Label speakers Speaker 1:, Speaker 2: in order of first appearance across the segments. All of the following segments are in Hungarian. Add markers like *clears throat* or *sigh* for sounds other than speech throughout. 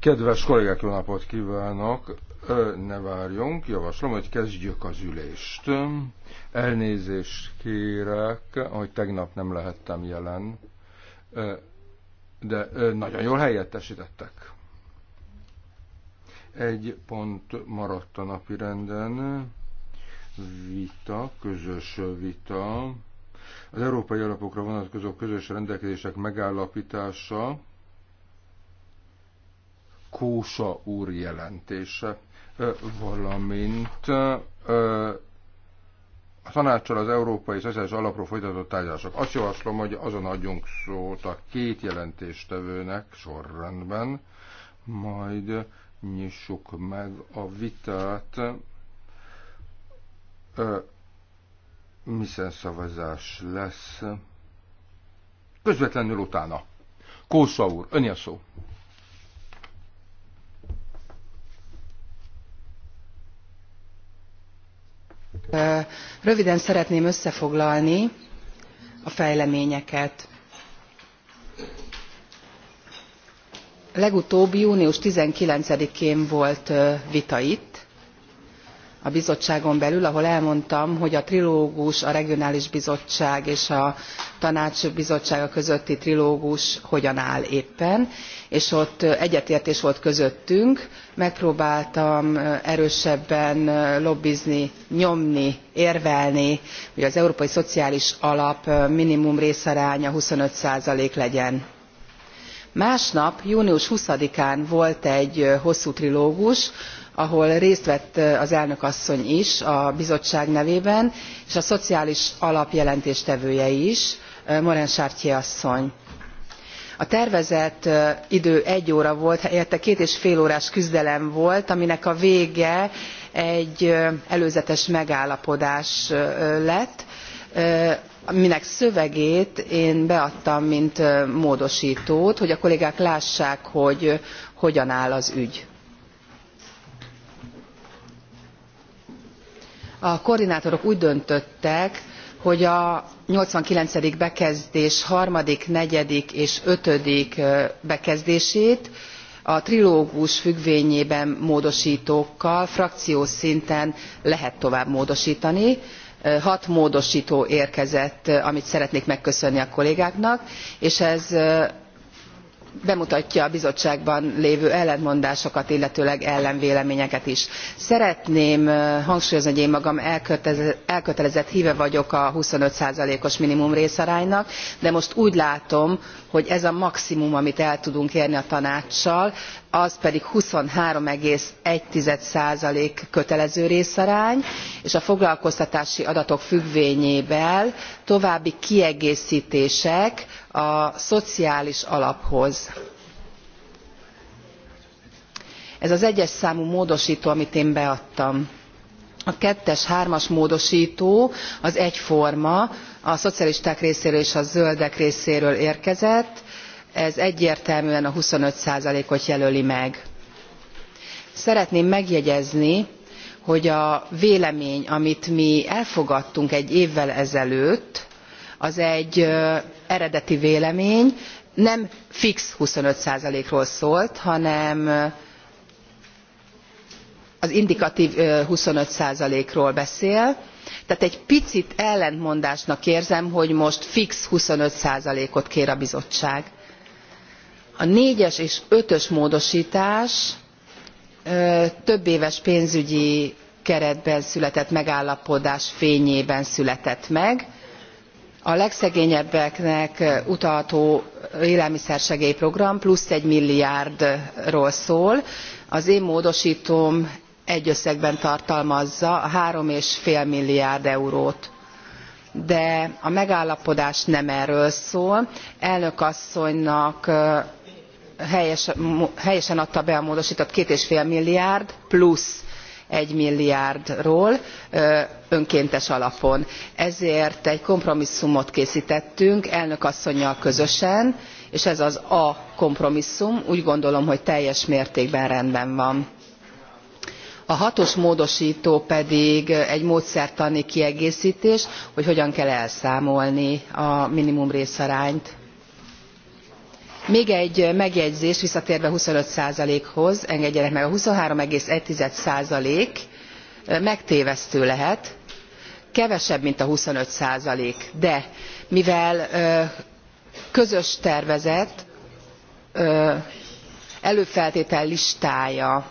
Speaker 1: Kedves kollégák, jó napot kívánok! Ne várjunk, javaslom, hogy kezdjük az ülést. Elnézést kérek, hogy tegnap nem lehettem jelen, de nagyon jól helyettesítettek. Egy pont maradt a napi renden. Vita, közös vita. Az európai alapokra vonatkozó közös rendelkezések megállapítása Kósa úr jelentése, valamint a tanácssal az Európai Szociális Alapról folytatott tárgyalások. Azt javaslom, hogy azon adjunk szót a két jelentéstevőnek sorrendben, majd nyissuk meg a vitát, miszen szavazás lesz közvetlenül utána. Kósa úr, ön a szó.
Speaker 2: Röviden szeretném összefoglalni a fejleményeket. Legutóbb június 19-én volt vita itt, a bizottságon belül ahol elmondtam hogy a trilógus a regionális bizottság és a tanács bizottsága közötti trilógus hogyan áll éppen és ott egyetértés volt közöttünk megpróbáltam erősebben lobbizni nyomni érvelni hogy az európai szociális alap minimum részaránya twenty five legyen. másnap június twenty án volt egy hosszú trilógus ahol részt vett az elnök asszony is a bizottság nevében és a szociális alap jelentéstevője is morin chartier asszony. a tervezett idő egy óra volt helyette két és fél órás küzdelem volt aminek a vége egy előzetes megállapodás lett aminek szövegét én beadtam mint módostót hogy a kollégák lássák hogy hogyan áll az ügy. a koordinátorok úgy döntöttek hogy a eighty nine bekezdés harmadik negyedik és ötödik bekezdését a trilógus függvényében módostókkal frakciószinten lehet tovább módostani hat módostó érkezett amit szeretnék megköszönni a kollégáknak és ez bemutatja a bizottságban lévő ellentmondásokat illetőleg ellenvéleményeket is. szeretném hangsúlyozni hogy én magam elkötelezett hve vagyok a twenty five os részaránynak, de most úgy látom hogy ez a maximum amit el tudunk érni a tanáccsal az pedig twenty three one kötelező részarány és a foglalkoztatási adatok függvényében további kiegésztések a szociális alaphoz. ez az egyes számú módostó amit én beadtam. a kettes hármas módostó az egyforma a szocialisták részéről és a zöldek részéről érkezett ez egyértelműen a twenty five ot jelöli meg. szeretném megjegyezni hogy a vélemény amit mi elfogadtunk egy évvel ezelőtt az egy eredeti vélemény, nem fix 25%-ról szólt, hanem az indikatív 25%-ról beszél, tehát egy picit ellentmondásnak érzem, hogy most fix 25%-ot kér a bizottság. A négyes és ötös módosítás többéves pénzügyi keretben született megállapodás fényében született meg a legszegényebbeknek utalható élelmiszersegély program plusz egy milliárdról szól az én módostóm egy összegben tartalmazza a három és fél milliárd eurót de a megállapodás nem erről szól elnök asszonynak helyesen adta be a módostott two five milliárd plusz one milliárdról önkéntes alapon ezért egy kompromisszumot késztettünk elnök asszonnyal közösen és ez az a kompromisszum úgy gondolom hogy teljes mértékben rendben van. a hatos módostó pedig egy módszertani kiegésztés hogy hogyan kell elszámolni a minimum részarányt még egy megjegyzés visszatérve twenty five hoz engedjenek meg a twenty three one megtévesztő lehet kevesebb mint a twenty five de mivel közös tervezet előfeltétel listája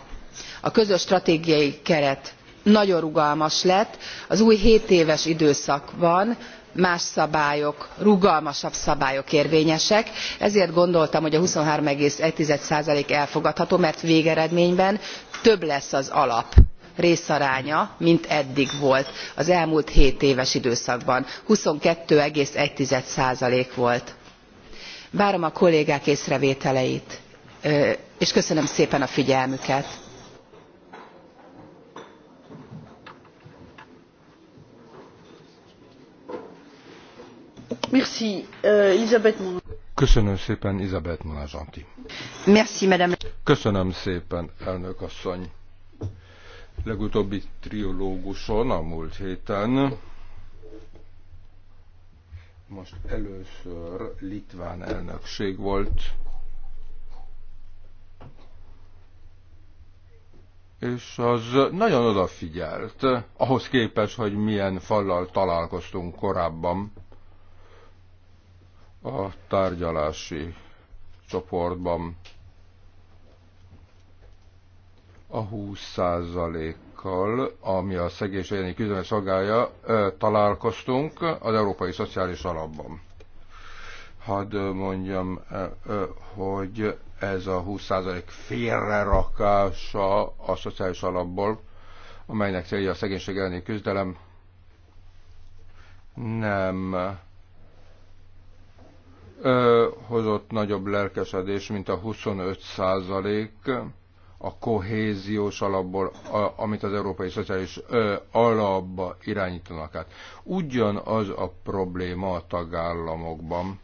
Speaker 2: a közös stratégiai keret nagyon rugalmas lett az új hétéves van más szabályok rugalmasabb szabályok érvényesek ezért gondoltam hogy a twenty three one elfogadható mert végeredményben több lesz az alap részaránya mint eddig volt az elmúlt seven éves időszakban twenty two one volt. várom a kollégák észrevételeit és köszönöm szépen a figyelmüket.
Speaker 3: Euh,
Speaker 1: Köszönöm szépen, Elizabeth Monazsanti.
Speaker 3: Merci, madame.
Speaker 1: Köszönöm szépen, elnök asszony. Legutóbbi triológuson a múlt héten most először litván elnökség volt, és az nagyon odafigyelt, ahhoz képest, hogy milyen fallal találkoztunk korábban a tárgyalási csoportban a 20%-kal, ami a szegély és egyéni szolgálja, találkoztunk az Európai Szociális Alapban. Hadd mondjam, hogy ez a 20% félrerakása a szociális alapból, amelynek célja a szegénység elleni küzdelem, nem hozott nagyobb lelkesedés, mint a 25 százalék a kohéziós alapból, a, amit az Európai Szociális ö, alapba irányítanak át. Ugyanaz a probléma a tagállamokban,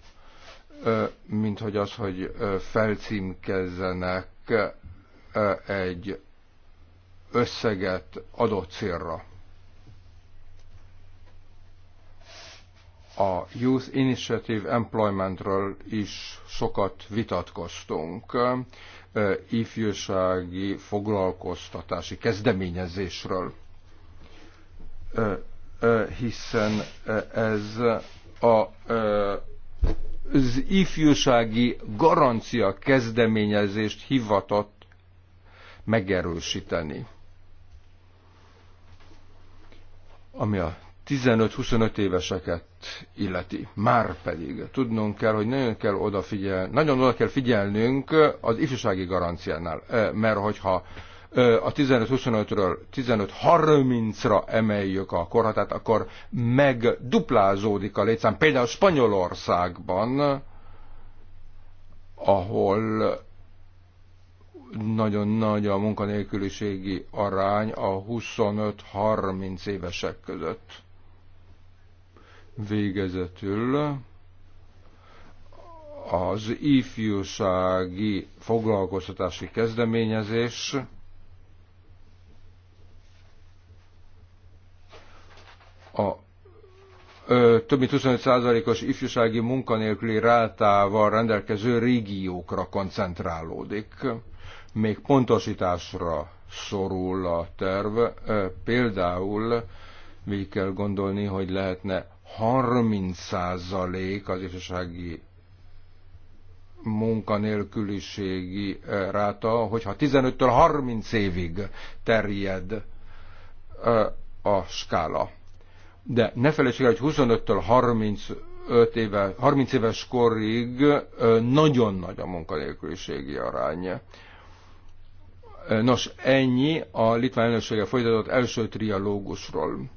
Speaker 1: ö, mint hogy az, hogy ö, felcímkezzenek ö, egy összeget adott célra. a Youth Initiative Employmentről is sokat vitatkoztunk, ifjúsági foglalkoztatási kezdeményezésről, hiszen ez a az ifjúsági garancia kezdeményezést hivatott megerősíteni. Ami a 15-25 éveseket illeti. Már pedig tudnunk kell, hogy nagyon kell odafigyel, nagyon oda kell figyelnünk az ifjúsági garanciánál, mert hogyha a 15-25-ről 15-30-ra emeljük a korhatát, akkor megduplázódik a létszám. Például Spanyolországban, ahol nagyon nagy a munkanélküliségi arány a 25-30 évesek között. Végezetül az ifjúsági foglalkoztatási kezdeményezés a ö, több mint 25%-os ifjúsági munkanélküli rátával rendelkező régiókra koncentrálódik. Még pontosításra szorul a terv, ö, például még kell gondolni, hogy lehetne 30% az ifjúsági munkanélküliségi ráta, hogyha 15-től 30 évig terjed a skála. De ne felejtsük el, hogy 25-től 35 éve, 30 éves korig nagyon nagy a munkanélküliségi arány. Nos, ennyi a litván elnöksége folytatott első trialógusról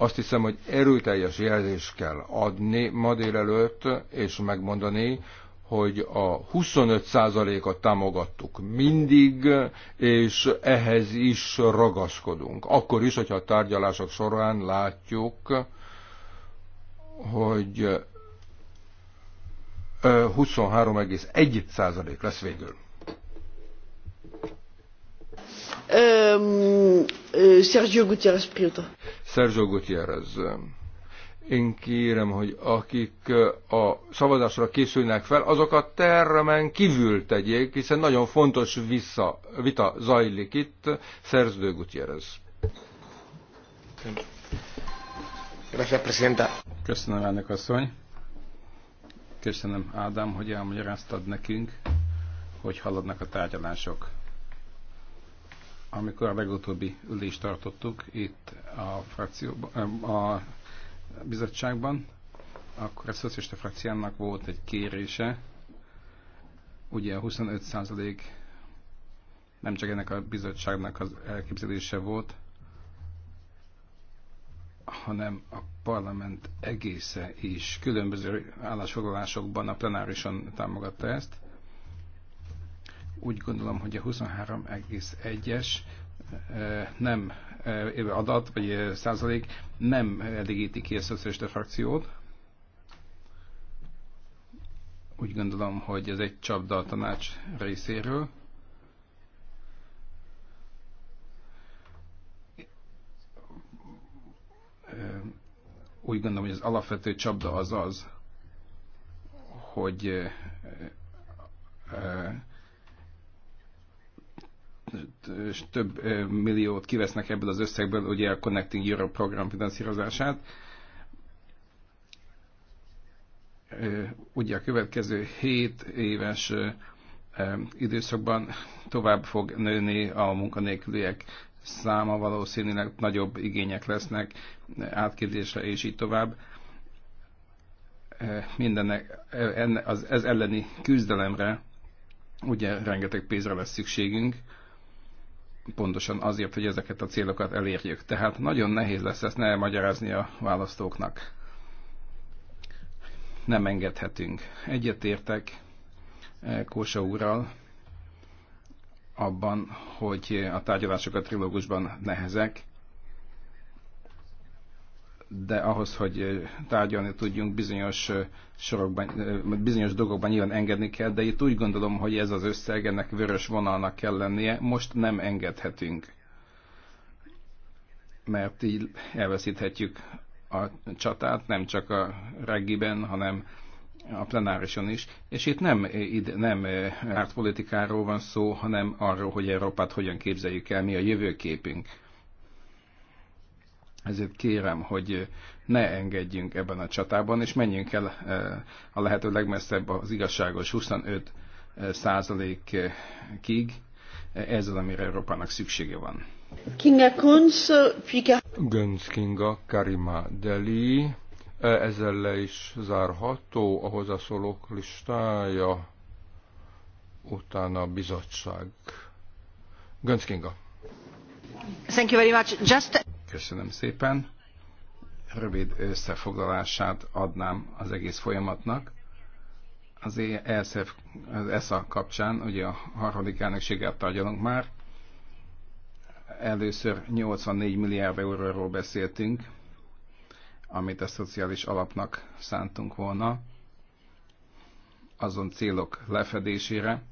Speaker 1: azt hiszem, hogy erőteljes jelzést kell adni ma délelőtt, és megmondani, hogy a 25%-at támogattuk mindig, és ehhez is ragaszkodunk. Akkor is, hogyha a tárgyalások során látjuk, hogy 23,1% lesz végül.
Speaker 3: Ehm, eh, Sergio Gutierrez Prieto.
Speaker 1: Sergio Gutierrez. Eh, én kérem, hogy akik eh, a szavazásra készülnek fel, azokat termen kívül tegyék, hiszen nagyon fontos vissza, vita zajlik itt. Szerző Gutierrez.
Speaker 3: Köszönöm, elnök asszony. Köszönöm, Ádám, hogy elmagyaráztad nekünk, hogy haladnak a tárgyalások amikor a legutóbbi ülést tartottuk itt a, frakcióban, a bizottságban, akkor a szociálista frakciának volt egy kérése, ugye a 25 százalék nem csak ennek a bizottságnak az elképzelése volt, hanem a parlament egésze is különböző állásfoglalásokban a plenárison támogatta ezt. Úgy gondolom, hogy a 23,1-es eh, nem eh, adat, vagy eh, százalék nem elégíti ki a szocialista defrakciót. Úgy gondolom, hogy ez egy csapda a tanács részéről. Úgy gondolom, hogy az alapvető csapda az az, hogy és több milliót kivesznek ebből az összegből, ugye a Connecting Europe program finanszírozását. Ugye a következő 7 éves időszakban tovább fog nőni a munkanélküliek száma, valószínűleg nagyobb igények lesznek átképzésre és így tovább mindennek, ez elleni küzdelemre ugye rengeteg pénzre lesz szükségünk, pontosan azért, hogy ezeket a célokat elérjük. Tehát nagyon nehéz lesz ezt ne magyarázni a választóknak. Nem engedhetünk. Egyetértek eh, Kósa úrral abban, hogy a tárgyalások a trilógusban nehezek, de ahhoz, hogy tárgyalni tudjunk, bizonyos, sorokban, bizonyos dolgokban nyilván engedni kell, de itt úgy gondolom, hogy ez az összeg, ennek vörös vonalnak kell lennie, most nem engedhetünk, mert így elveszíthetjük a csatát, nem csak a reggiben, hanem a plenárison is, és itt nem, ide, nem ártpolitikáról van szó, hanem arról, hogy Európát hogyan képzeljük el, mi a jövőképünk ezért kérem, hogy ne engedjünk ebben a csatában, és menjünk el a lehető legmesszebb az igazságos 25 százalékig, ezzel, amire Európának szüksége van.
Speaker 4: Kinga Kunz,
Speaker 1: Gönc Kinga, Karima Deli, ezzel le is zárható a hozzászólók listája,
Speaker 3: utána a bizottság. Gönc Kinga. Thank you very much. Just... Köszönöm szépen. Rövid összefoglalását adnám az egész folyamatnak. Az ESF, az ESA kapcsán, ugye a harmadik elnökséget tárgyalunk már, először 84 milliárd euróról beszéltünk, amit a szociális alapnak szántunk volna, azon célok lefedésére,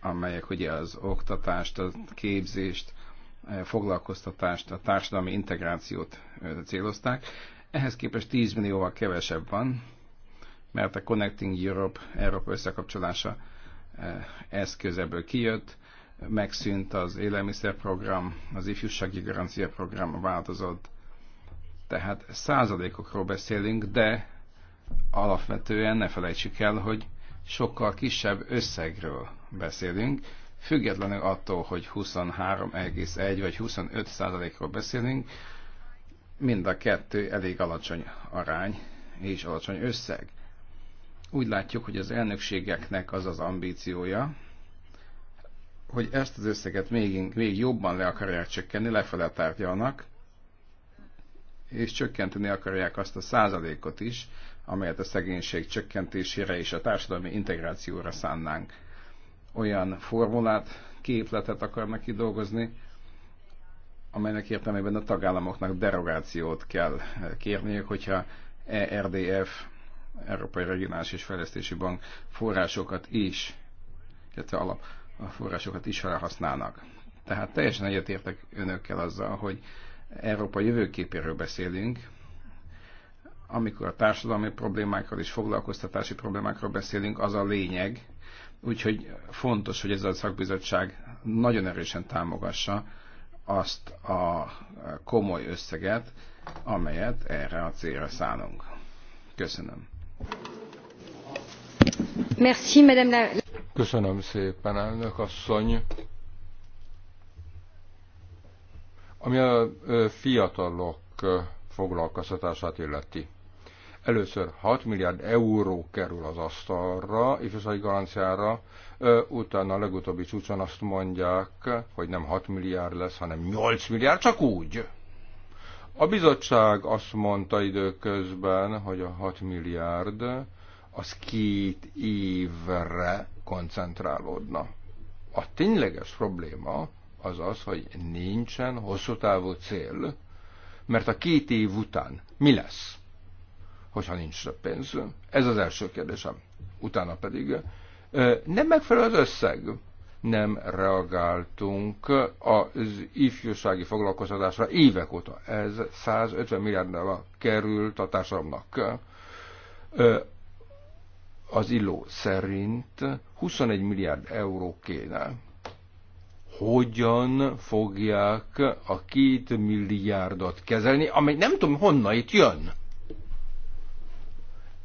Speaker 3: amelyek ugye az oktatást, a képzést, foglalkoztatást, a társadalmi integrációt célozták. Ehhez képest 10 millióval kevesebb van, mert a Connecting Europe, Európa összekapcsolása eszközeből kijött, megszűnt az élelmiszerprogram, az ifjúsági garancia program változott, tehát százalékokról beszélünk, de alapvetően ne felejtsük el, hogy sokkal kisebb összegről beszélünk, függetlenül attól, hogy 23,1 vagy 25 százalékról beszélünk, mind a kettő elég alacsony arány és alacsony összeg. Úgy látjuk, hogy az elnökségeknek az az ambíciója, hogy ezt az összeget még, még jobban le akarják csökkenni, lefele tárgyalnak, és csökkenteni akarják azt a százalékot is, amelyet a szegénység csökkentésére és a társadalmi integrációra szánnánk olyan formulát, képletet akarnak kidolgozni, amelynek értelmében a tagállamoknak derogációt kell eh, kérniük, hogyha ERDF, Európai Regionális és Fejlesztési Bank forrásokat is, illetve alap forrásokat is felhasználnak. Tehát teljesen egyetértek önökkel azzal, hogy Európa jövőképéről beszélünk, amikor a társadalmi problémákról és foglalkoztatási problémákról beszélünk, az a lényeg, Úgyhogy fontos, hogy ez a szakbizottság nagyon erősen támogassa azt a komoly összeget, amelyet erre a célra szánunk. Köszönöm.
Speaker 4: Merci, madame la...
Speaker 1: Köszönöm szépen, elnök asszony. Ami a fiatalok foglalkoztatását illeti. Először 6 milliárd euró kerül az asztalra, ifjúsági garanciára, utána a legutóbbi csúcson azt mondják, hogy nem 6 milliárd lesz, hanem 8 milliárd, csak úgy. A bizottság azt mondta időközben, hogy a 6 milliárd az két évre koncentrálódna. A tényleges probléma az az, hogy nincsen hosszú távú cél, mert a két év után mi lesz? hogyha nincs több pénz. Ez az első kérdésem. Utána pedig nem megfelelő az összeg. Nem reagáltunk az ifjúsági foglalkoztatásra évek óta. Ez 150 milliárdra került a társadalomnak. Az illó szerint 21 milliárd euró kéne hogyan fogják a két milliárdot kezelni, amely nem tudom honnan itt jön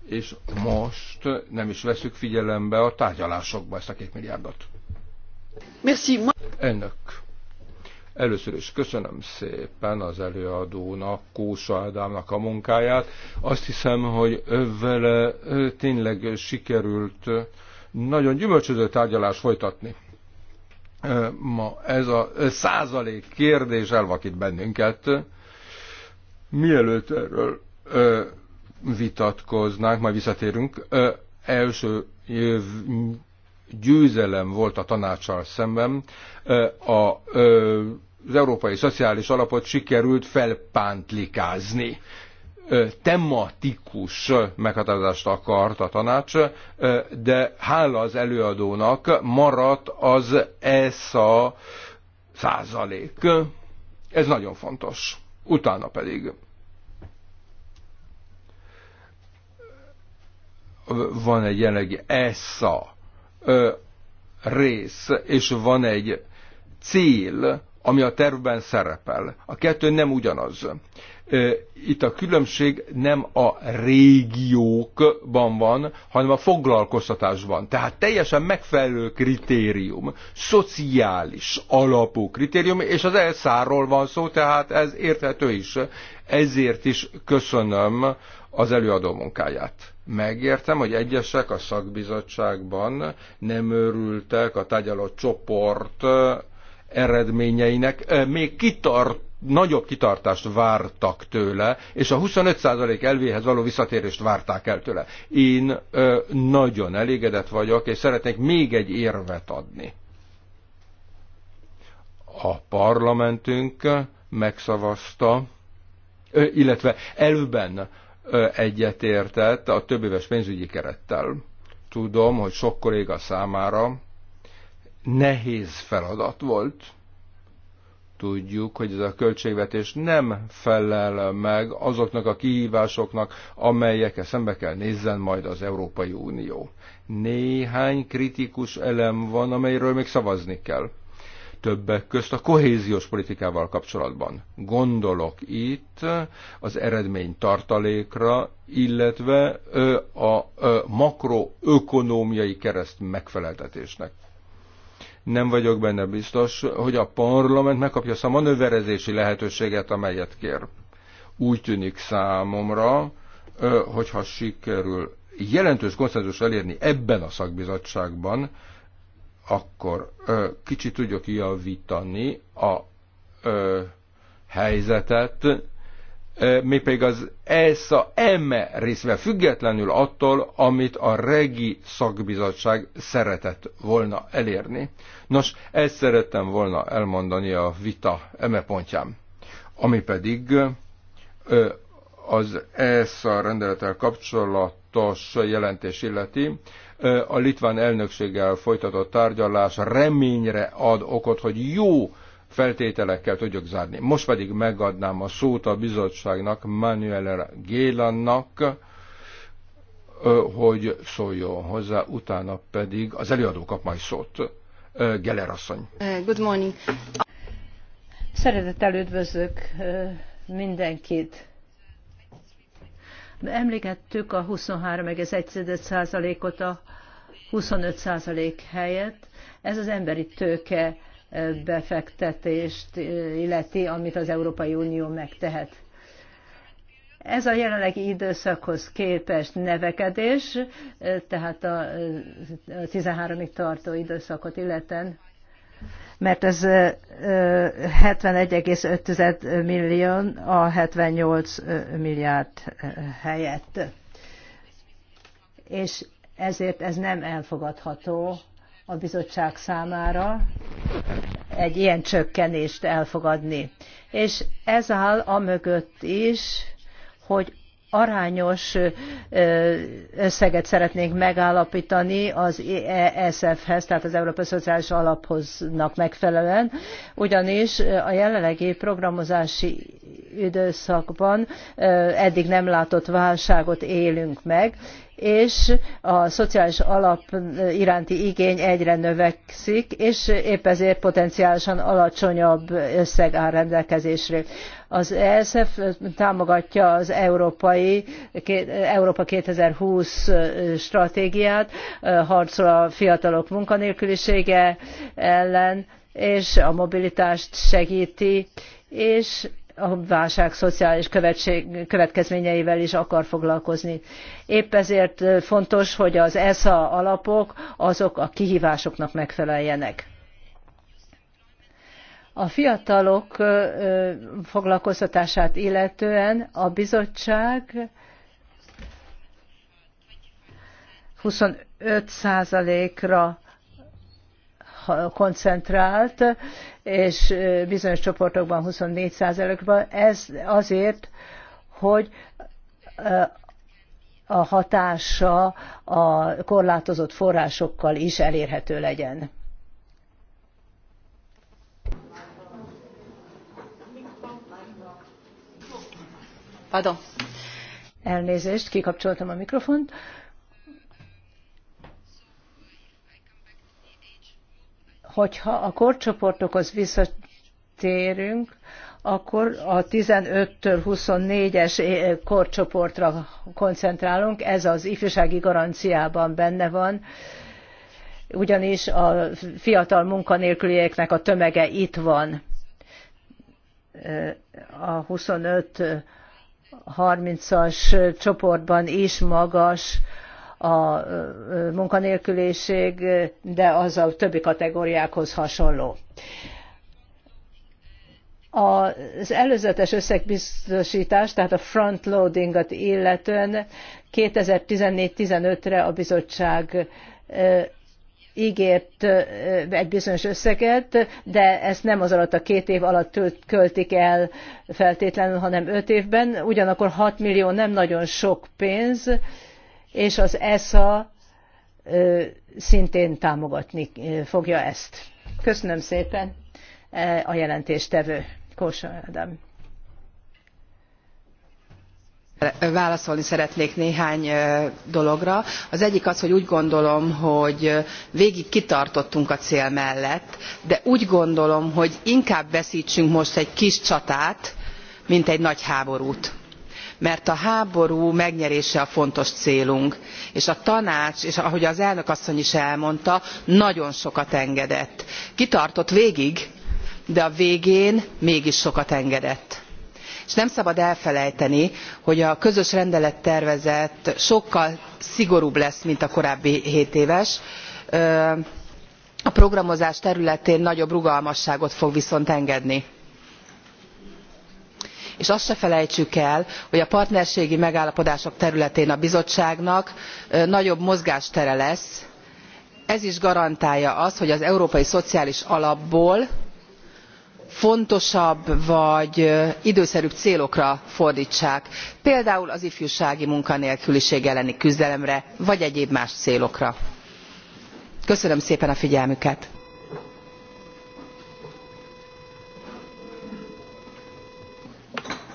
Speaker 1: és most nem is veszük figyelembe a tárgyalásokba ezt a két milliárdot. Merci. Önök. Először is köszönöm szépen az előadónak, Kósa Ádámnak a munkáját. Azt hiszem, hogy vele tényleg sikerült nagyon gyümölcsöző tárgyalást folytatni. Ma ez a százalék kérdés elvakít bennünket. Mielőtt erről vitatkoznánk, majd visszatérünk. Ö, első jöv, győzelem volt a tanácsal szemben. Ö, a, ö, az európai szociális alapot sikerült felpántlikázni. Ö, tematikus meghatározást akart a tanács, ö, de hála az előadónak maradt az ESA százalék. Ez nagyon fontos. Utána pedig van egy jelenlegi ESSA rész, és van egy cél, ami a tervben szerepel. A kettő nem ugyanaz. Itt a különbség nem a régiókban van, hanem a foglalkoztatásban. Tehát teljesen megfelelő kritérium, szociális alapú kritérium, és az elszáról van szó, tehát ez érthető is. Ezért is köszönöm az előadó munkáját. Megértem, hogy egyesek a szakbizottságban nem örültek a tárgyaló csoport eredményeinek, még kitart, nagyobb kitartást vártak tőle, és a 25% elvéhez való visszatérést várták el tőle. Én ö, nagyon elégedett vagyok, és szeretnék még egy érvet adni. A parlamentünk megszavazta, ö, illetve előben egyetértett a éves pénzügyi kerettel. Tudom, hogy sok kolléga számára nehéz feladat volt. Tudjuk, hogy ez a költségvetés nem felel meg azoknak a kihívásoknak, amelyekkel szembe kell nézzen majd az Európai Unió. Néhány kritikus elem van, amelyről még szavazni kell többek közt a kohéziós politikával kapcsolatban. Gondolok itt az eredmény tartalékra, illetve a makroökonómiai kereszt megfeleltetésnek. Nem vagyok benne biztos, hogy a parlament megkapja azt a manőverezési lehetőséget, amelyet kér. Úgy tűnik számomra, hogyha sikerül jelentős konszenzus elérni ebben a szakbizottságban, akkor kicsit tudjuk javítani a helyzetet, mi pedig az ESA eme részve függetlenül attól, amit a regi szakbizottság szeretett volna elérni. Nos, ezt szerettem volna elmondani a vita eme pontján. Ami pedig az ESA rendelettel kapcsolatos jelentés illeti, a litván elnökséggel folytatott tárgyalás reményre ad okot, hogy jó feltételekkel tudjuk zárni. Most pedig megadnám a szót a bizottságnak, Manuel Gélannak, hogy szóljon hozzá, utána pedig az előadó kap majd szót. Geller asszony.
Speaker 4: Good morning. Szeretettel üdvözlök mindenkit. Emlékeztük a 23,1%-ot a 25% helyett. Ez az emberi tőke e, befektetést e, illeti, amit az Európai Unió megtehet. Ez a jelenlegi időszakhoz képest nevekedés, e, tehát a 13-ig tartó időszakot illeten mert ez 71,5 millió a 78 milliárd helyett. És ezért ez nem elfogadható a bizottság számára egy ilyen csökkenést elfogadni. És ez áll mögött is, hogy arányos összeget szeretnénk megállapítani az ESF-hez, tehát az Európai Szociális Alaphoznak megfelelően, ugyanis a jelenlegi programozási időszakban eddig nem látott válságot élünk meg, és a szociális alap iránti igény egyre növekszik, és épp ezért potenciálisan alacsonyabb összeg áll rendelkezésre. Az ESF támogatja az európai, Európa 2020 stratégiát, harcol a fiatalok munkanélkülisége ellen, és a mobilitást segíti, és a válság szociális következményeivel is akar foglalkozni. Épp ezért fontos, hogy az ESA alapok azok a kihívásoknak megfeleljenek. A fiatalok foglalkoztatását illetően a bizottság 25%-ra koncentrált, és bizonyos csoportokban 24 ban Ez azért, hogy a hatása a korlátozott forrásokkal is elérhető legyen. Pardon. Elnézést, kikapcsoltam a mikrofont. Hogyha a korcsoportokhoz visszatérünk, akkor a 15-től 24-es korcsoportra koncentrálunk, ez az ifjúsági garanciában benne van, ugyanis a fiatal munkanélkülieknek a tömege itt van. A 25-30-as csoportban is magas a munkanélküliség, de az a többi kategóriákhoz hasonló. Az előzetes összegbiztosítás, tehát a frontloadingot illetően 2014-15-re a bizottság ígért egy bizonyos összeget, de ezt nem az alatt a két év alatt költik el feltétlenül, hanem öt évben. Ugyanakkor 6 millió nem nagyon sok pénz, és az ESA szintén támogatni fogja ezt. Köszönöm szépen e, a jelentéstevő, Kósa Ádám.
Speaker 2: Válaszolni szeretnék néhány dologra. Az egyik az, hogy úgy gondolom, hogy végig kitartottunk a cél mellett, de úgy gondolom, hogy inkább veszítsünk most egy kis csatát, mint egy nagy háborút mert a háború megnyerése a fontos célunk és a tanács és ahogy az elnök asszony is elmondta nagyon sokat engedett. kitartott végig de a végén mégis sokat engedett és nem szabad elfelejteni hogy a közös rendelettervezet sokkal szigorúbb lesz mint a korábbi hétéves a programozás területén nagyobb rugalmasságot fog viszont engedni és azt se felejtsük el hogy a partnerségi megállapodások területén a bizottságnak nagyobb mozgástere lesz ez is garantálja azt hogy az európai szociális alapból fontosabb vagy időszerűbb célokra fordtsák például az ifjúsági munkanélküliség elleni küzdelemre vagy egyéb más célokra. köszönöm szépen
Speaker 1: a figyelmüket!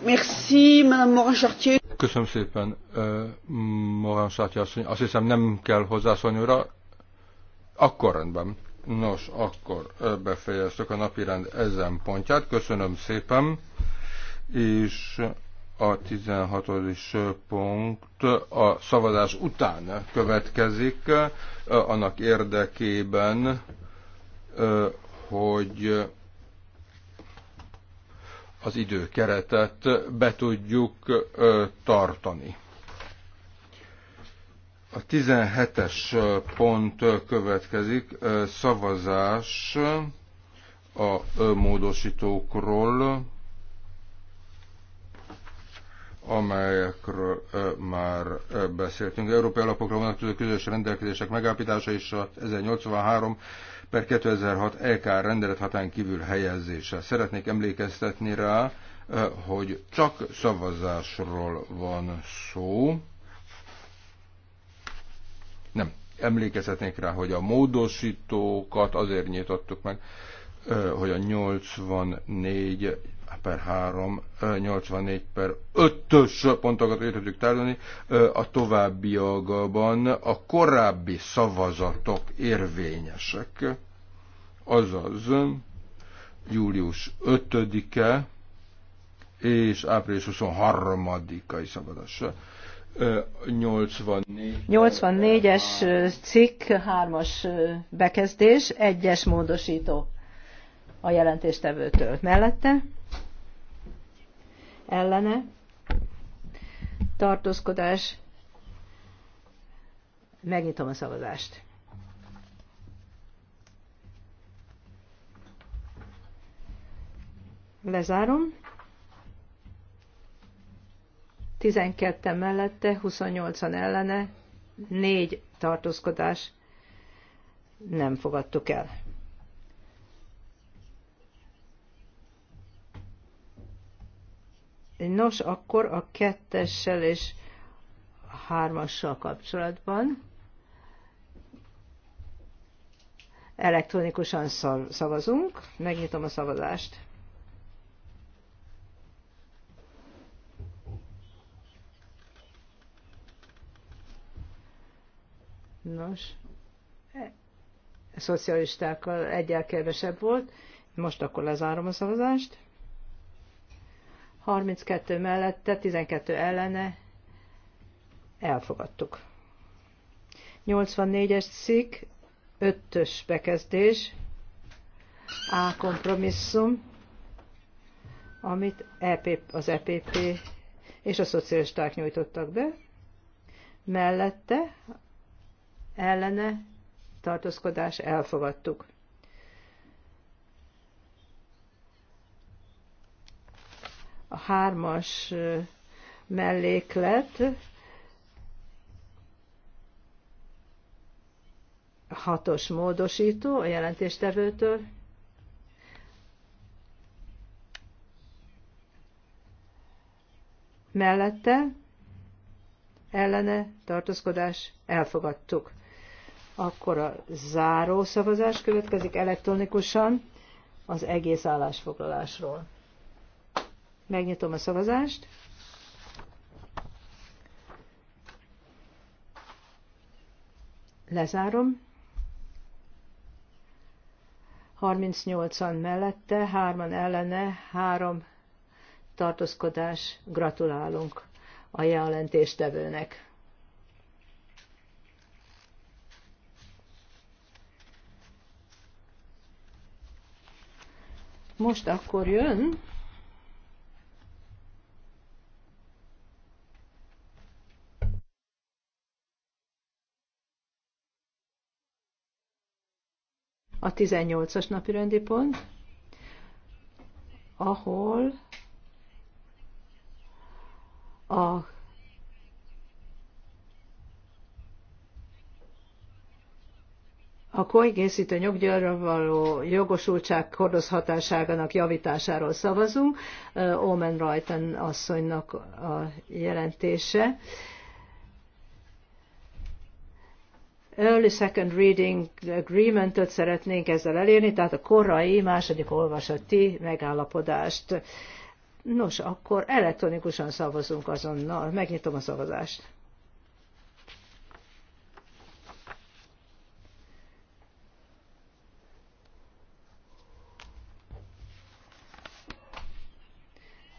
Speaker 2: Merci, Madame Morin-Chartier.
Speaker 1: Köszönöm szépen, uh, Morin-Chartier asszony. Azt hiszem nem kell hozzászólni ura. Akkor rendben. Nos, akkor befejeztük a napirend ezen pontját. Köszönöm szépen. És a 16. pont a szavazás után következik, annak érdekében, hogy az időkeretet be tudjuk tartani. A 17-es pont következik, szavazás a módosítókról, amelyekről már beszéltünk. Európai alapokra vonatkozó közös rendelkezések megállapítása és a 1083 per 2006 LK rendelet hatán kívül helyezése. Szeretnék emlékeztetni rá, hogy csak szavazásról van szó. Nem, emlékezhetnék rá, hogy a módosítókat azért nyitottuk meg, hogy a 84 per 3, 84 per 5-ös pontokat értetük tárgyalni, a továbbiakban a korábbi szavazatok érvényesek, azaz július 5-e és április 23-ai szavazás. 84.
Speaker 4: 84-es cikk, 3-as bekezdés, 1-es módosító a jelentéstevőtől mellette ellene tartózkodás. Megnyitom a szavazást. Lezárom. 12 mellette, 28-an ellene, 4 tartózkodás. Nem fogadtuk el. Nos, akkor a kettessel és hármassal kapcsolatban elektronikusan szavazunk. Megnyitom a szavazást. Nos, e, szocialistákkal egyel kevesebb volt. Most akkor lezárom a szavazást. 32 mellette, 12 ellene elfogadtuk. 84-es szik, 5-ös bekezdés, A kompromisszum, amit EP, az EPP és a szocialisták nyújtottak be. Mellette ellene tartózkodás elfogadtuk. a hármas melléklet hatos módosító a jelentéstevőtől. Mellette ellene tartózkodás elfogadtuk. Akkor a záró szavazás következik elektronikusan az egész állásfoglalásról. Megnyitom a szavazást. Lezárom. 38-an mellette, 3-an ellene, 3 tartózkodás. Gratulálunk a jelentéstevőnek. Most akkor jön a 18-as napi rendi pont, ahol a a koigészítő nyugdíjra való jogosultság hordozhatáságának javításáról szavazunk. Omen Rajten asszonynak a jelentése. early second reading agreement-öt szeretnénk ezzel elérni, tehát a korai második olvasati megállapodást. Nos, akkor elektronikusan szavazunk azonnal. Megnyitom a szavazást.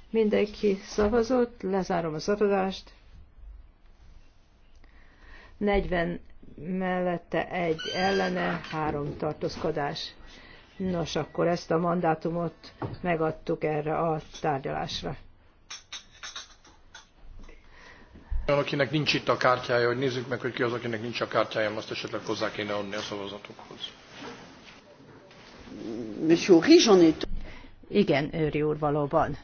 Speaker 4: Mindenki szavazott, lezárom a szavazást. 40 mellette egy ellene, három tartózkodás. Nos, akkor ezt a mandátumot megadtuk erre a tárgyalásra.
Speaker 1: Akinek nincs itt a kártyája, hogy nézzük meg, hogy ki az, akinek nincs a kártyája, azt esetleg hozzá kéne adni a szavazatokhoz.
Speaker 4: Monsieur Rizsonet. Igen, őri úr, valóban.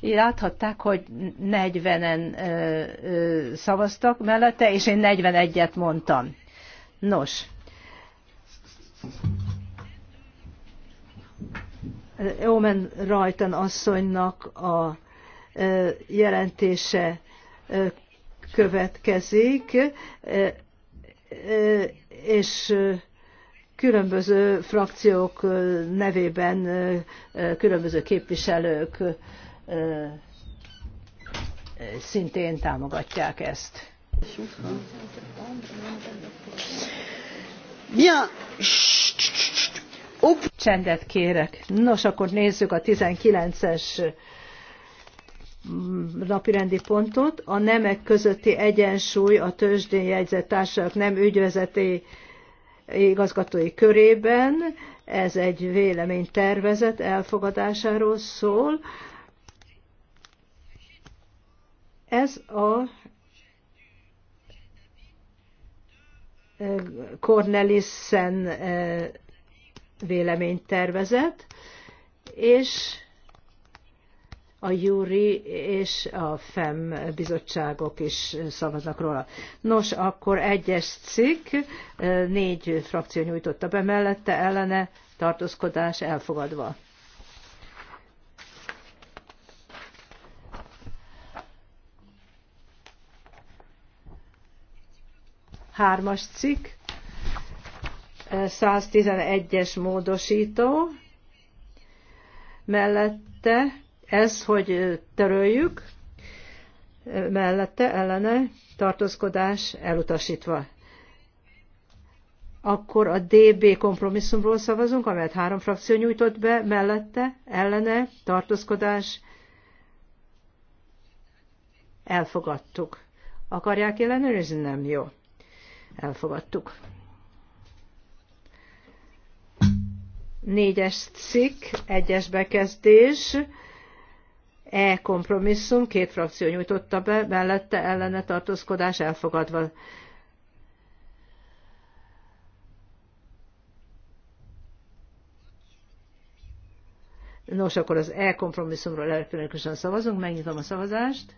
Speaker 4: így láthatták, hogy 40-en szavaztak mellette, és én 41-et mondtam. Nos, Omen Rajtan asszonynak a jelentése következik, és különböző frakciók nevében különböző képviselők szintén támogatják ezt. Bien. Op. Csendet kérek. Nos, akkor nézzük a 19-es napirendi pontot. A nemek közötti egyensúly a tőzsdén jegyzett nem ügyvezeti igazgatói körében. Ez egy véleménytervezet elfogadásáról szól. Ez a eh, Cornelissen eh, véleménytervezet, és a Júri és a FEM bizottságok is szavaznak róla. Nos, akkor egyes cikk, eh, négy frakció nyújtotta be mellette, ellene tartózkodás elfogadva. Hármas cikk, 111-es módosító, mellette ez, hogy töröljük, mellette ellene tartózkodás elutasítva. Akkor a DB kompromisszumról szavazunk, amelyet három frakció nyújtott be, mellette ellene tartózkodás elfogadtuk. Akarják ellenőrizni? Nem jó. Elfogadtuk. Négyes cikk, egyes bekezdés, E kompromisszum, két frakció nyújtotta be, mellette ellene tartózkodás elfogadva. Nos, akkor az E kompromisszumról elektronikusan szavazunk, megnyitom a szavazást.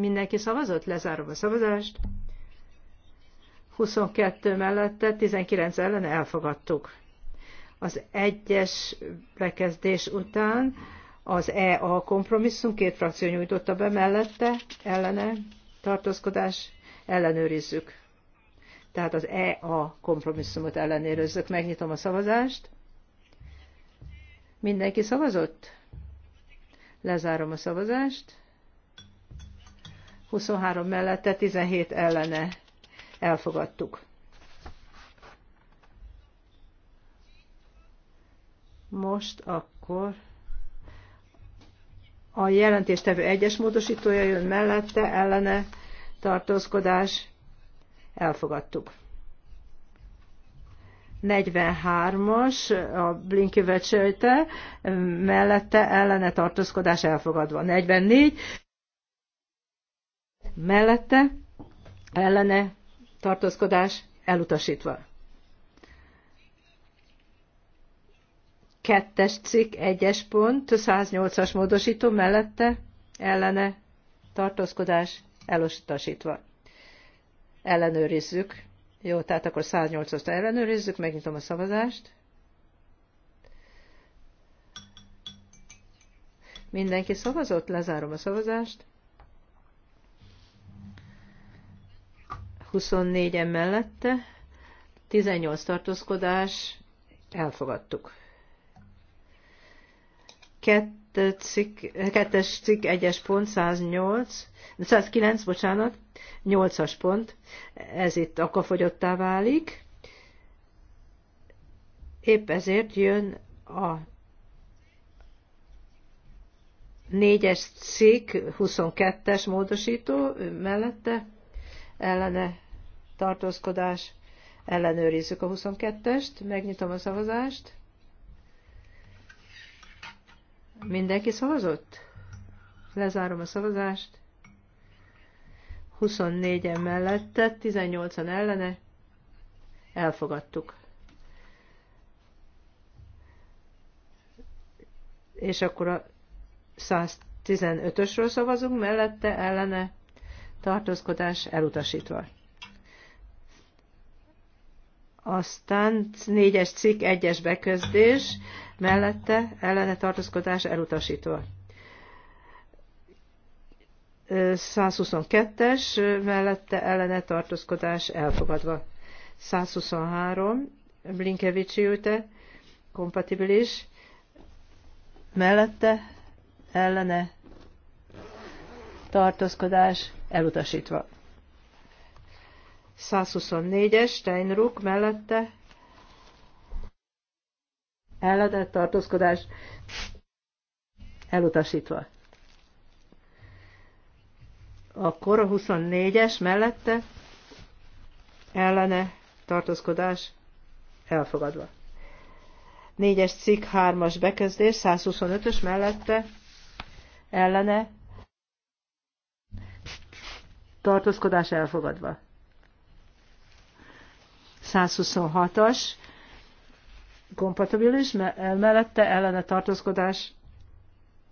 Speaker 4: Mindenki szavazott? Lezárom a szavazást. 22 mellette, 19 ellen elfogadtuk. Az egyes bekezdés után az EA kompromisszum két frakció nyújtotta be mellette, ellene tartózkodás, ellenőrizzük. Tehát az EA kompromisszumot ellenőrizzük. Megnyitom a szavazást. Mindenki szavazott? Lezárom a szavazást. 23 mellette, 17 ellene elfogadtuk. Most akkor a jelentéstevő egyes módosítója jön mellette, ellene tartózkodás, elfogadtuk. 43-as, a Blinki vecsőte, mellette ellene tartózkodás elfogadva. 44, mellette ellene tartózkodás elutasítva. Kettes cikk, egyes pont, 108-as módosító mellette ellene tartózkodás elutasítva. Ellenőrizzük. Jó, tehát akkor 108 ost ellenőrizzük, megnyitom a szavazást. Mindenki szavazott, lezárom a szavazást. 24 -en mellette, 18 tartózkodás, elfogadtuk. Kette cikk, kettes cikk, egyes pont, 108, 109, bocsánat, 8-as pont, ez itt akafogyottá válik. Épp ezért jön a 4-es cikk, 22-es módosító mellette, ellene tartózkodás, ellenőrizzük a 22-est, megnyitom a szavazást. Mindenki szavazott? Lezárom a szavazást. 24-en mellette, 18-an ellene. Elfogadtuk. És akkor a 115-ösről szavazunk, mellette, ellene, tartózkodás elutasítva. Aztán négyes cikk, egyes beközdés, mellette ellene tartózkodás elutasítva. 122-es, mellette ellene tartózkodás elfogadva. 123, Blinkevicsi ülte, kompatibilis, mellette ellene tartózkodás elutasítva. 124-es Steinruck mellette ellenett tartózkodás elutasítva. Akkor a 24-es mellette ellene tartózkodás elfogadva. 4-es cikk 3-as bekezdés 125-ös mellette ellene tartózkodás elfogadva. 126-as kompatibilis, mellette ellene tartózkodás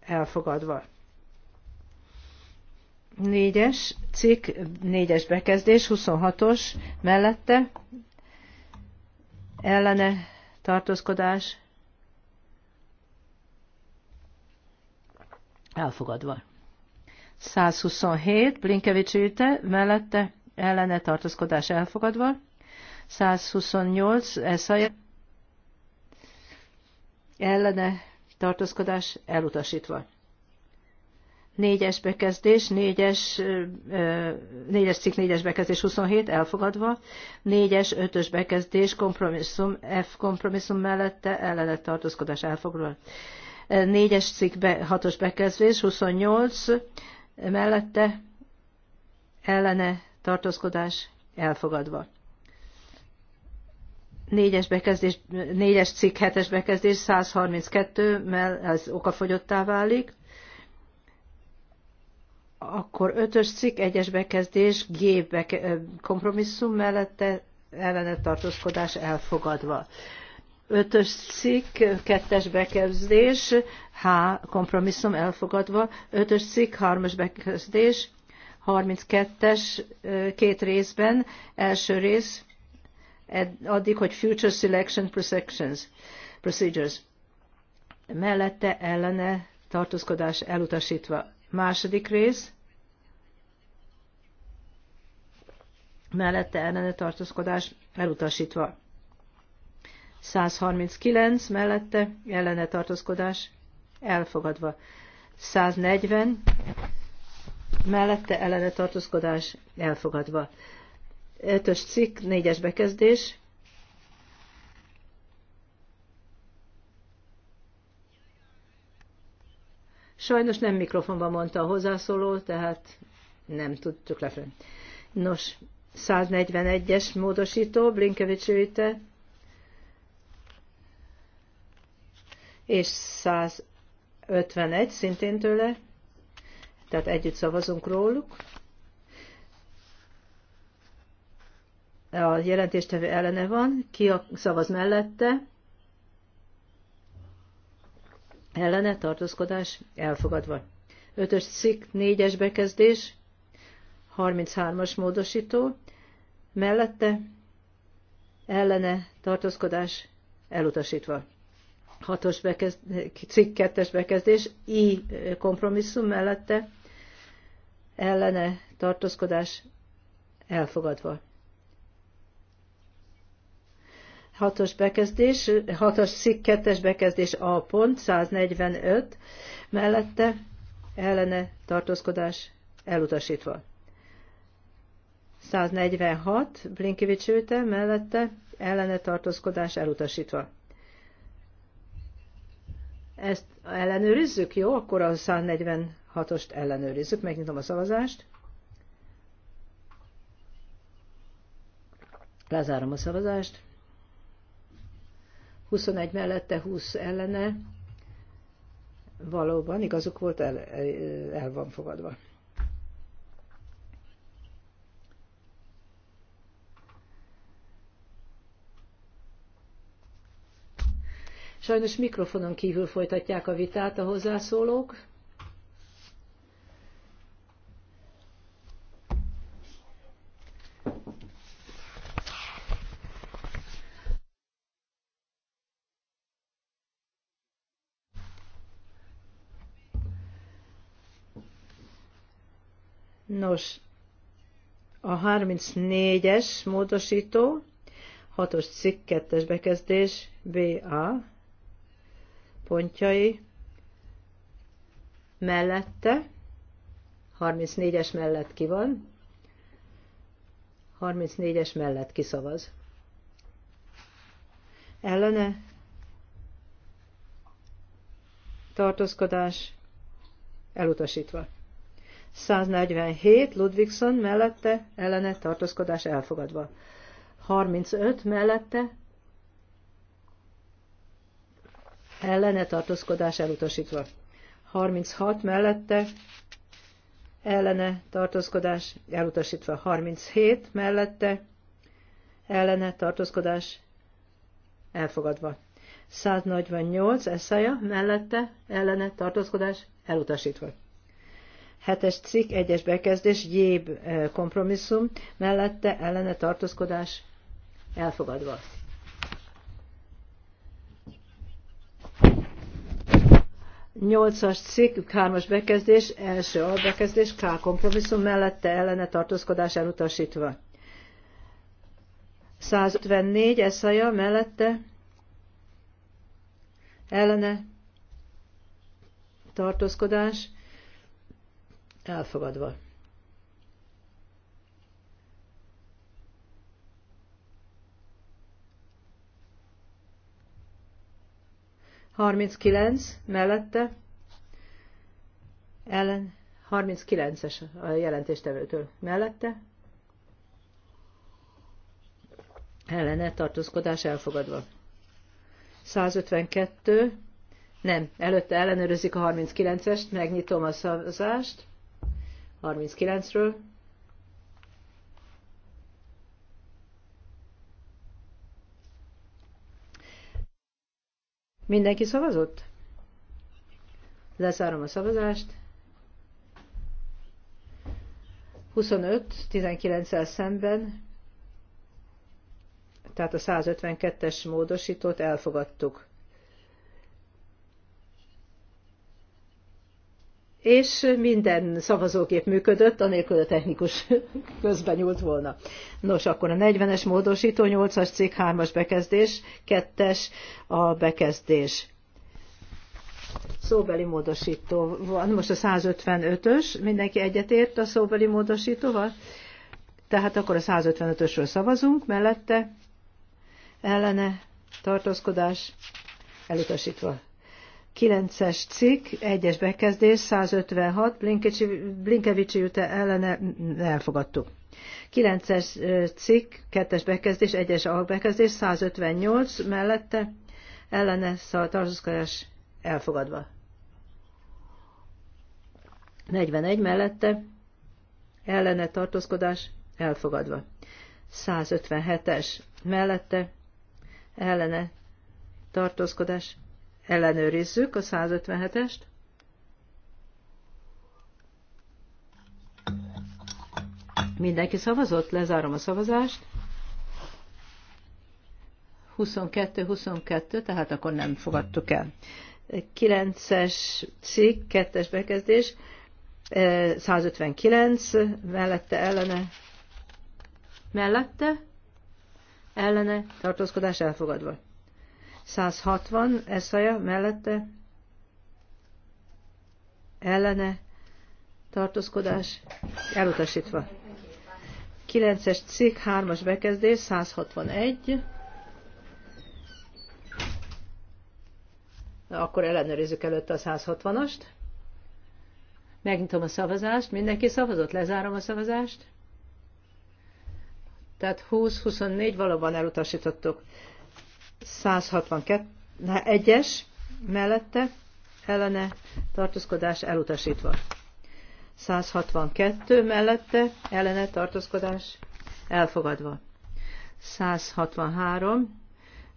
Speaker 4: elfogadva. Négyes cikk, négyes bekezdés, 26-os mellette ellene tartózkodás elfogadva. 127, Blinkevics ülte, mellette ellene tartózkodás elfogadva. 128, Eszaja, ellene tartózkodás elutasítva. Négyes bekezdés, négyes, négyes cikk, négyes bekezdés 27 elfogadva, négyes, ötös bekezdés, kompromisszum, F kompromisszum mellette ellene tartózkodás elfogadva. Négyes cikk, be, hatos bekezdés, 28, mellette ellene tartózkodás elfogadva. Négyes bekezdés, négyes cikk, hetes bekezdés 132, mert ez okafogyottá válik. Akkor ötös cikk, egyes bekezdés, G kompromisszum mellette ellene tartózkodás elfogadva. Ötös cikk, kettes bekezdés, H kompromisszum elfogadva, ötös cikk, hármas bekezdés, 32-es két részben, első rész, addig, hogy Future Selection Procedures. Mellette ellene tartózkodás elutasítva. Második rész, mellette ellene tartózkodás elutasítva. 139 mellette ellene tartózkodás elfogadva. 140 mellette ellene tartózkodás elfogadva. 5-ös cikk, 4-es bekezdés. Sajnos nem mikrofonban mondta a hozzászóló, tehát nem tudtuk lefelé. Nos, 141-es módosító, Blinkevics ülte, és 151 szintén tőle, tehát együtt szavazunk róluk. A jelentéstevő ellene van, ki a, szavaz mellette, ellene tartózkodás elfogadva. 5-ös cikk, 4-es bekezdés, 33-as módosító, mellette ellene tartózkodás elutasítva hatos bekez, cikk kettes bekezdés, i kompromisszum mellette ellene tartózkodás elfogadva. Hatos bekezdés, hatos cikk kettes bekezdés a pont, 145 mellette ellene tartózkodás elutasítva. 146 Blinkevics mellette ellene tartózkodás elutasítva. Ezt ellenőrizzük, jó? Akkor a 146-ost ellenőrizzük. Megnyitom a szavazást. Lezárom a szavazást. 21 mellette, 20 ellene. Valóban igazuk volt, el, el van fogadva. Sajnos mikrofonon kívül folytatják a vitát a hozzászólók. Nos, a 34-es módosító, 6-os cikk, 2-es bekezdés, BA, pontjai mellette, 34-es mellett ki van, 34-es mellett kiszavaz. Ellene tartózkodás elutasítva. 147 Ludvigson mellette ellene tartózkodás elfogadva. 35 mellette ellene tartózkodás elutasítva. 36 mellette ellene tartózkodás elutasítva. 37 mellette ellene tartózkodás elfogadva. 148 eszeja mellette ellene tartózkodás elutasítva. 7-es cikk, 1-es bekezdés, J eh, kompromisszum, mellette ellene tartózkodás elfogadva. 8-as cikk, 3-as bekezdés, első albekezdés, K kompromisszum mellette ellene tartózkodás elutasítva. 154 eszaja mellette ellene tartózkodás elfogadva. 39 mellette ellen 39-es a jelentéstevőtől mellette ellene tartózkodás elfogadva. 152 nem, előtte ellenőrzik a 39-est, megnyitom a szavazást 39-ről Mindenki szavazott? Lezárom a szavazást. 25-19-el szemben, tehát a 152-es módosítót elfogadtuk. és minden szavazókép működött, anélkül a technikus *laughs* közben nyúlt volna. Nos, akkor a 40-es módosító, 8-as cikk, 3-as bekezdés, 2-es a bekezdés. Szóbeli módosító van, most a 155-ös, mindenki egyetért a szóbeli módosítóval? Tehát akkor a 155-ösről szavazunk, mellette ellene tartózkodás elutasítva. 9-es cikk, 1-es bekezdés, 156, Blinkevicsi jute ellene elfogadtuk. 9-es cikk, 2-es bekezdés, 1-es albekezdés, 158 mellette ellene tartózkodás elfogadva. 41 mellette ellene tartózkodás elfogadva. 157-es mellette ellene tartózkodás Ellenőrizzük a 157-est. Mindenki szavazott? Lezárom a szavazást. 22-22, tehát akkor nem fogadtuk el. 9-es cikk, 2-es bekezdés, 159, eh, mellette ellene, mellette ellene tartózkodás elfogadva. 160 eszaja mellette ellene tartózkodás elutasítva. 9-es cikk, 3-as bekezdés, 161. Na, akkor ellenőrizzük előtte a 160-ast. Megnyitom a szavazást. Mindenki szavazott? Lezárom a szavazást. Tehát 20-24 valóban elutasítottuk. 161-es mellette ellene tartózkodás elutasítva. 162 mellette ellene tartózkodás elfogadva. 163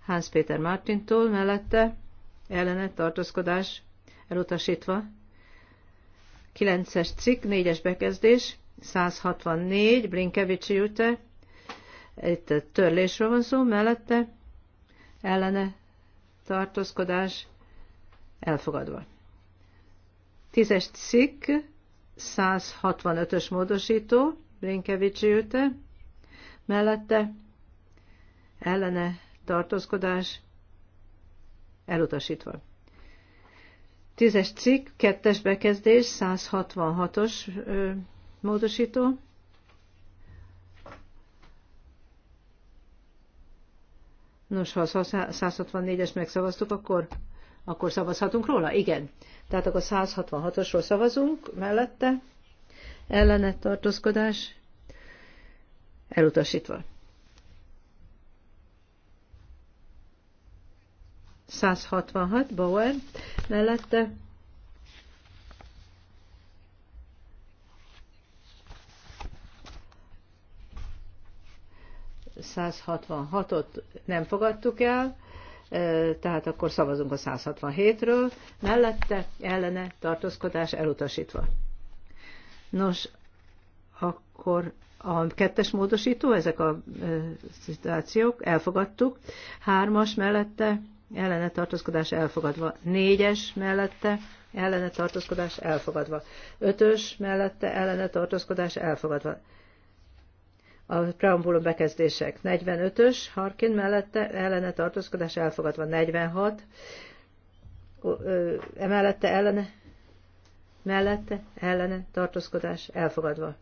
Speaker 4: Hans Péter Martintól mellette ellene tartózkodás elutasítva. 9-es cikk, 4-es bekezdés, 164 Blinkevicsi Jute, itt törlésről van szó, mellette ellene tartózkodás elfogadva. Tízes cikk, 165-ös módosító, Brinkevics jöte, mellette ellene tartózkodás elutasítva. Tízes cikk, kettes bekezdés, 166-os módosító, Nos, ha a 164-es megszavaztuk, akkor, akkor szavazhatunk róla? Igen. Tehát akkor 166-osról szavazunk mellette. Ellene tartózkodás elutasítva. 166 Bauer mellette 166-ot nem fogadtuk el, tehát akkor szavazunk a 167-ről, mellette ellene tartózkodás elutasítva. Nos, akkor a kettes módosító, ezek a szituációk, elfogadtuk. Hármas mellette ellene tartózkodás elfogadva. Négyes mellette ellene tartózkodás elfogadva. Ötös mellette ellene tartózkodás elfogadva a preambulum bekezdések 45-ös, Harkin mellette ellene tartózkodás elfogadva 46, emellette ellene, mellette ellene tartózkodás elfogadva.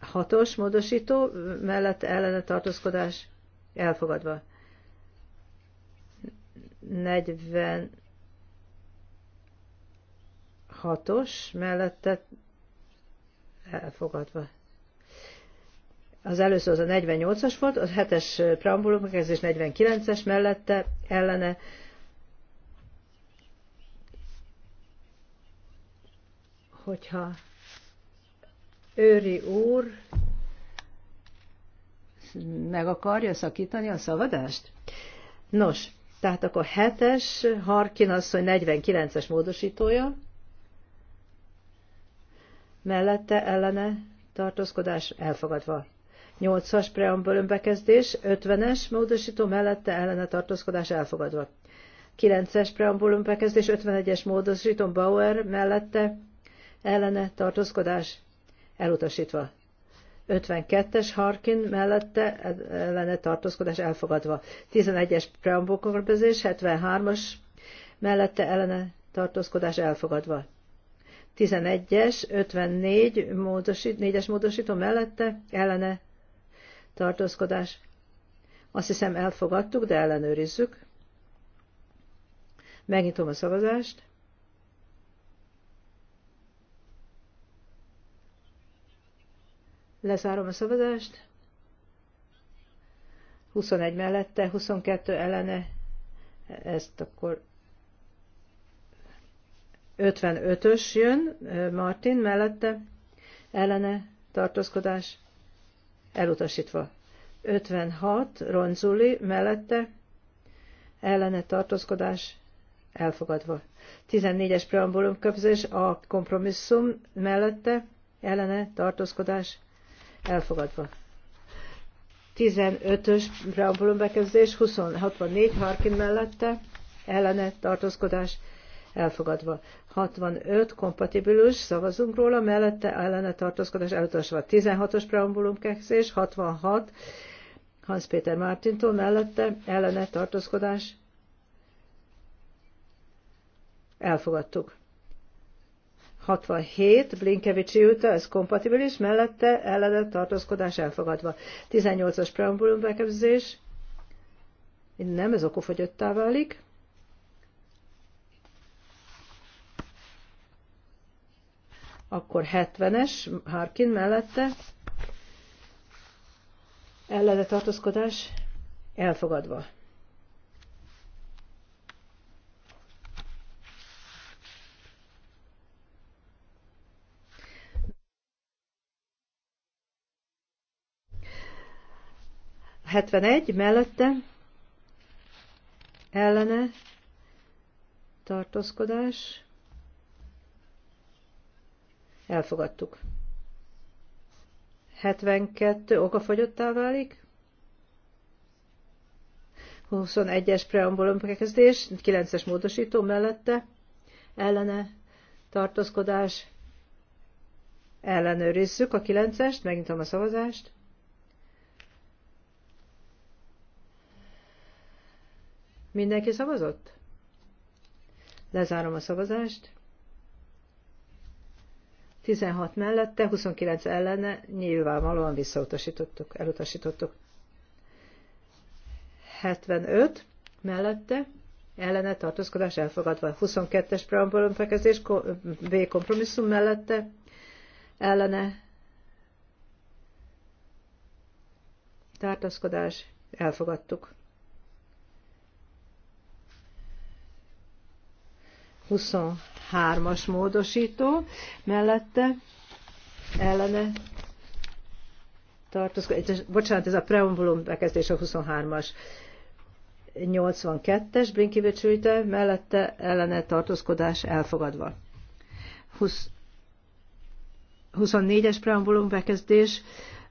Speaker 4: Hatos módosító, mellette ellene tartózkodás elfogadva. 46-os, mellette elfogadva. Az először az a 48-as volt, az 7-es preambulum, ez is 49-es mellette, ellene. Hogyha őri úr meg akarja szakítani a szavadást? Nos, tehát akkor 7-es, Harkin asszony 49-es módosítója, mellette ellene tartózkodás elfogadva. 8-as preambulum bekezdés, 50-es módosító mellette ellene tartózkodás elfogadva. 9-es preambulum bekezdés, 51-es módosító Bauer mellette ellene tartózkodás elutasítva. 52-es Harkin mellette ellene tartózkodás elfogadva. 11-es preambulum bekezdés, 73-as mellette ellene tartózkodás elfogadva. 11-es, 54 módosít, 4-es módosító mellette ellene tartózkodás. Azt hiszem elfogadtuk, de ellenőrizzük. Megnyitom a szavazást. Lezárom a szavazást. 21 mellette, 22 ellene. Ezt akkor 55-ös jön, Martin mellette, ellene tartózkodás elutasítva. 56, Ronzuli mellette, ellene tartózkodás elfogadva. 14-es preambulum köpzés a kompromisszum mellette, ellene tartózkodás elfogadva. 15-ös preambulum bekezdés, 64 Harkin mellette, ellene tartózkodás elfogadva elfogadva. 65 kompatibilis, szavazunk róla, mellette ellene tartózkodás elutasva. 16-os preambulum kekszés, 66 Hans Péter Mártintól mellette ellene tartózkodás elfogadtuk. 67, Blinkevicsi Jutta, ez kompatibilis, mellette ellene tartózkodás elfogadva. 18-as preambulum bekezdés, nem, ez okofogyottá válik. Akkor 70-es, Harkin mellette, ellene tartózkodás elfogadva. Hetvenegy mellette ellene tartózkodás Elfogadtuk. 72 okafogyottá válik. 21-es preambulum bekezdés, 9-es módosító mellette, ellene tartózkodás, ellenőrizzük a 9-est, megnyitom a szavazást. Mindenki szavazott? Lezárom a szavazást. 16 mellette, 29 ellene, nyilvánvalóan visszautasítottuk, elutasítottuk. 75 mellette, ellene tartózkodás elfogadva. 22-es preambulum fekezés, B kompromisszum mellette, ellene tartózkodás elfogadtuk. 23-as módosító mellette ellene tartozkodik. Bocsánat, ez a preambulum bekezdés a 23-as. 82-es Brinkivicsülte mellette ellene tartózkodás elfogadva. 20, 24-es preambulum bekezdés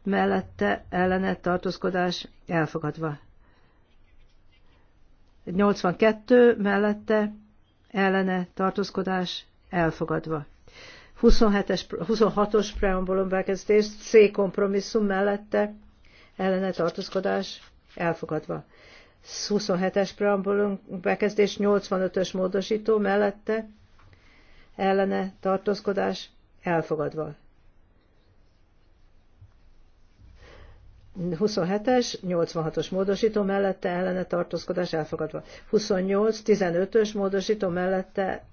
Speaker 4: mellette ellene tartózkodás elfogadva. 82 mellette ellene tartózkodás elfogadva. 27-es, 26-os preambulum bekezdés C kompromisszum mellette ellene tartózkodás elfogadva. 27-es preambulum bekezdés 85-ös módosító mellette ellene tartózkodás elfogadva. 27-es, 86-os módosító mellette ellene tartózkodás elfogadva. 28, 15-ös módosító mellette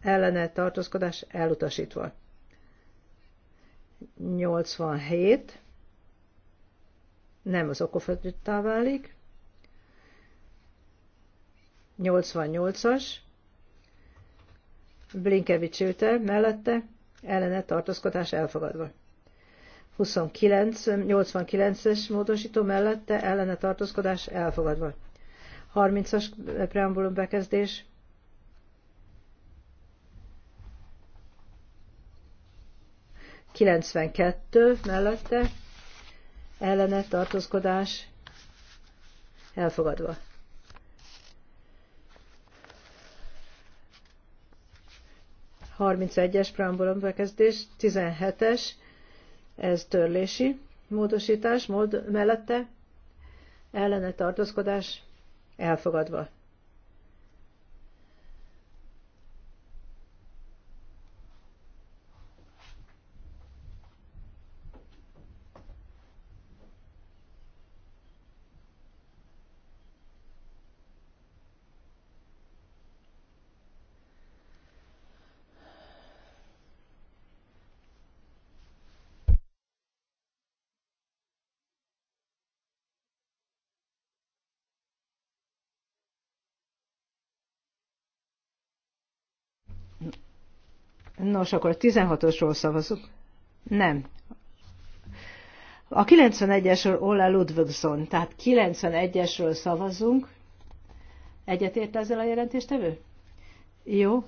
Speaker 4: ellene tartózkodás elutasítva. 87, nem az okofogyottá válik. 88-as, Blinkevics mellette ellene tartózkodás elfogadva. 29, 89-es módosító mellette ellene tartózkodás elfogadva. 30-as preambulum bekezdés. Kilencvenkettő mellette ellene tartózkodás elfogadva. Harmincegyes preambulum bekezdés, tizenhetes ez törlési módosítás, mód mellette ellene tartózkodás elfogadva. Nos, akkor a 16-osról szavazunk. Nem. A 91-esről Ola Ludvigson, tehát 91-esről szavazunk. Egyetért ezzel a jelentéstevő? Jó.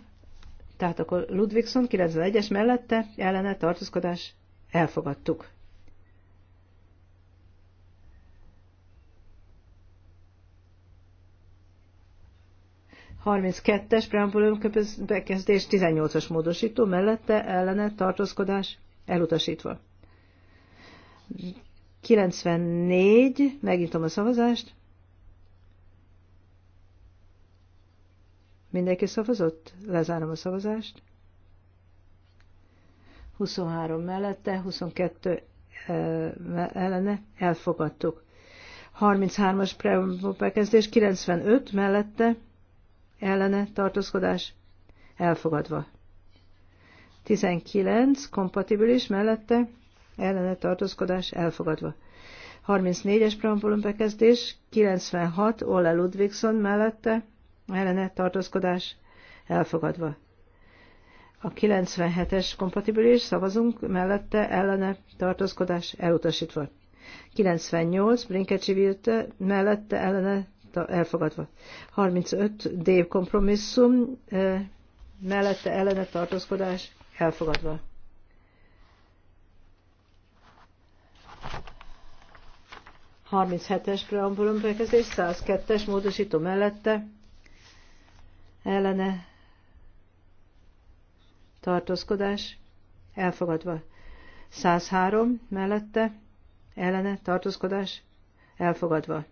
Speaker 4: Tehát akkor Ludvigson 91-es mellette ellene tartózkodás elfogadtuk. 32-es preambulum bekezdés 18-as módosító mellette ellene tartózkodás elutasítva. 94, megnyitom a szavazást. Mindenki szavazott? Lezárom a szavazást. 23 mellette, 22 eh, ellene elfogadtuk. 33-as preambulum bekezdés 95 mellette ellene tartózkodás elfogadva. 19 kompatibilis mellette ellene tartózkodás elfogadva. 34-es preambulum bekezdés, 96 Olle Ludvigson mellette ellene tartózkodás elfogadva. A 97-es kompatibilis szavazunk mellette ellene tartózkodás elutasítva. 98 Brinkecsi mellette ellene elfogadva. 35 D kompromisszum mellette ellene tartózkodás elfogadva. es preambulum bekezdés, 102-es módosító mellette ellene tartózkodás elfogadva. 103 mellette ellene tartózkodás elfogadva.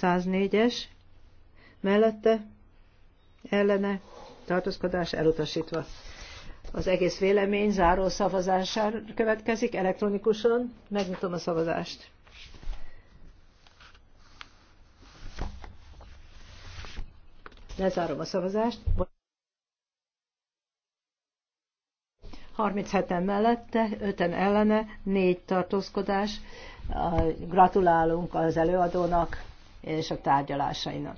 Speaker 4: 104-es mellette ellene tartózkodás elutasítva. Az egész vélemény záró szavazására következik elektronikusan. Megnyitom a szavazást. Lezárom a szavazást. 37-en mellette, 5-en ellene, 4 tartózkodás. Gratulálunk az előadónak és a tárgyalásainak.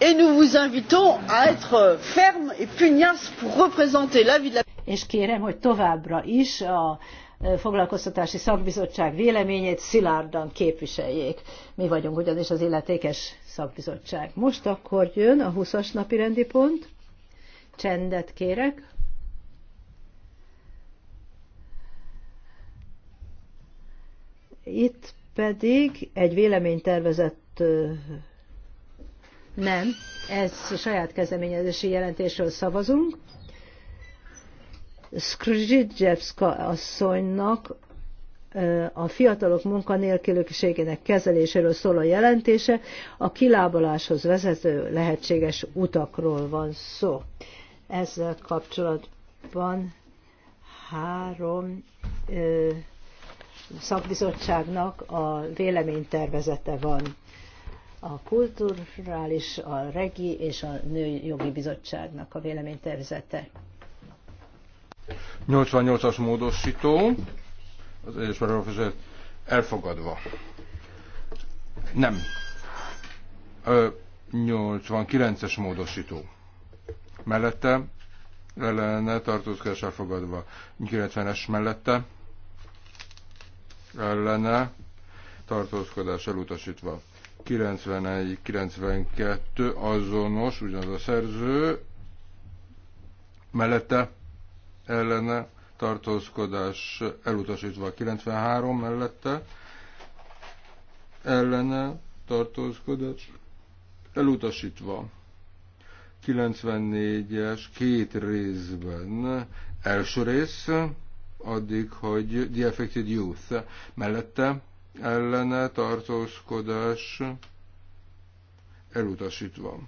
Speaker 4: Et nous vous invitons à être ferme et pugnace pour représenter vie de la... És kérem, hogy továbbra is a e, foglalkoztatási szakbizottság véleményét szilárdan képviseljék. Mi vagyunk ugyanis az illetékes szakbizottság. Most akkor jön a 20-as napi rendi pont. Csendet kérek. Itt pedig egy véleménytervezett nem, ez a saját kezdeményezési jelentésről szavazunk. Skrzsidzsevszka asszonynak a fiatalok munkanélküliségének kezeléséről szóló jelentése a kilábaláshoz vezető lehetséges utakról van szó. Ezzel kapcsolatban három ö, szakbizottságnak a véleménytervezete van. A kulturális, a regi és a női jogi bizottságnak a véleménytervezete.
Speaker 1: 88-as módosító, az egyes professzor elfogadva. Nem. 89-es módosító. Mellette lenne tartózkodás elfogadva. 90-es mellette ellene tartózkodás elutasítva. 91-92 azonos, ugyanaz a szerző, mellette ellene tartózkodás elutasítva. 93 mellette ellene tartózkodás elutasítva. 94-es két részben első rész addig, hogy The Affected Youth mellette ellene tartózkodás elutasítva.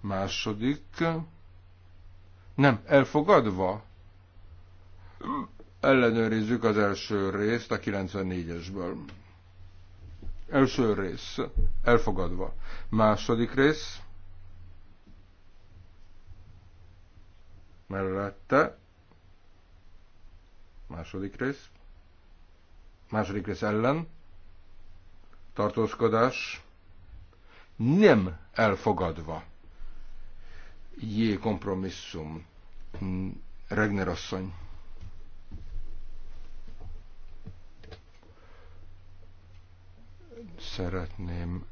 Speaker 1: Második, nem, elfogadva, ellenőrizzük az első részt a 94-esből. Első rész, elfogadva. Második rész, mellette, Második rész. Második rész ellen. Tartózkodás. Nem elfogadva. Jé, kompromisszum. Regner asszony. Szeretném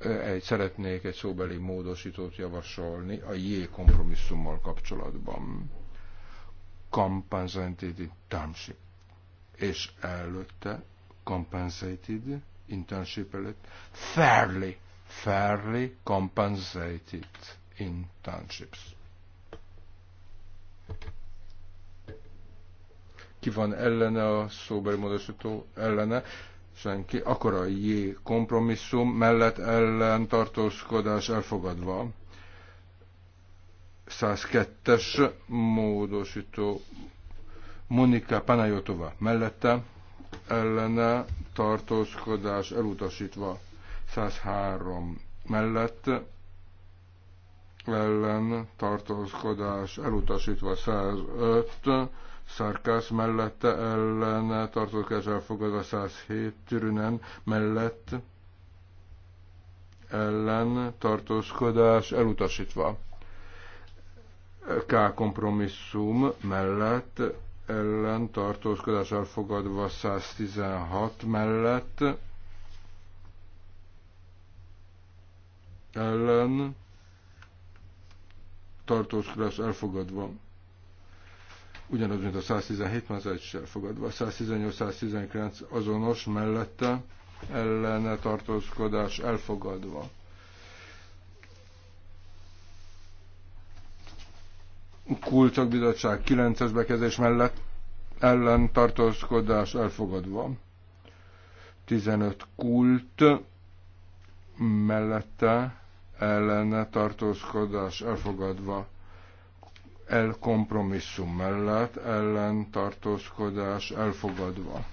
Speaker 1: egy, szeretnék egy szóbeli módosítót javasolni a J kompromisszummal kapcsolatban compensated internship. és előtte compensated internship előtt fairly, fairly compensated internships. Ki van ellene a szóbeli módosító ellene? Senki. Akkor a J kompromisszum mellett ellen tartózkodás elfogadva. 102-es módosító Monika Panajotova mellette ellene tartózkodás elutasítva 103 mellett ellen tartózkodás elutasítva 105 Szarkász mellette ellen tartózkodás elfogadva 107 Türünen mellett ellen tartózkodás elutasítva K kompromisszum mellett ellen tartózkodás elfogadva 116 mellett ellen tartózkodás elfogadva ugyanaz, mint a 117, már az is elfogadva. 118-119 azonos mellette ellene tartózkodás elfogadva. Kulcsok bizottság 9-es mellett ellen tartózkodás elfogadva. 15 kult mellette ellene tartózkodás elfogadva kompromisszum mellett ellen tartózkodás elfogadva.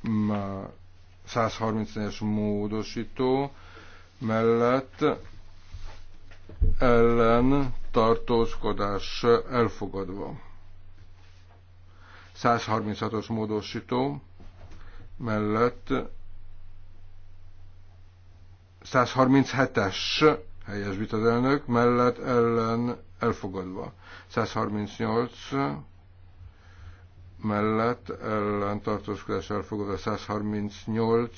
Speaker 1: Már 134-es módosító mellett ellen tartózkodás elfogadva. 136-os módosító mellett 137-es helyesbít az elnök, mellett ellen elfogadva. 138 mellett ellen tartózkodás elfogadva. 138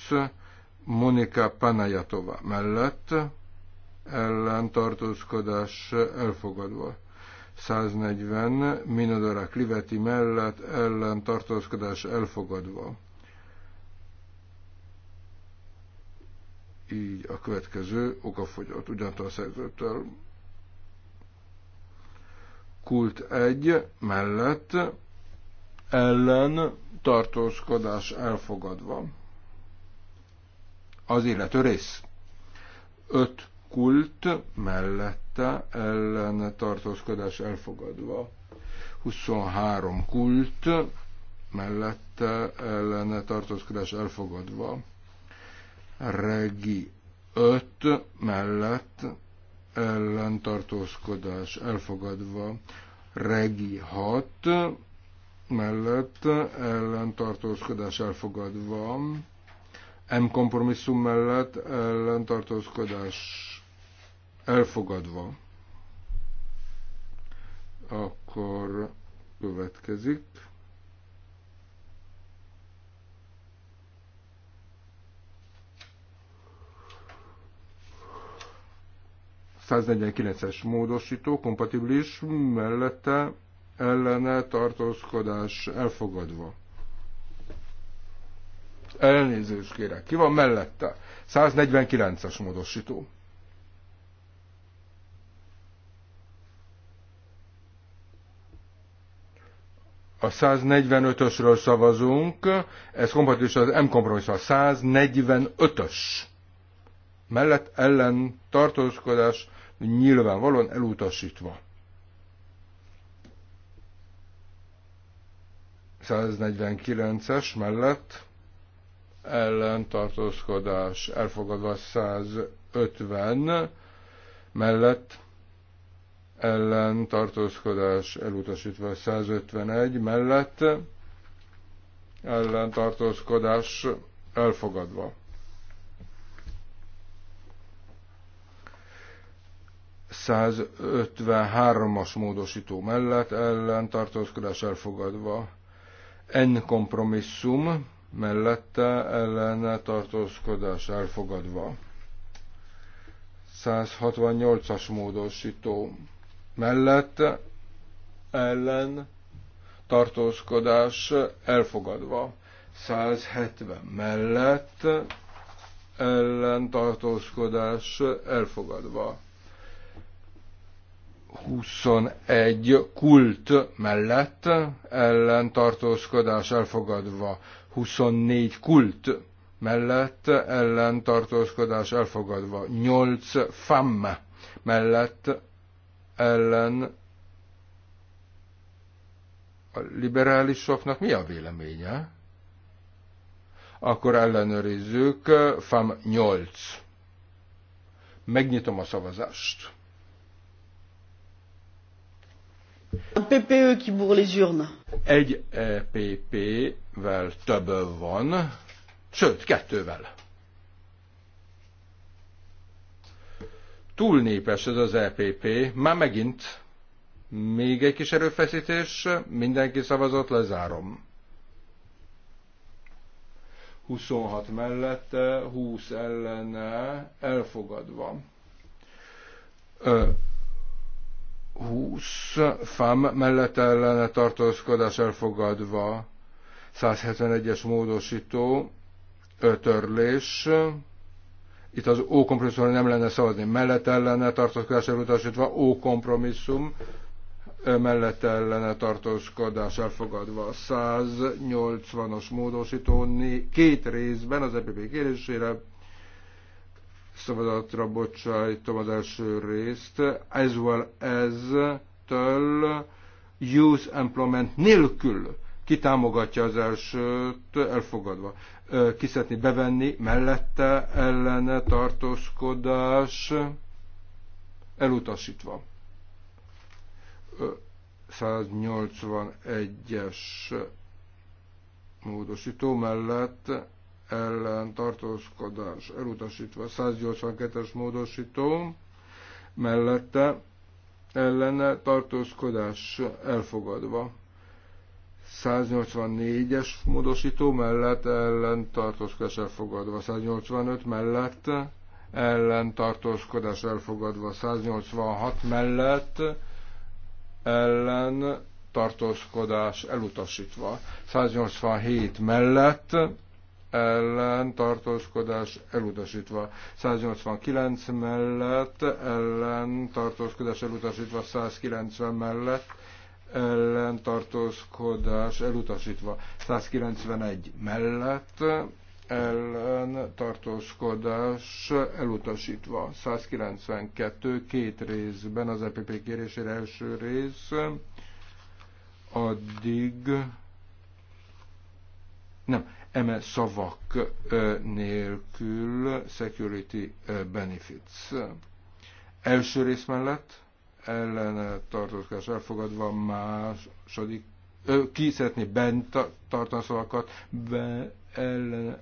Speaker 1: Monika Panajatova mellett ellen tartózkodás elfogadva. 140 Minadara Kliveti mellett ellen tartózkodás elfogadva. Így a következő okafogyat ugyanattal a szerzőtől. Kult 1 mellett ellen tartózkodás elfogadva. Az illető rész. 5 kult mellette ellen tartózkodás elfogadva. 23 kult mellette ellen tartózkodás elfogadva. Regi 5 mellett ellen tartózkodás elfogadva. Regi 6 mellett ellen tartózkodás elfogadva. M kompromisszum mellett ellentartózkodás elfogadva, akkor következik. 149 es módosító, kompatibilis, mellette ellene tartózkodás elfogadva. Elnézést kérek. Ki van mellette? 149-es módosító. A 145-ösről szavazunk, ez kompatibilis az M kompromisszum, a 145-ös. Mellett ellen tartózkodás nyilvánvalóan elutasítva. 149-es mellett ellen tartózkodás elfogadva 150 mellett ellen tartózkodás elutasítva 151 mellett ellen tartózkodás elfogadva. 153-as módosító mellett ellen tartózkodás elfogadva. en kompromisszum mellette ellen tartózkodás elfogadva. 168-as módosító mellett ellen tartózkodás elfogadva. 170 mellett ellen tartózkodás elfogadva. 21 kult mellett ellen tartózkodás elfogadva. 24 kult mellett ellen tartózkodás elfogadva. 8 fam mellett ellen a liberálisoknak mi a véleménye? Akkor ellenőrizzük, FAM 8. Megnyitom a szavazást.
Speaker 3: Un PPE qui les
Speaker 1: Egy EPP-vel több van, sőt, kettővel. túl népes ez az EPP, már megint még egy kis erőfeszítés, mindenki szavazott, lezárom. 26 mellette, 20 ellene, elfogadva. 20 fám mellett ellene tartózkodás elfogadva. 171-es módosító, törlés, itt az ó nem lenne szavazni, mellett ellene tartózkodással elutasítva, ókompromisszum mellett ellene tartózkodás elfogadva. 180 os módosító két részben az EPP kérésére szavazatra bocsájtom az első részt, as well as-től use employment nélkül ki támogatja az elsőt, elfogadva. Kiszetni, bevenni, mellette, ellene, tartózkodás, elutasítva. 181-es módosító mellett ellen tartózkodás elutasítva 182-es módosító mellette ellene tartózkodás elfogadva 184-es módosító mellett ellentartózkodás elfogadva, 185 mellett ellentartózkodás elfogadva, 186 mellett ellen tartózkodás elutasítva, 187 mellett ellen tartózkodás elutasítva, 189 mellett ellen tartózkodás elutasítva, 190 mellett ellentartózkodás elutasítva 191 mellett, ellentartózkodás elutasítva 192 két részben az EPP kérésére első rész, addig nem, eme szavak nélkül security benefits. Első rész mellett ellen tartózkodás elfogadva, második, ö, ki szeretné bent tartani szavakat, be, ellen,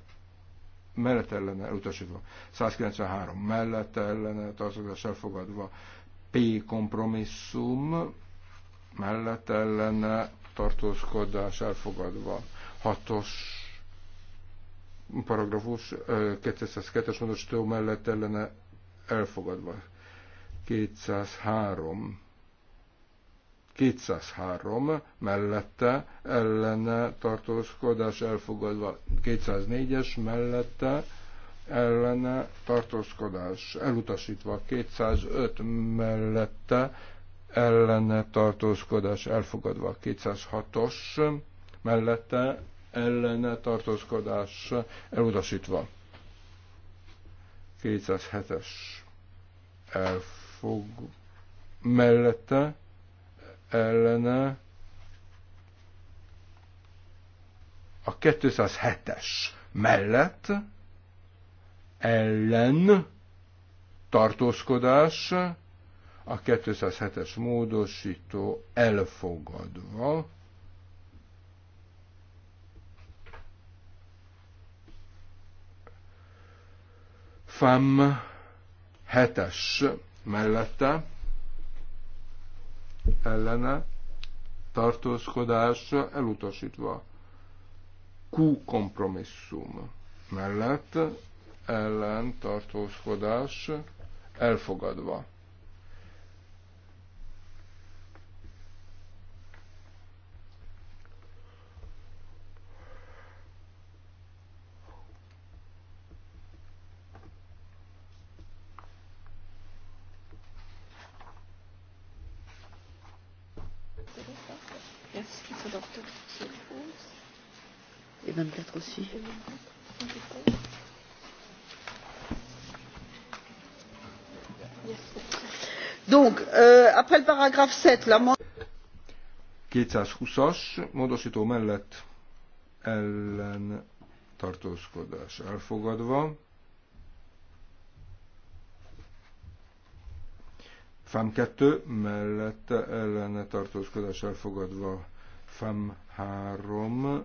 Speaker 1: mellett ellene elutasítva, 193 mellett ellene tartózkodás elfogadva, P kompromisszum, mellett ellene tartózkodás elfogadva, 6-os paragrafus, 202-es módosító mellett ellene elfogadva. 203 203 mellette ellene tartózkodás elfogadva, 204-es mellette ellene tartózkodás elutasítva, 205 mellette ellene tartózkodás elfogadva, 206-os mellette ellene tartózkodás elutasítva. 207-es elf fog mellette, ellene a 207-es mellett ellen tartózkodás, a 207-es módosító elfogadva, FAM 7-es mellette ellene tartózkodás elutasítva. Q kompromisszum mellett ellen tartózkodás elfogadva. 220-as módosító mellett ellen tartózkodás elfogadva. FAM 2 mellette ellene tartózkodás elfogadva. FAM 3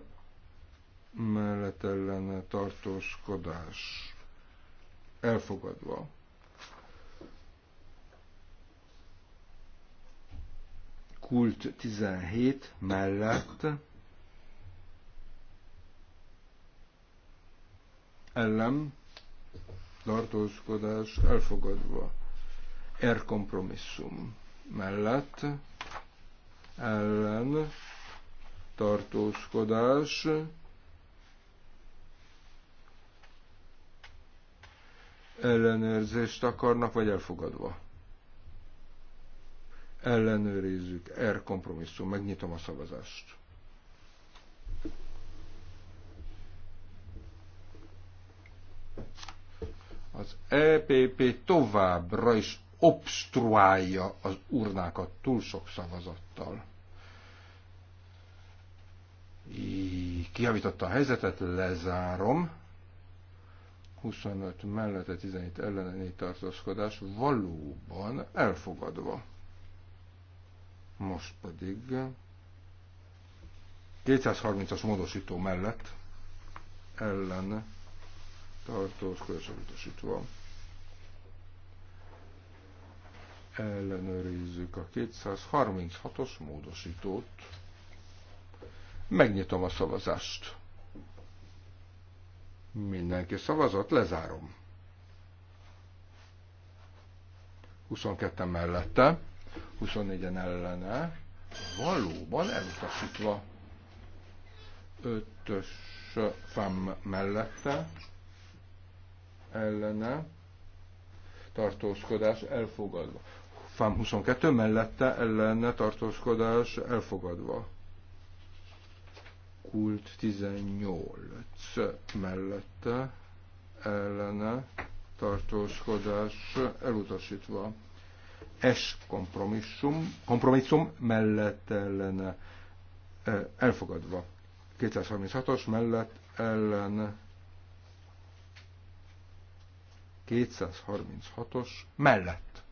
Speaker 1: mellett ellene tartózkodás elfogadva. kult 17 mellett ellen tartózkodás elfogadva. Er kompromisszum mellett ellen tartózkodás ellenőrzést akarnak, vagy elfogadva ellenőrizzük, er kompromisszum, megnyitom a szavazást. Az EPP továbbra is obstruálja az urnákat túl sok szavazattal. Így, kijavította a helyzetet, lezárom. 25 mellette 17 elleneni tartózkodás valóban elfogadva. Most pedig 230-as módosító mellett ellen tartózkodásra utasítva ellenőrizzük a 236-os módosítót. Megnyitom a szavazást. Mindenki szavazott, lezárom. 22 mellette. 24-en ellene, valóban elutasítva. 5-ös fám mellette, ellene, tartózkodás elfogadva. Fám 22 mellette ellene tartózkodás elfogadva. Kult 18 mellette ellene tartózkodás elutasítva es kompromisszum, kompromisszum mellett ellene elfogadva. 236-os mellett ellen 236-os mellett.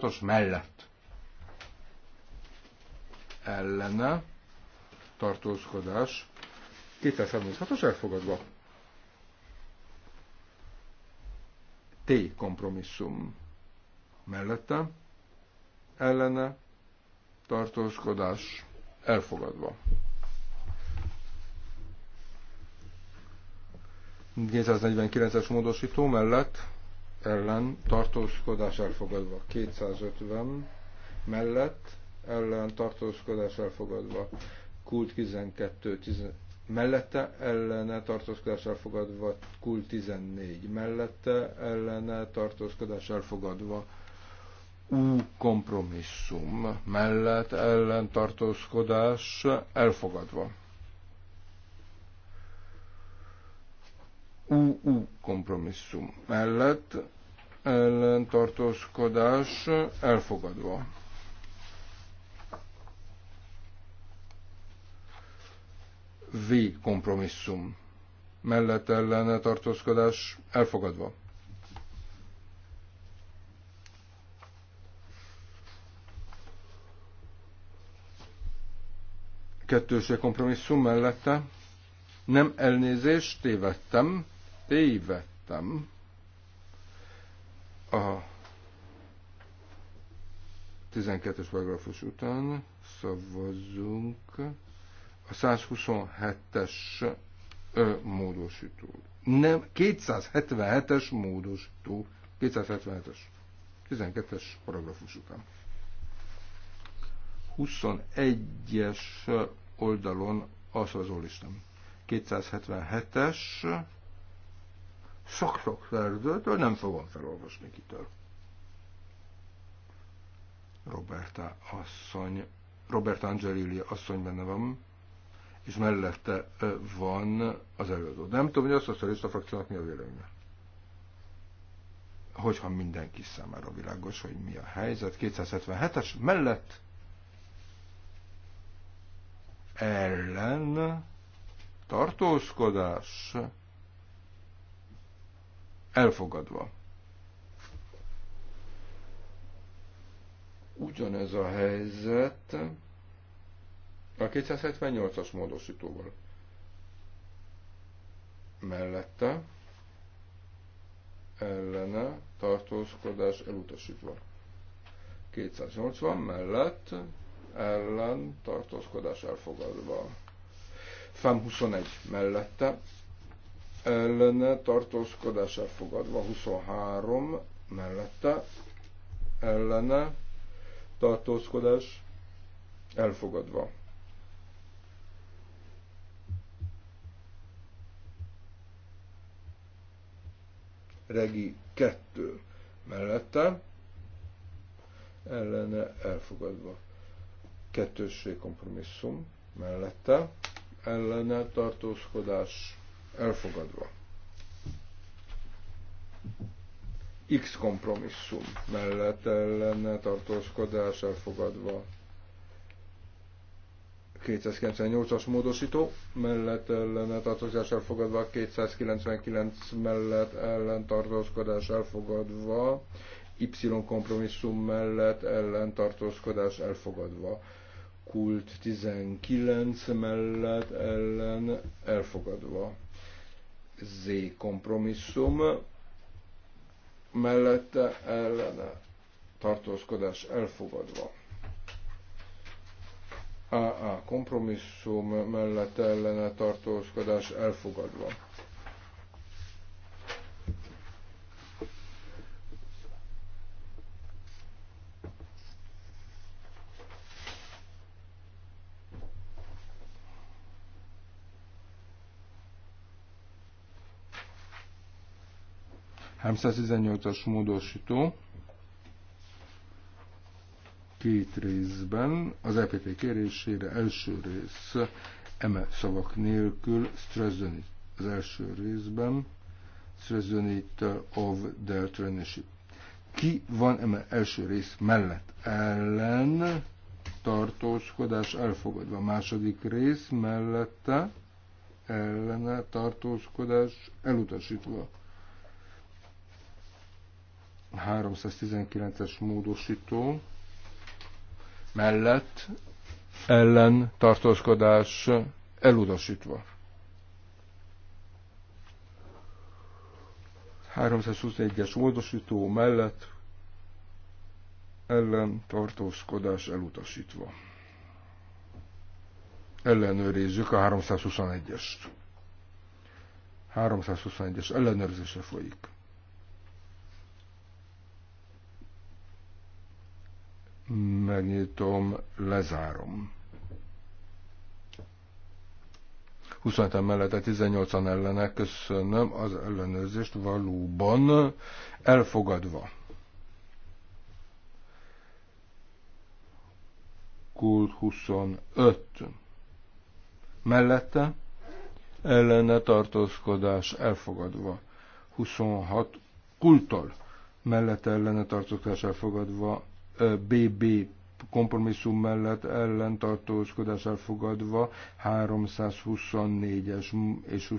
Speaker 1: os mellett ellene tartózkodás 236-os elfogadva. T kompromisszum mellette, ellene tartózkodás elfogadva. 249-es módosító mellett ellen tartózkodás elfogadva. 250 mellett ellen tartózkodás elfogadva. Kult 12, 12 mellette ellene tartózkodás elfogadva, kul 14 mellette ellene tartózkodás elfogadva, U kompromisszum mellett ellen tartózkodás elfogadva. U kompromisszum mellett ellen tartózkodás elfogadva. V kompromisszum mellett ellene tartózkodás elfogadva. Kettőse kompromisszum mellette nem elnézést, tévedtem, tévedtem. A 12-es paragrafus után szavazzunk a 127-es módosító. Nem, 277-es módosító. 277-es. 12-es paragrafus után. 21-es oldalon az az listám. 277-es szakrok szerzőtől nem fogom felolvasni kitől. Roberta asszony, Roberta Angelilli asszony benne van, és mellette van az előadó. Nem tudom, hogy a szocialista frakciónak mi a véleménye. Hogyha mindenki számára világos, hogy mi a helyzet, 277-es mellett ellen tartózkodás elfogadva. Ugyanez a helyzet a 278-as módosítóval. Mellette ellene tartózkodás elutasítva. 280 mellett ellen tartózkodás elfogadva. FEM 21 mellette ellene tartózkodás elfogadva. 23 mellette ellene tartózkodás elfogadva. regi 2 mellette, ellene elfogadva. Kettőssé kompromisszum mellette, ellene tartózkodás elfogadva. X kompromisszum mellett ellene tartózkodás elfogadva. 298-as módosító, mellett ellene tartozás elfogadva, 299 mellett ellen tartózkodás elfogadva, Y kompromisszum mellett ellen tartózkodás elfogadva, kult 19 mellett ellen elfogadva, Z kompromisszum mellette ellene tartózkodás elfogadva. AA kompromisszum mellett ellene tartózkodás elfogadva. 18-as módosító két részben az EPT kérésére első rész eme szavak nélkül Strezzonit az első részben Strezzonit of the Traineeship. Ki van eme első rész mellett? Ellen tartózkodás elfogadva. A második rész mellette ellene tartózkodás elutasítva. 319-es módosító mellett ellen tartózkodás elutasítva. 321-es módosító mellett ellen tartózkodás elutasítva. Ellenőrizzük a 321-est. 321-es ellenőrzése folyik. megnyitom, lezárom. 27 mellette 18-an ellene, köszönöm az ellenőrzést, valóban elfogadva. Kult 25 mellette, ellene tartózkodás elfogadva. 26 kulttal mellette ellene tartózkodás elfogadva, BB kompromisszum mellett ellentartózkodás elfogadva 324-es és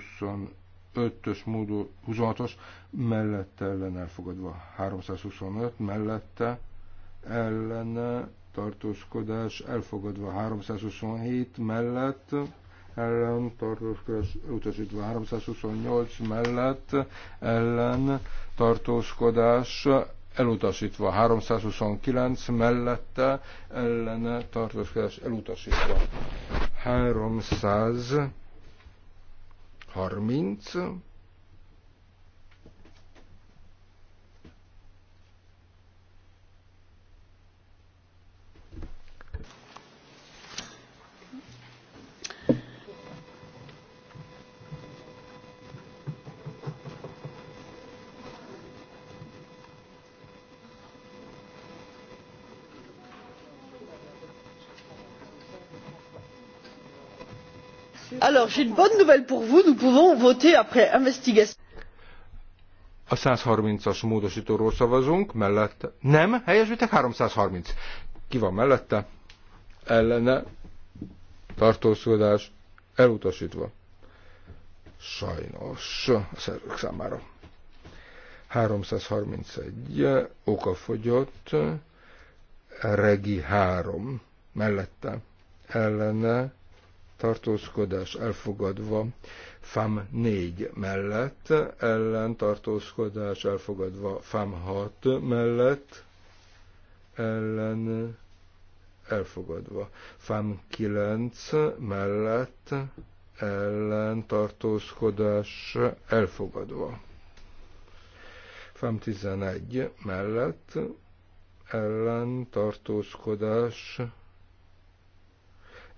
Speaker 1: 25-ös módú 26-os mellette ellen elfogadva 325 mellette ellene tartózkodás elfogadva 327 mellett ellen tartózkodás utasítva 328 mellett ellen tartózkodás elutasítva. 329 mellette ellene tartózkodás elutasítva. 330
Speaker 4: Alors, j'ai une bonne nouvelle pour vous, nous pouvons voter après investigation.
Speaker 1: A 130-as módosítóról szavazunk, mellette... Nem, helyesültek 330. Ki van mellette? Ellene tartózkodás elutasítva. Sajnos a szervek számára. 331 okafogyott, regi 3 mellette ellene tartózkodás elfogadva, FAM 4 mellett, ellen tartózkodás elfogadva, FAM 6 mellett, ellen elfogadva, FAM 9 mellett, ellen tartózkodás elfogadva. FAM 11 mellett, ellen tartózkodás elfogadva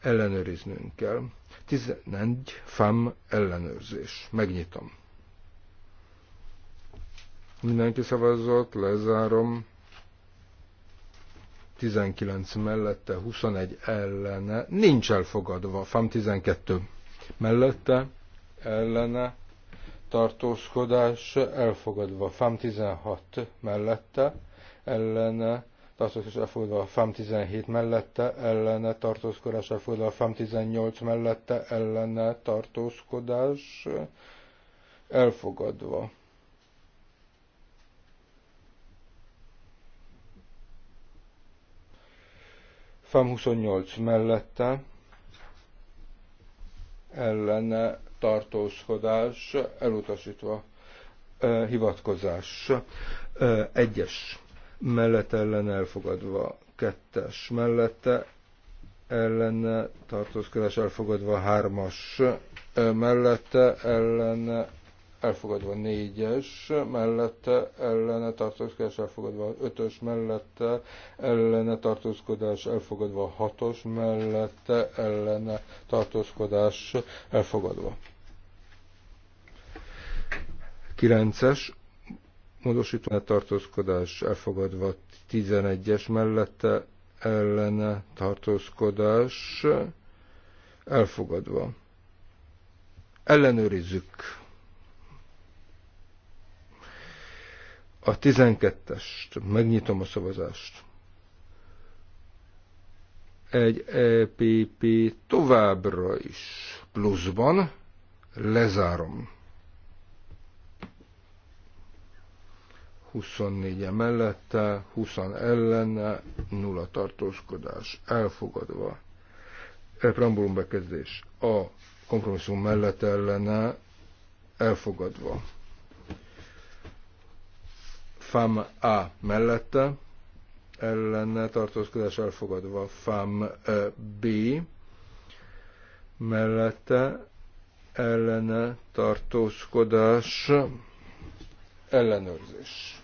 Speaker 1: ellenőriznünk kell. 11 FAM ellenőrzés. Megnyitom. Mindenki szavazott, lezárom. 19 mellette, 21 ellene. Nincs elfogadva. FAM 12 mellette, ellene. Tartózkodás elfogadva. FAM 16 mellette, ellene tartózkodás elfogadva a FAM 17 mellette, ellene tartózkodás elfogadva a FAM 18 mellette, ellene tartózkodás elfogadva. FAM 28 mellette, ellene tartózkodás elutasítva hivatkozás egyes mellett ellen elfogadva, kettes mellette ellene tartózkodás elfogadva, hármas mellette ellene elfogadva, négyes mellette ellene tartózkodás elfogadva, ötös mellette ellene tartózkodás elfogadva, hatos mellette ellene tartózkodás elfogadva. 9-es módosító tartózkodás elfogadva 11-es mellette ellene tartózkodás elfogadva. Ellenőrizzük a 12-est, megnyitom a szavazást. Egy EPP továbbra is pluszban lezárom. 24 mellette, 20 ellene, nulla tartózkodás, elfogadva. E, preambulum bekezdés. A kompromisszum mellett ellene, elfogadva. FAM A mellette, ellene tartózkodás elfogadva. FAM e, B mellette, ellene tartózkodás ellenőrzés.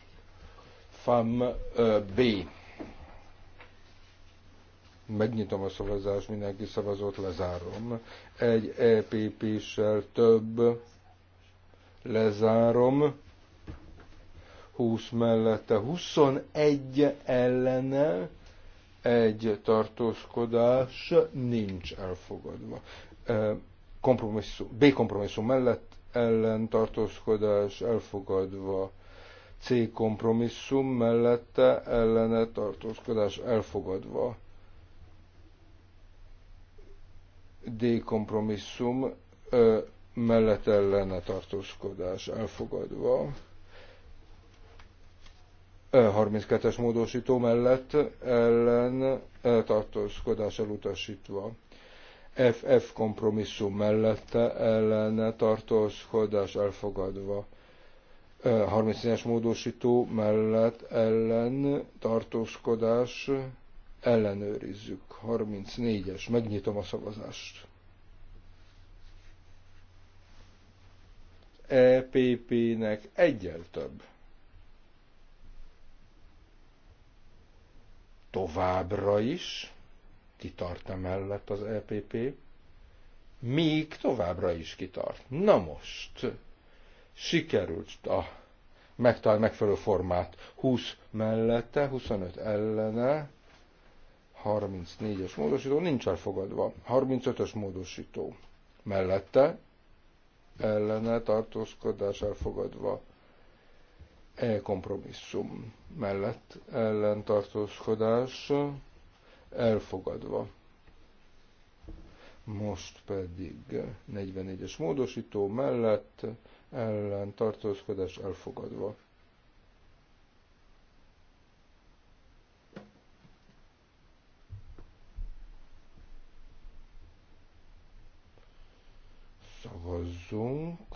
Speaker 1: FAM B. Megnyitom a szavazást, mindenki szavazott, lezárom. Egy EPP-sel több, lezárom. 20 mellette, 21 ellene, egy tartózkodás nincs elfogadva. Kompromisszum, B kompromisszum mellett ellen tartózkodás elfogadva C kompromisszum mellette ellene tartózkodás elfogadva. D kompromisszum ö, mellett ellene tartózkodás elfogadva. 32-es módosító mellett ellen tartózkodás elutasítva. FF kompromisszum mellette ellene tartózkodás elfogadva. 30 es módosító mellett ellen tartózkodás ellenőrizzük. 34-es, megnyitom a szavazást. EPP-nek egyel több. Továbbra is kitart mellett az EPP, még továbbra is kitart. Na most, sikerült a megtalálni megfelelő formát. 20 mellette, 25 ellene, 34-es módosító nincs elfogadva. 35-ös módosító mellette, ellene tartózkodás elfogadva. E kompromisszum mellett ellentartózkodás elfogadva. Most pedig 44-es módosító mellett ellen tartózkodás elfogadva. Szavazzunk.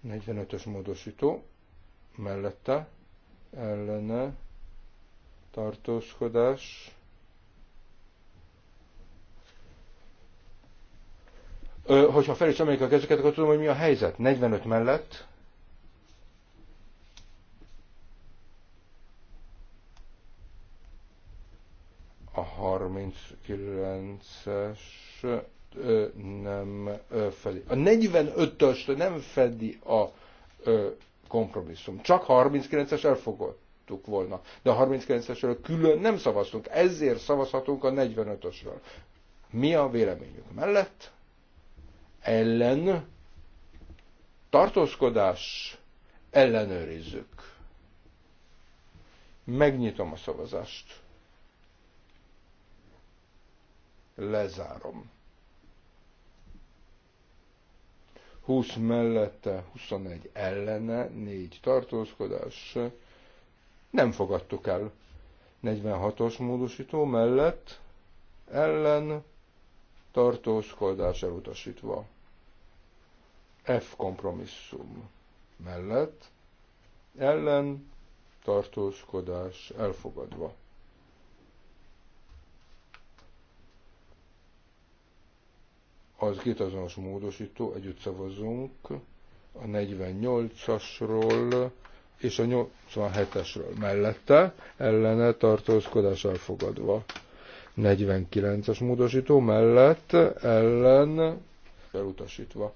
Speaker 1: Negyvenötös módosító mellette ellene tartózkodás hogyha fel is emeljük a kezüket, akkor tudom, hogy mi a helyzet. 45 mellett a 39-es nem fedi. A 45-ös nem fedi a ö, kompromisszum. Csak 39-es elfogadtuk volna. De a 39-esről külön nem szavaztunk. Ezért szavazhatunk a 45-ösről. Mi a véleményük mellett? ellen tartózkodás ellenőrizzük. Megnyitom a szavazást. Lezárom. 20 mellette, 21 ellene, 4 tartózkodás. Nem fogadtuk el. 46-os módosító mellett ellen tartózkodás elutasítva. F kompromisszum mellett ellen tartózkodás elfogadva. Az két azonos módosító, együtt szavazunk a 48-asról és a 87-esről mellette, ellene tartózkodás elfogadva. 49-es módosító mellett ellen elutasítva.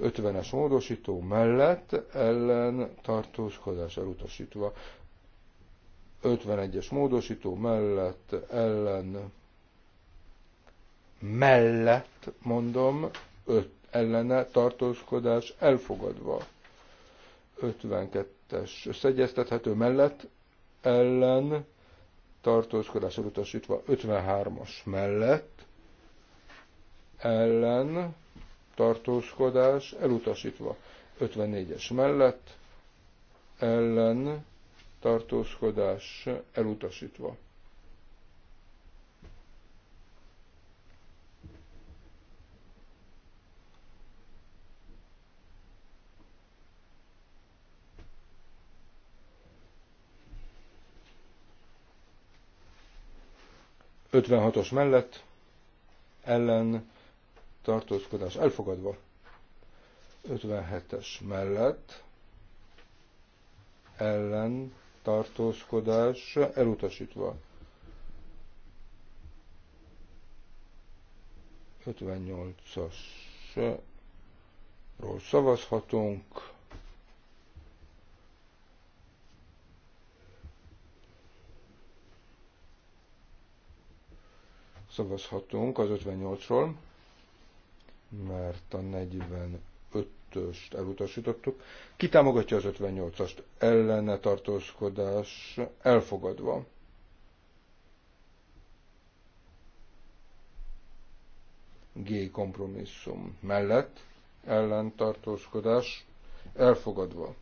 Speaker 1: 50-es módosító mellett ellen tartózkodás elutasítva, 51-es módosító mellett ellen mellett mondom, öt, ellene tartózkodás elfogadva. 52-es összeegyeztethető mellett ellen tartózkodás elutasítva 53-as mellett ellen tartózkodás elutasítva. 54-es mellett ellen tartózkodás elutasítva. Ötvenhatos mellett ellen tartózkodás elfogadva. 57-es mellett ellen tartózkodás elutasítva. 58-asról szavazhatunk. Szavazhatunk az 58-ról mert a 45-öst elutasítottuk. Ki támogatja az 58-ast? Ellene tartózkodás elfogadva. G kompromisszum mellett ellentartózkodás elfogadva.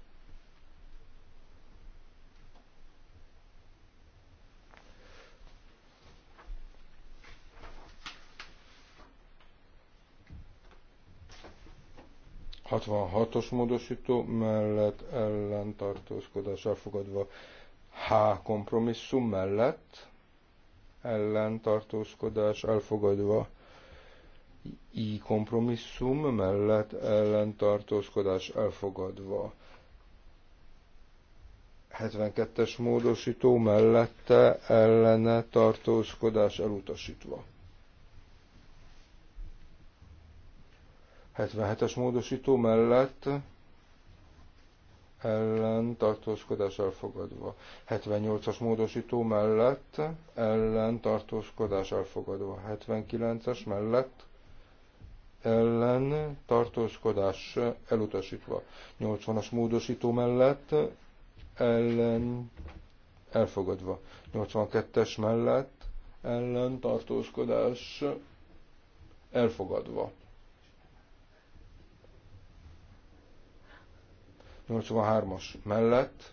Speaker 1: 66-os módosító mellett ellentartózkodás elfogadva H kompromisszum mellett ellentartózkodás elfogadva I kompromisszum mellett ellentartózkodás elfogadva 72-es módosító mellette ellene tartózkodás elutasítva. 77-es módosító mellett ellen tartózkodás elfogadva. 78-as módosító mellett ellen tartózkodás elfogadva. 79-es mellett ellen tartózkodás elutasítva. 80-as módosító mellett ellen elfogadva. 82-es mellett ellen tartózkodás elfogadva. 83-as mellett,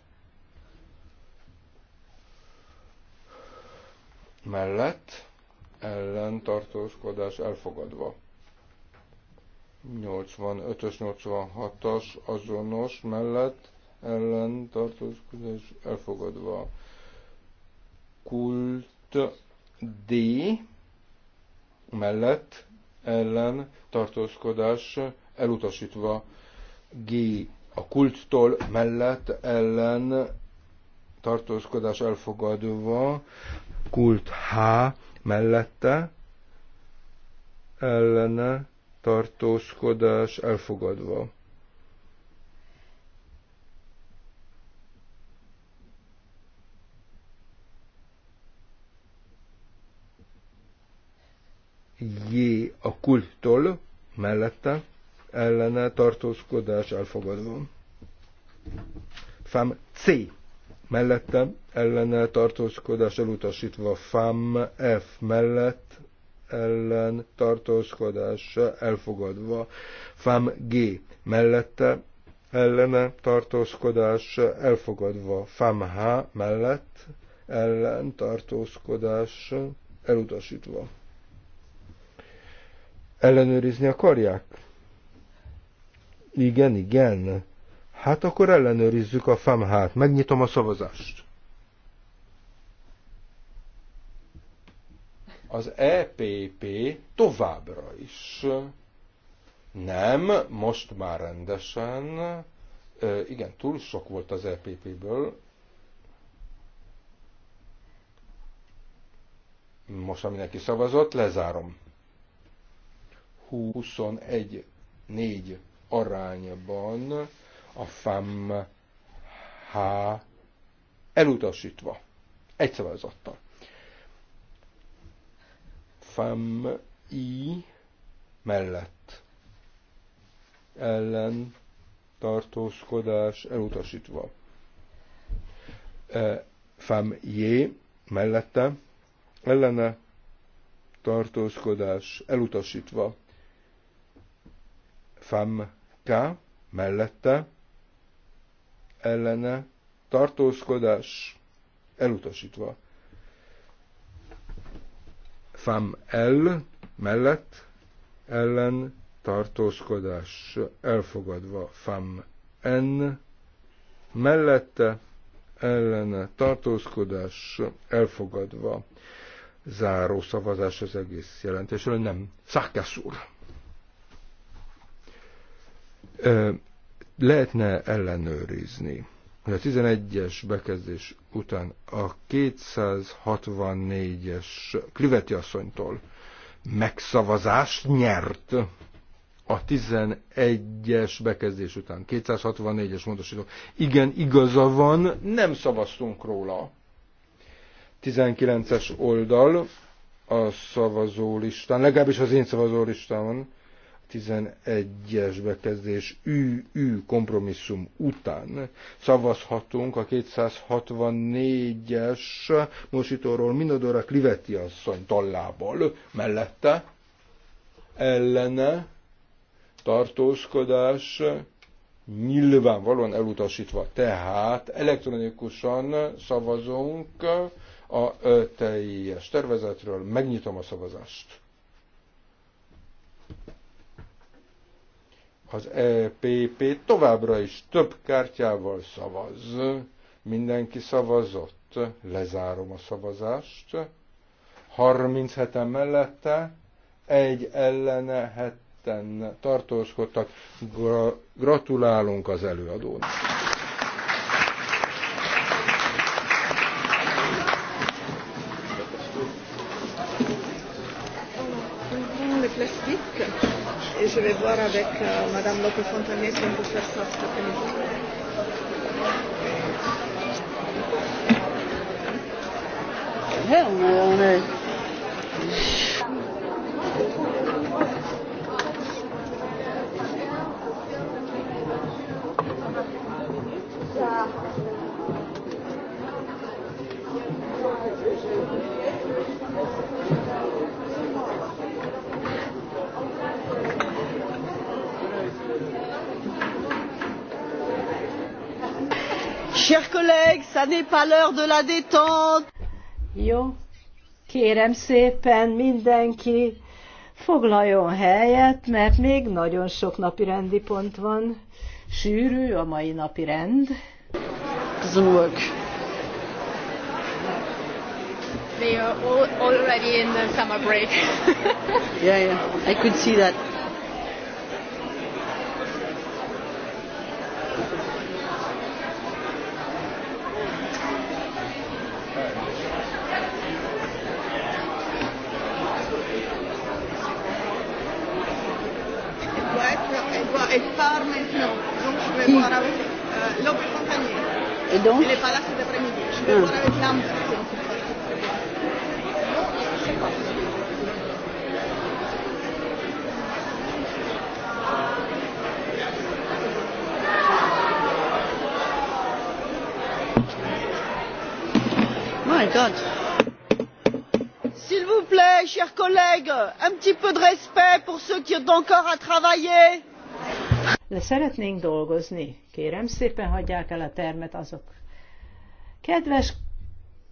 Speaker 1: mellett, ellen tartózkodás elfogadva. 85-ös, 86-as azonos mellett, ellen tartózkodás elfogadva. Kult D mellett, ellen tartózkodás elutasítva. G a kulttól mellett ellen tartózkodás elfogadva, kult H mellette ellene tartózkodás elfogadva. J a kulttól mellette ellene tartózkodás elfogadva. Fám C mellette ellene tartózkodás elutasítva. Fám F mellett ellen tartózkodás elfogadva. Fám G mellette ellene tartózkodás elfogadva. Fám H mellett ellen tartózkodás elutasítva. Ellenőrizni akarják? Igen, igen. Hát akkor ellenőrizzük a FAMH-t. Megnyitom a szavazást. Az EPP továbbra is. Nem, most már rendesen. Ö, igen, túl sok volt az EPP-ből. Most, ami neki szavazott, lezárom. 21, 4 arányban a FAM H elutasítva. Egy szavazattal. FAM I mellett ellen tartózkodás elutasítva. E, FAM J mellette ellene tartózkodás elutasítva. FAM K mellette ellene tartózkodás elutasítva. Fám L mellett ellen tartózkodás elfogadva. Fám N mellette ellene tartózkodás elfogadva. Záró szavazás az egész jelentésről, nem. Szákesz úr! lehetne ellenőrizni. A 11-es bekezdés után a 264-es Kriveti asszonytól megszavazást nyert a 11-es bekezdés után. 264-es módosító. Igen, igaza van, nem szavaztunk róla. 19-es oldal a szavazólistán, legalábbis az én szavazólistámon, 11-es bekezdés ű kompromisszum után szavazhatunk a 264-es mosítóról Minodora Kliveti asszony tallából mellette ellene tartózkodás nyilvánvalóan elutasítva. Tehát elektronikusan szavazunk a teljes tervezetről, megnyitom a szavazást. Az EPP továbbra is több kártyával szavaz. Mindenki szavazott. Lezárom a szavazást. 37-en mellette, egy ellene, hetten tartózkodtak. Gra- gratulálunk az előadónak.
Speaker 2: vais voir avec euh, Madame Lopez Fontanier si on peut faire ça cet après-midi.
Speaker 1: Ouais, on on a...
Speaker 4: Thank you. Chers collègues, ça n'est pas l'heure de la détente. Jó, kérem szépen mindenki foglaljon helyet, mert még nagyon sok napi rendi pont van. Sűrű a mai napi rend.
Speaker 1: Zúg.
Speaker 2: They
Speaker 4: are all already in the summer
Speaker 2: break.
Speaker 1: yeah, yeah, I could see that.
Speaker 2: Pardon Elle est pas là cet après-midi. Je vais ah. voir avec l'âme.
Speaker 4: s'il vous plaît chers collègues un petit peu de respect pour ceux qui ont encore à travailler. Le szeretnénk dolgozni kérem szépen hagyják el a termet azok Kedves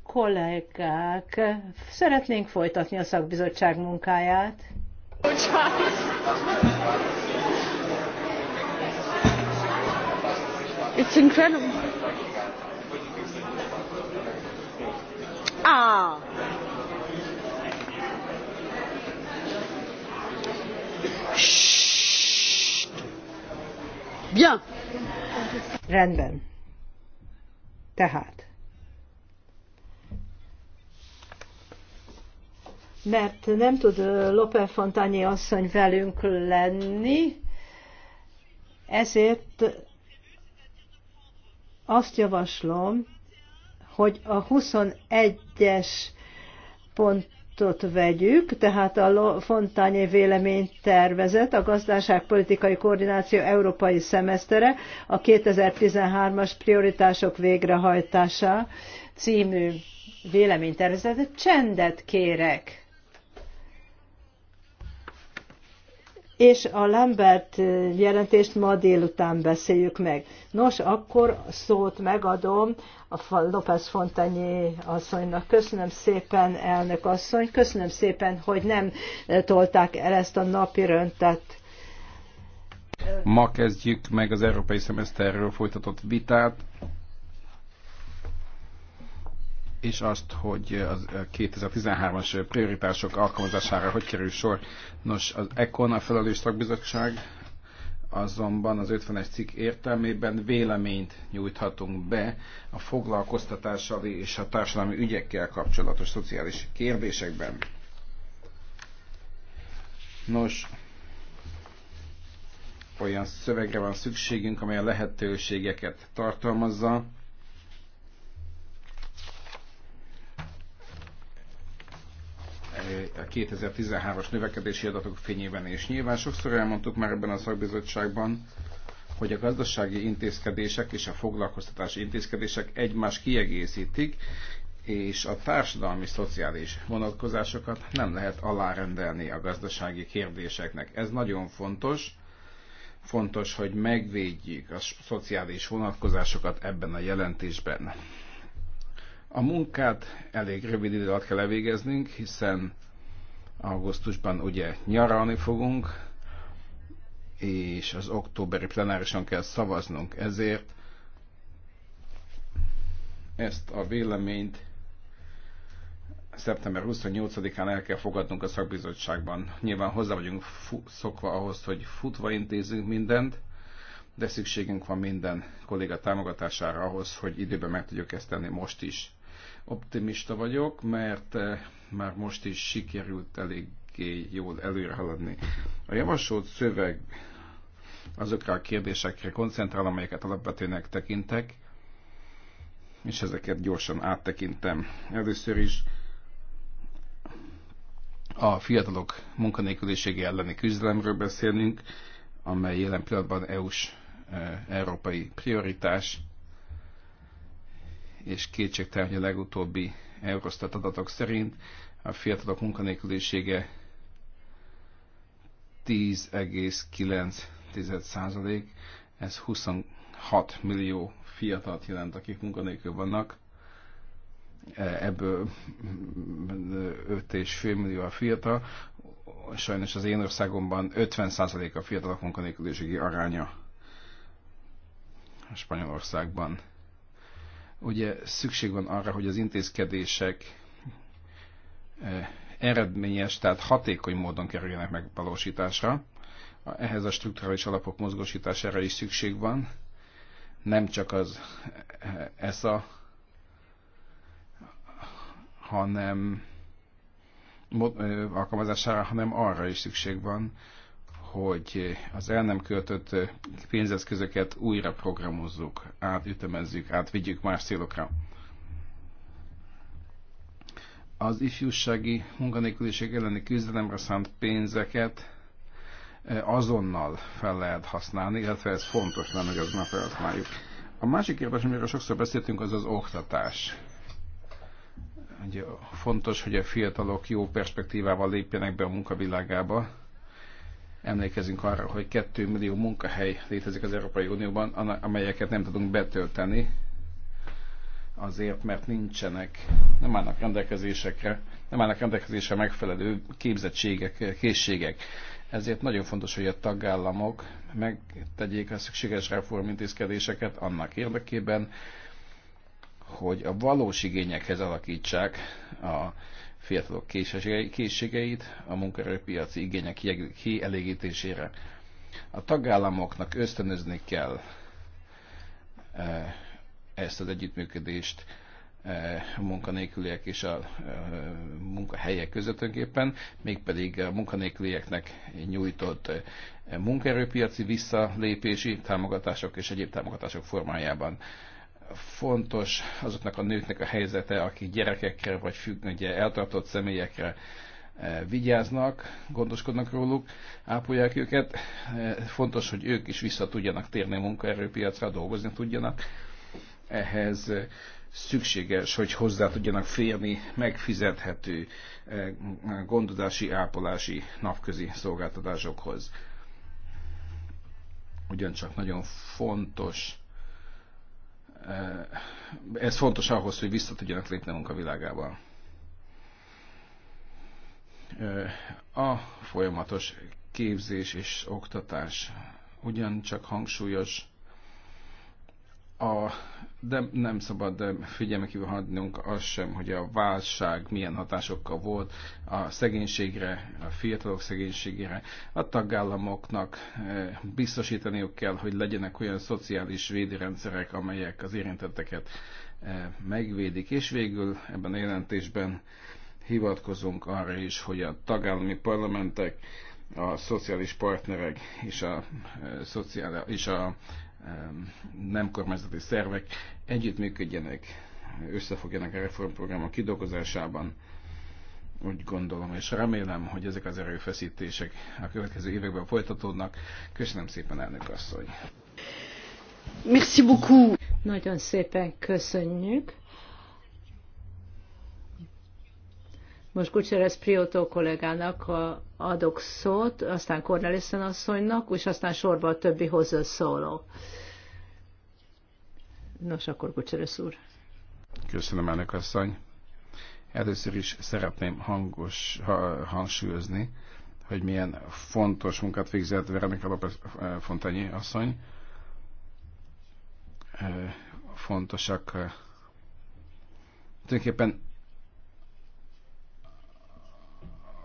Speaker 4: kollégák, szeretnénk folytatni a szakbizottság munkáját.
Speaker 1: It's incredible.
Speaker 3: Ah.
Speaker 4: Shh. Bien. Rendben. Tehát. mert nem tud Lopel Fontányi asszony velünk lenni, ezért azt javaslom, hogy a 21-es pontot vegyük, tehát a Fontányi véleménytervezet, a gazdaságpolitikai koordináció európai szemesztere, a 2013-as prioritások végrehajtása című véleménytervezetet. Csendet kérek! és a Lambert jelentést ma délután beszéljük meg. Nos, akkor szót megadom a López Fontanyi asszonynak. Köszönöm szépen, elnök asszony, köszönöm szépen, hogy nem tolták el ezt a napi röntet.
Speaker 3: Ma kezdjük meg az Európai Szemeszterről folytatott vitát és azt, hogy az 2013-as prioritások alkalmazására hogy kerül sor. Nos, az ECON, a felelős szakbizottság azonban az 51 cikk értelmében véleményt nyújthatunk be a foglalkoztatással és a társadalmi ügyekkel kapcsolatos szociális kérdésekben. Nos, olyan szövegre van szükségünk, amely a lehetőségeket tartalmazza, a 2013-as növekedési adatok fényében is. Nyilván sokszor elmondtuk már ebben a szakbizottságban, hogy a gazdasági intézkedések és a foglalkoztatási intézkedések egymást kiegészítik, és a társadalmi-szociális vonatkozásokat nem lehet alárendelni a gazdasági kérdéseknek. Ez nagyon fontos. Fontos, hogy megvédjük a szociális vonatkozásokat ebben a jelentésben. A munkát elég rövid idő alatt kell elvégeznünk, hiszen augusztusban ugye nyaralni fogunk, és az októberi plenárison kell szavaznunk. Ezért ezt a véleményt szeptember 28-án el kell fogadnunk a szakbizottságban. Nyilván hozzá vagyunk szokva ahhoz, hogy futva intézünk mindent, de szükségünk van minden kolléga támogatására ahhoz, hogy időben meg tudjuk ezt tenni most is. Optimista vagyok, mert eh, már most is sikerült eléggé jól előrehaladni. A javasolt szöveg azokra a kérdésekre koncentrál, amelyeket alapvetőnek tekintek, és ezeket gyorsan áttekintem. Először is a fiatalok munkanélkülisége elleni küzdelemről beszélünk, amely jelen pillanatban EU-s eh, európai prioritás és kétségtelen, hogy a legutóbbi Eurostat adatok szerint a fiatalok munkanélkülisége 10,9 ez 26 millió fiatalt jelent, akik munkanélkül vannak, e, ebből 5,5 millió a fiatal, sajnos az én országomban 50% a fiatalok munkanélküliségi aránya a Spanyolországban Ugye szükség van arra, hogy az intézkedések eh, eredményes, tehát hatékony módon kerüljenek megvalósításra. Ehhez a strukturális alapok mozgósítására is szükség van. Nem csak az eh, ESA, hanem eh, alkalmazására, hanem arra is szükség van, hogy az el nem költött pénzeszközöket újra programozzuk, átütemezzük, átvigyük más célokra. Az ifjúsági munkanélküliség elleni küzdelemre szánt pénzeket eh, azonnal fel lehet használni, illetve ez fontos lenne, hogy azonnal felhasználjuk. A másik kérdés, amiről sokszor beszéltünk, az az oktatás. Ugye fontos, hogy a fiatalok jó perspektívával lépjenek be a munkavilágába, Emlékezünk arra, hogy 2 millió munkahely létezik az Európai Unióban, amelyeket nem tudunk betölteni, azért, mert nincsenek, nem állnak rendelkezésekre, nem állnak rendelkezésre megfelelő képzettségek, készségek. Ezért nagyon fontos, hogy a tagállamok megtegyék a szükséges reformintézkedéseket annak érdekében, hogy a valós igényekhez alakítsák a fiatalok készségeit a munkaerőpiaci igények kielégítésére. A tagállamoknak ösztönözni kell e, ezt az együttműködést e, a munkanélküliek és a e, munkahelyek között önképpen, mégpedig a munkanélkülieknek nyújtott munkaerőpiaci visszalépési támogatások és egyéb támogatások formájában fontos azoknak a nőknek a helyzete, akik gyerekekre vagy függ, ugye, eltartott személyekre e, vigyáznak, gondoskodnak róluk, ápolják őket. E, fontos, hogy ők is vissza tudjanak térni a munkaerőpiacra, dolgozni tudjanak. Ehhez e, szükséges, hogy hozzá tudjanak férni megfizethető gondozási, ápolási napközi szolgáltatásokhoz. Ugyancsak nagyon fontos, Eh, ez fontos ahhoz, hogy vissza tudjanak lépni a világába. Eh, a folyamatos képzés és oktatás ugyancsak hangsúlyos a, de nem szabad figyelme kívül hagynunk az sem, hogy a válság milyen hatásokkal volt a szegénységre, a fiatalok szegénységére. A tagállamoknak eh, biztosítaniuk kell, hogy legyenek olyan szociális védőrendszerek, amelyek az érintetteket eh, megvédik. És végül ebben a jelentésben hivatkozunk arra is, hogy a tagállami parlamentek, a szociális partnerek és a, eh, szociál, és a nem kormányzati szervek együttműködjenek, összefogjanak a reformprogramok kidolgozásában. Úgy gondolom és remélem, hogy ezek az erőfeszítések a következő években folytatódnak. Köszönöm szépen, elnök asszony!
Speaker 4: Merci beaucoup. Nagyon szépen köszönjük. Most Kucseres Prioto kollégának adok szót, aztán Cornelissen asszonynak, és aztán sorba a többi hozzá szóló. Nos, akkor Kucseres úr.
Speaker 3: Köszönöm, elnök asszony. Először is szeretném hangos, ha, hangsúlyozni, hogy milyen fontos munkát végzett Veronika López eh, Fontanyi asszony. Eh, fontosak eh, tulajdonképpen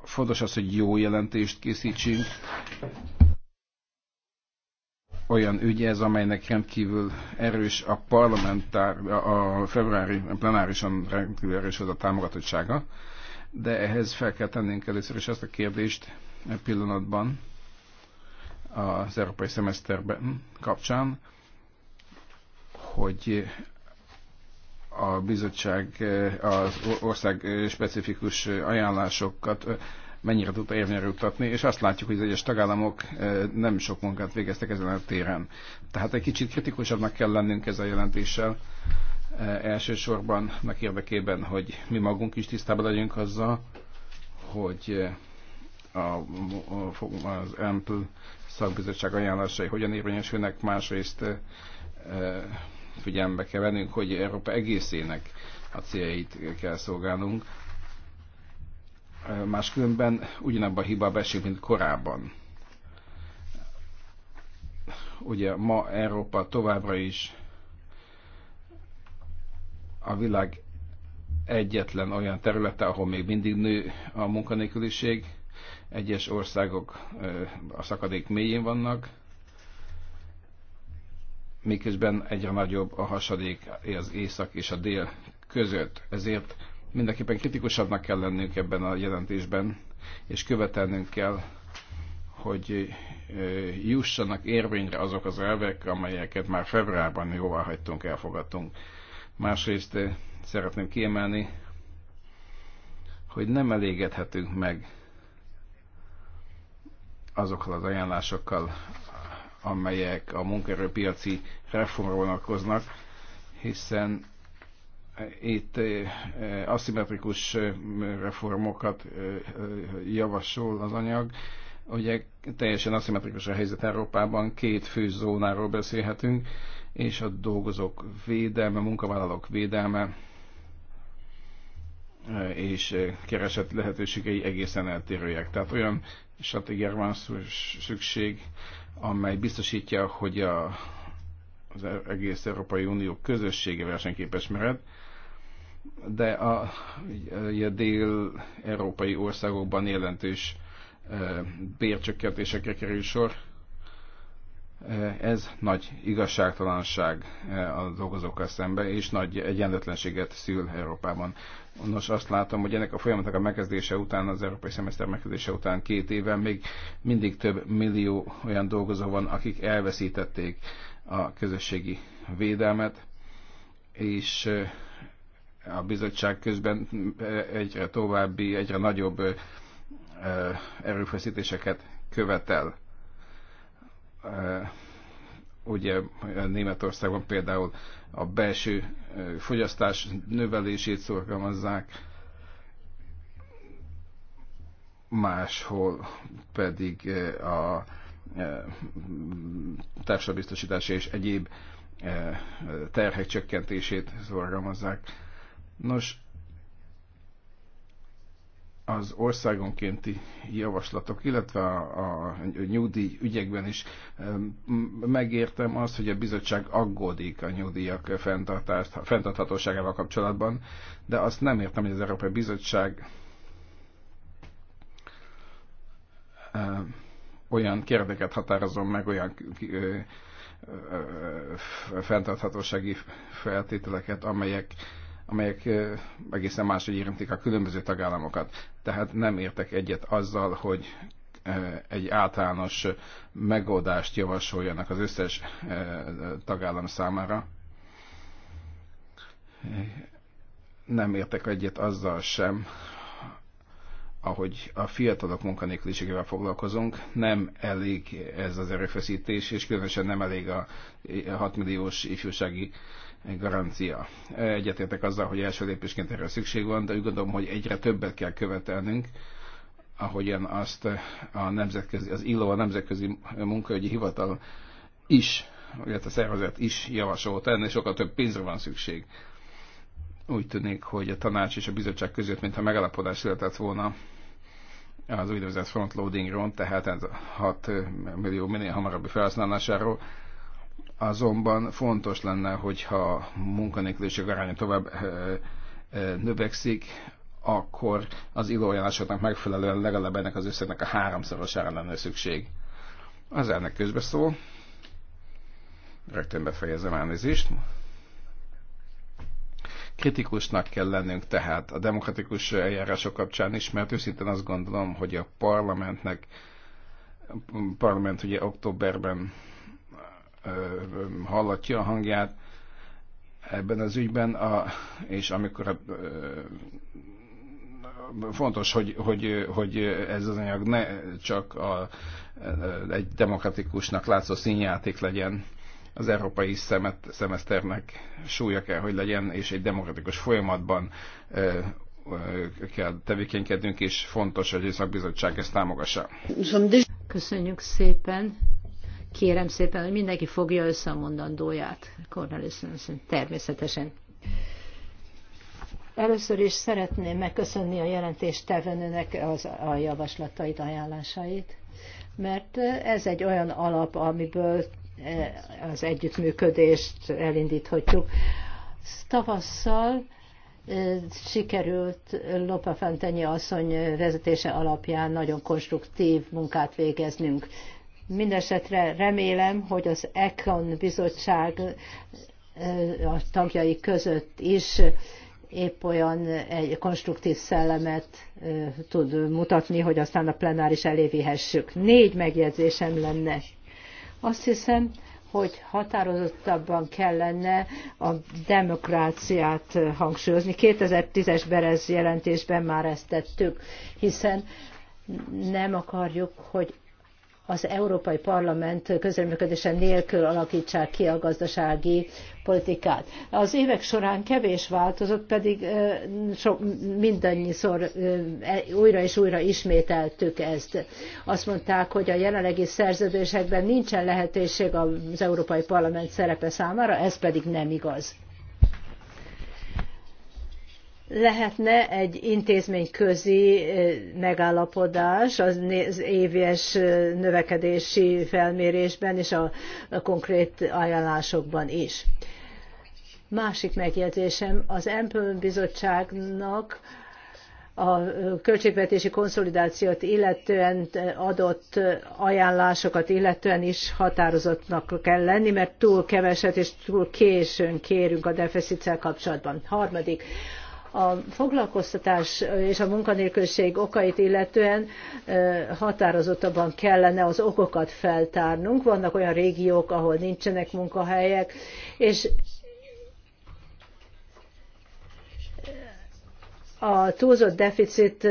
Speaker 3: Fontos az, hogy jó jelentést készítsünk. Olyan ügy ez, amelynek rendkívül erős a parlamentár, a februári plenárison rendkívül erős az a támogatottsága, de ehhez fel kell tennénk először is azt a kérdést a e pillanatban az európai szemeszterben kapcsán, hogy a bizottság eh, az ország eh, specifikus eh, ajánlásokat mennyire tudta érvényre juttatni, és azt látjuk, hogy az egyes tagállamok nem sok munkát végeztek ezen a téren. Tehát egy kicsit kritikusabbnak kell lennünk ezzel a jelentéssel, elsősorban meg érdekében, hogy mi magunk is tisztában legyünk azzal, hogy a, az EMPL szakbizottság ajánlásai hogyan érvényesülnek, másrészt figyelembe kell vennünk, hogy Európa egészének a céljait kell szolgálnunk. Máskülönben ugyanabban a hiba esünk, mint korábban. Ugye ma Európa továbbra is a világ egyetlen olyan területe, ahol még mindig nő a munkanélküliség. Egyes országok a szakadék mélyén vannak, miközben egyre nagyobb a hasadék az észak és a dél között. Ezért mindenképpen kritikusabbnak kell lennünk ebben a jelentésben, és követelnünk kell, hogy jussanak érvényre azok az elvek, amelyeket már februárban jóvá hagytunk, elfogadtunk. Másrészt szeretném kiemelni, hogy nem elégedhetünk meg azokkal az ajánlásokkal, amelyek a munkaerőpiaci reformra vonatkoznak, hiszen itt eh, eh, aszimmetrikus eh, reformokat javasol az anyag. Ugye teljesen aszimmetrikus a helyzet Európában, két fő zónáról beszélhetünk, és a dolgozók védelme, munkavállalók védelme és keresett lehetőségei egészen eltérőek. Tehát olyan stratégiára van szükség, amely biztosítja, hogy a, az egész Európai Unió közössége versenyképes mered, de a, a dél-európai országokban jelentős bércsökkentésekre kerül sor, Eh, ez nagy igazságtalanság eh, a dolgozókkal szemben, és nagy egyenlőtlenséget szül Európában. Nos, azt látom, hogy ennek a folyamatnak a megkezdése után, az európai szemeszter megkezdése után két éven még mindig több millió olyan dolgozó van, akik elveszítették a közösségi védelmet, és eh, a bizottság közben egyre további, egyre nagyobb erőfeszítéseket követel ugye Németországban például a belső fogyasztás növelését szorgalmazzák, máshol pedig a társadalombiztosítási és egyéb terhek csökkentését szorgalmazzák. Nos, az országonkénti javaslatok, illetve a, a nyugdíj ügyekben is megértem azt, hogy a bizottság aggódik a nyugdíjak fenntarthatóságával kapcsolatban, de azt nem értem, hogy az Európai Bizottság olyan kérdeket határozom meg, olyan fenntarthatósági feltételeket, amelyek amelyek egészen máshogy érintik a különböző tagállamokat. Tehát nem értek egyet azzal, hogy egy általános megoldást javasoljanak az összes tagállam számára. Nem értek egyet azzal sem, ahogy a fiatalok munkanélküliségével foglalkozunk, nem elég ez az erőfeszítés, és különösen nem elég a 6 milliós ifjúsági garancia. Egyetértek azzal, hogy első lépésként erre szükség van, de úgy gondolom, hogy egyre többet kell követelnünk, ahogyan azt a nemzetközi, az ILO, a Nemzetközi Munkaügyi Hivatal is, illetve a szervezet is javasolt, ennél sokkal több pénzre van szükség. Úgy tűnik, hogy a tanács és a bizottság között, mintha megállapodás született volna az úgynevezett frontloadingról, tehát ez 6 millió minél hamarabbi felhasználásáról, Azonban fontos lenne, hogyha munkanélküliség aránya tovább növekszik, akkor az illóajánlásoknak megfelelően legalább ennek az összegnek a háromszorosára lenne szükség. Az ennek közbeszól. Rögtön befejezem elnézést. Kritikusnak kell lennünk tehát a demokratikus eljárások kapcsán is, mert őszintén azt gondolom, hogy a parlamentnek, a parlament ugye októberben hallatja a hangját ebben az ügyben, a, és amikor a, fontos, hogy, hogy, hogy ez az anyag ne csak a, egy demokratikusnak látszó színjáték legyen, az európai szemet, szemeszternek súlya kell, hogy legyen, és egy demokratikus folyamatban ö, ö, kell tevékenykednünk, és fontos, hogy a szakbizottság ezt támogassa.
Speaker 4: Köszönjük szépen! Kérem szépen, hogy mindenki fogja össze a mondandóját. Cornelis természetesen. Először is szeretném megköszönni a jelentést tevenőnek az, a javaslatait, ajánlásait, mert ez egy olyan alap, amiből e, az együttműködést elindíthatjuk. Tavasszal e, sikerült Lopa Fentenyi asszony vezetése alapján nagyon konstruktív munkát végeznünk. Mindenesetre remélem, hogy az ECON bizottság a tagjai között is épp olyan egy konstruktív szellemet tud mutatni, hogy aztán a plenáris elé vihessük. Négy megjegyzésem lenne. Azt hiszem, hogy határozottabban kellene a demokráciát hangsúlyozni. 2010-es Berez jelentésben már ezt tettük, hiszen nem akarjuk, hogy az Európai Parlament közreműködése nélkül alakítsák ki a gazdasági politikát. Az évek során kevés változott, pedig so, mindannyiszor e, újra és újra ismételtük ezt. Azt mondták, hogy a jelenlegi szerződésekben nincsen lehetőség az Európai Parlament szerepe számára, ez pedig nem igaz lehetne egy intézményközi megállapodás az éves növekedési felmérésben és a konkrét ajánlásokban is. Másik megjegyzésem, az Empel bizottságnak a költségvetési konszolidációt illetően adott ajánlásokat illetően is határozottnak kell lenni, mert túl keveset és túl későn kérünk a deficittel kapcsolatban. Harmadik, a foglalkoztatás és a munkanélküliség okait illetően határozottabban kellene az okokat feltárnunk. Vannak olyan régiók, ahol nincsenek munkahelyek, és a túlzott deficit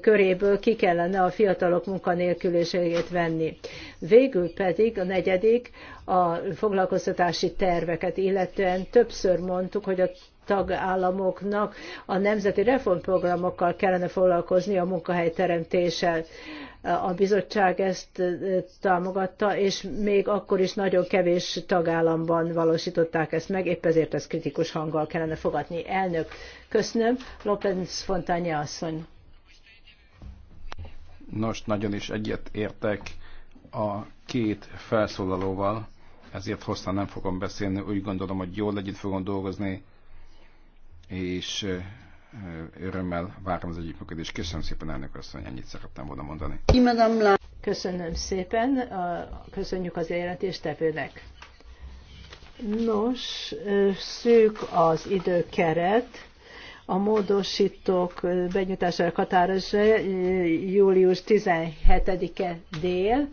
Speaker 4: köréből ki kellene a fiatalok munkanélküliségét venni. Végül pedig a negyedik, a foglalkoztatási terveket illetően többször mondtuk, hogy a tagállamoknak a nemzeti reformprogramokkal kellene foglalkozni a munkahelyteremtéssel. A bizottság ezt támogatta, és még akkor is nagyon kevés tagállamban valósították ezt meg, épp ezért ezt kritikus hanggal kellene fogadni. Elnök, köszönöm. López Fontányi asszony.
Speaker 3: Nos, nagyon is egyet értek a két felszólalóval, ezért hosszan nem fogom beszélni. Úgy gondolom, hogy jól legyen fogom dolgozni és örömmel várom az együttműködést. Köszönöm szépen, elnök asszony, ennyit szerettem volna mondani.
Speaker 4: Köszönöm szépen, köszönjük az tevőnek. Nos, szűk az időkeret. A módosítók benyújtására határozza július 17-e dél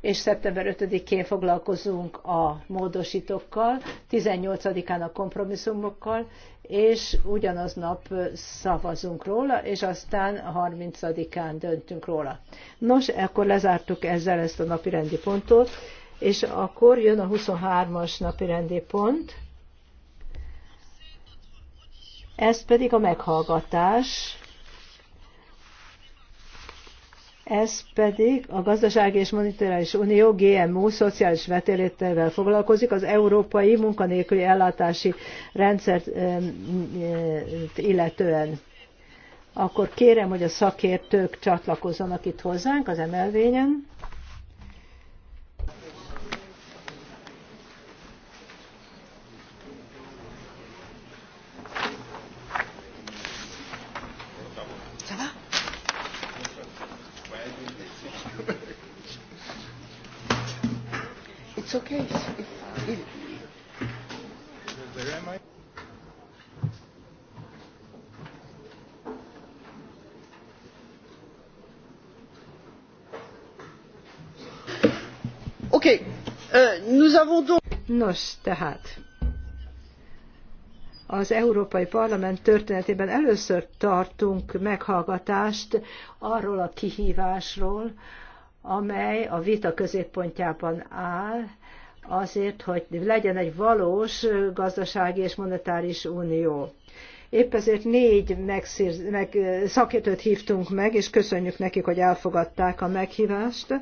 Speaker 4: és szeptember 5-én foglalkozunk a módosítókkal, 18-án a kompromisszumokkal, és ugyanaz nap szavazunk róla, és aztán 30-án döntünk róla. Nos, akkor lezártuk ezzel ezt a napi rendi pontot, és akkor jön a 23-as napi rendi pont, ez pedig a meghallgatás, Ez pedig a Gazdasági és Monetáris Unió GMO szociális vetéléttervel foglalkozik, az európai munkanélküli ellátási rendszert illetően. Akkor kérem, hogy a szakértők csatlakozzanak itt hozzánk az emelvényen. case. Okay. Uh, nous avons donc... Nos, tehát az Európai Parlament történetében először tartunk meghallgatást arról a kihívásról, amely a vita középpontjában áll, azért, hogy legyen egy valós gazdasági és monetáris unió. Épp ezért négy megszír, meg, szakértőt hívtunk meg, és köszönjük nekik, hogy elfogadták a meghívást.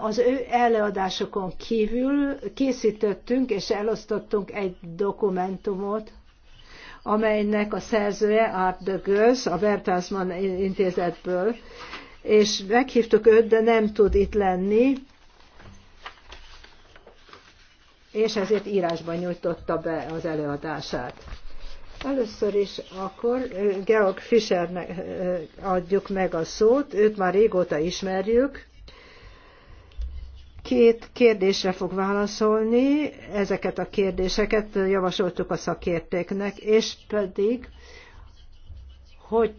Speaker 4: Az ő előadásokon kívül készítettünk és elosztottunk egy dokumentumot, amelynek a szerzője Art de Göz, a Bertelsmann intézetből, és meghívtuk őt, de nem tud itt lenni, és ezért írásban nyújtotta be az előadását. Először is akkor Georg Fischernek adjuk meg a szót, őt már régóta ismerjük. Két kérdésre fog válaszolni, ezeket a kérdéseket javasoltuk a szakértéknek, és pedig, hogy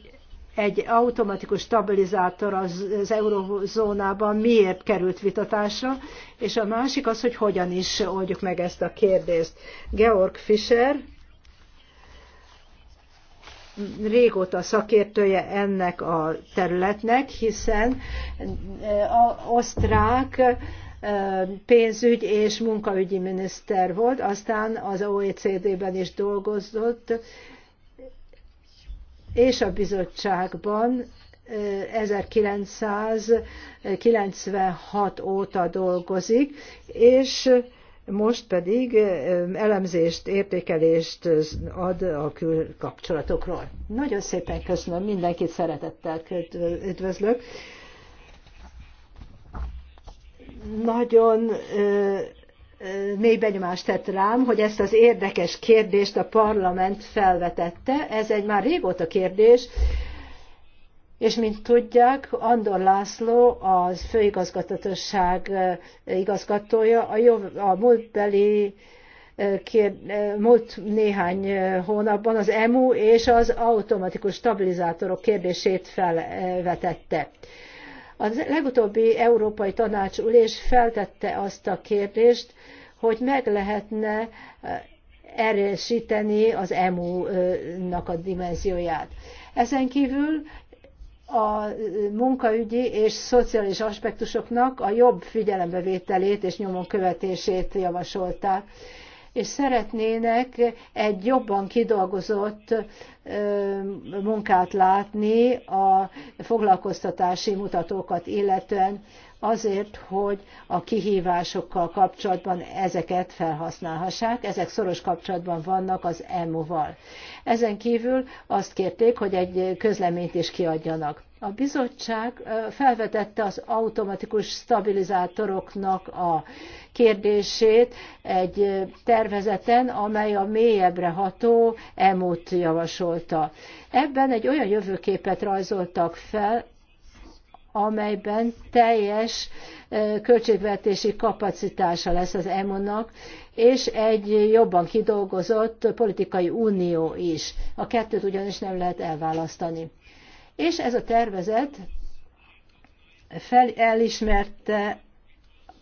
Speaker 4: egy automatikus stabilizátor az, az eurozónában miért került vitatásra, és a másik az, hogy hogyan is oldjuk meg ezt a kérdést. Georg Fischer régóta szakértője ennek a területnek, hiszen eh, a osztrák eh, pénzügy és munkaügyi miniszter volt, aztán az OECD-ben is dolgozott, és a bizottságban 1996 óta dolgozik, és most pedig elemzést, értékelést ad a külkapcsolatokról. Nagyon szépen köszönöm, mindenkit szeretettel üdvözlök. Nagyon mély benyomást tett rám, hogy ezt az érdekes kérdést a parlament felvetette. Ez egy már régóta kérdés, és mint tudják, Andor László, az főigazgatóság igazgatója, a, jó, a múltbeli kér, múlt néhány hónapban az EMU és az automatikus stabilizátorok kérdését felvetette. A legutóbbi Európai ülés feltette azt a kérdést, hogy meg lehetne eh, erősíteni az EMU-nak a dimenzióját. Ezen kívül a munkaügyi és szociális aspektusoknak a jobb figyelembevételét és nyomon követését javasolták és szeretnének egy jobban kidolgozott munkát látni a foglalkoztatási mutatókat illetően azért, hogy a kihívásokkal kapcsolatban ezeket felhasználhassák. Ezek szoros kapcsolatban vannak az EMU-val. Ezen kívül azt kérték, hogy egy közleményt is kiadjanak. A bizottság felvetette az automatikus stabilizátoroknak a kérdését egy tervezeten, amely a mélyebbre ható emót javasolta. Ebben egy olyan jövőképet rajzoltak fel, amelyben teljes költségvetési kapacitása lesz az emu nak és egy jobban kidolgozott politikai unió is. A kettőt ugyanis nem lehet elválasztani és ez a tervezet fel elismerte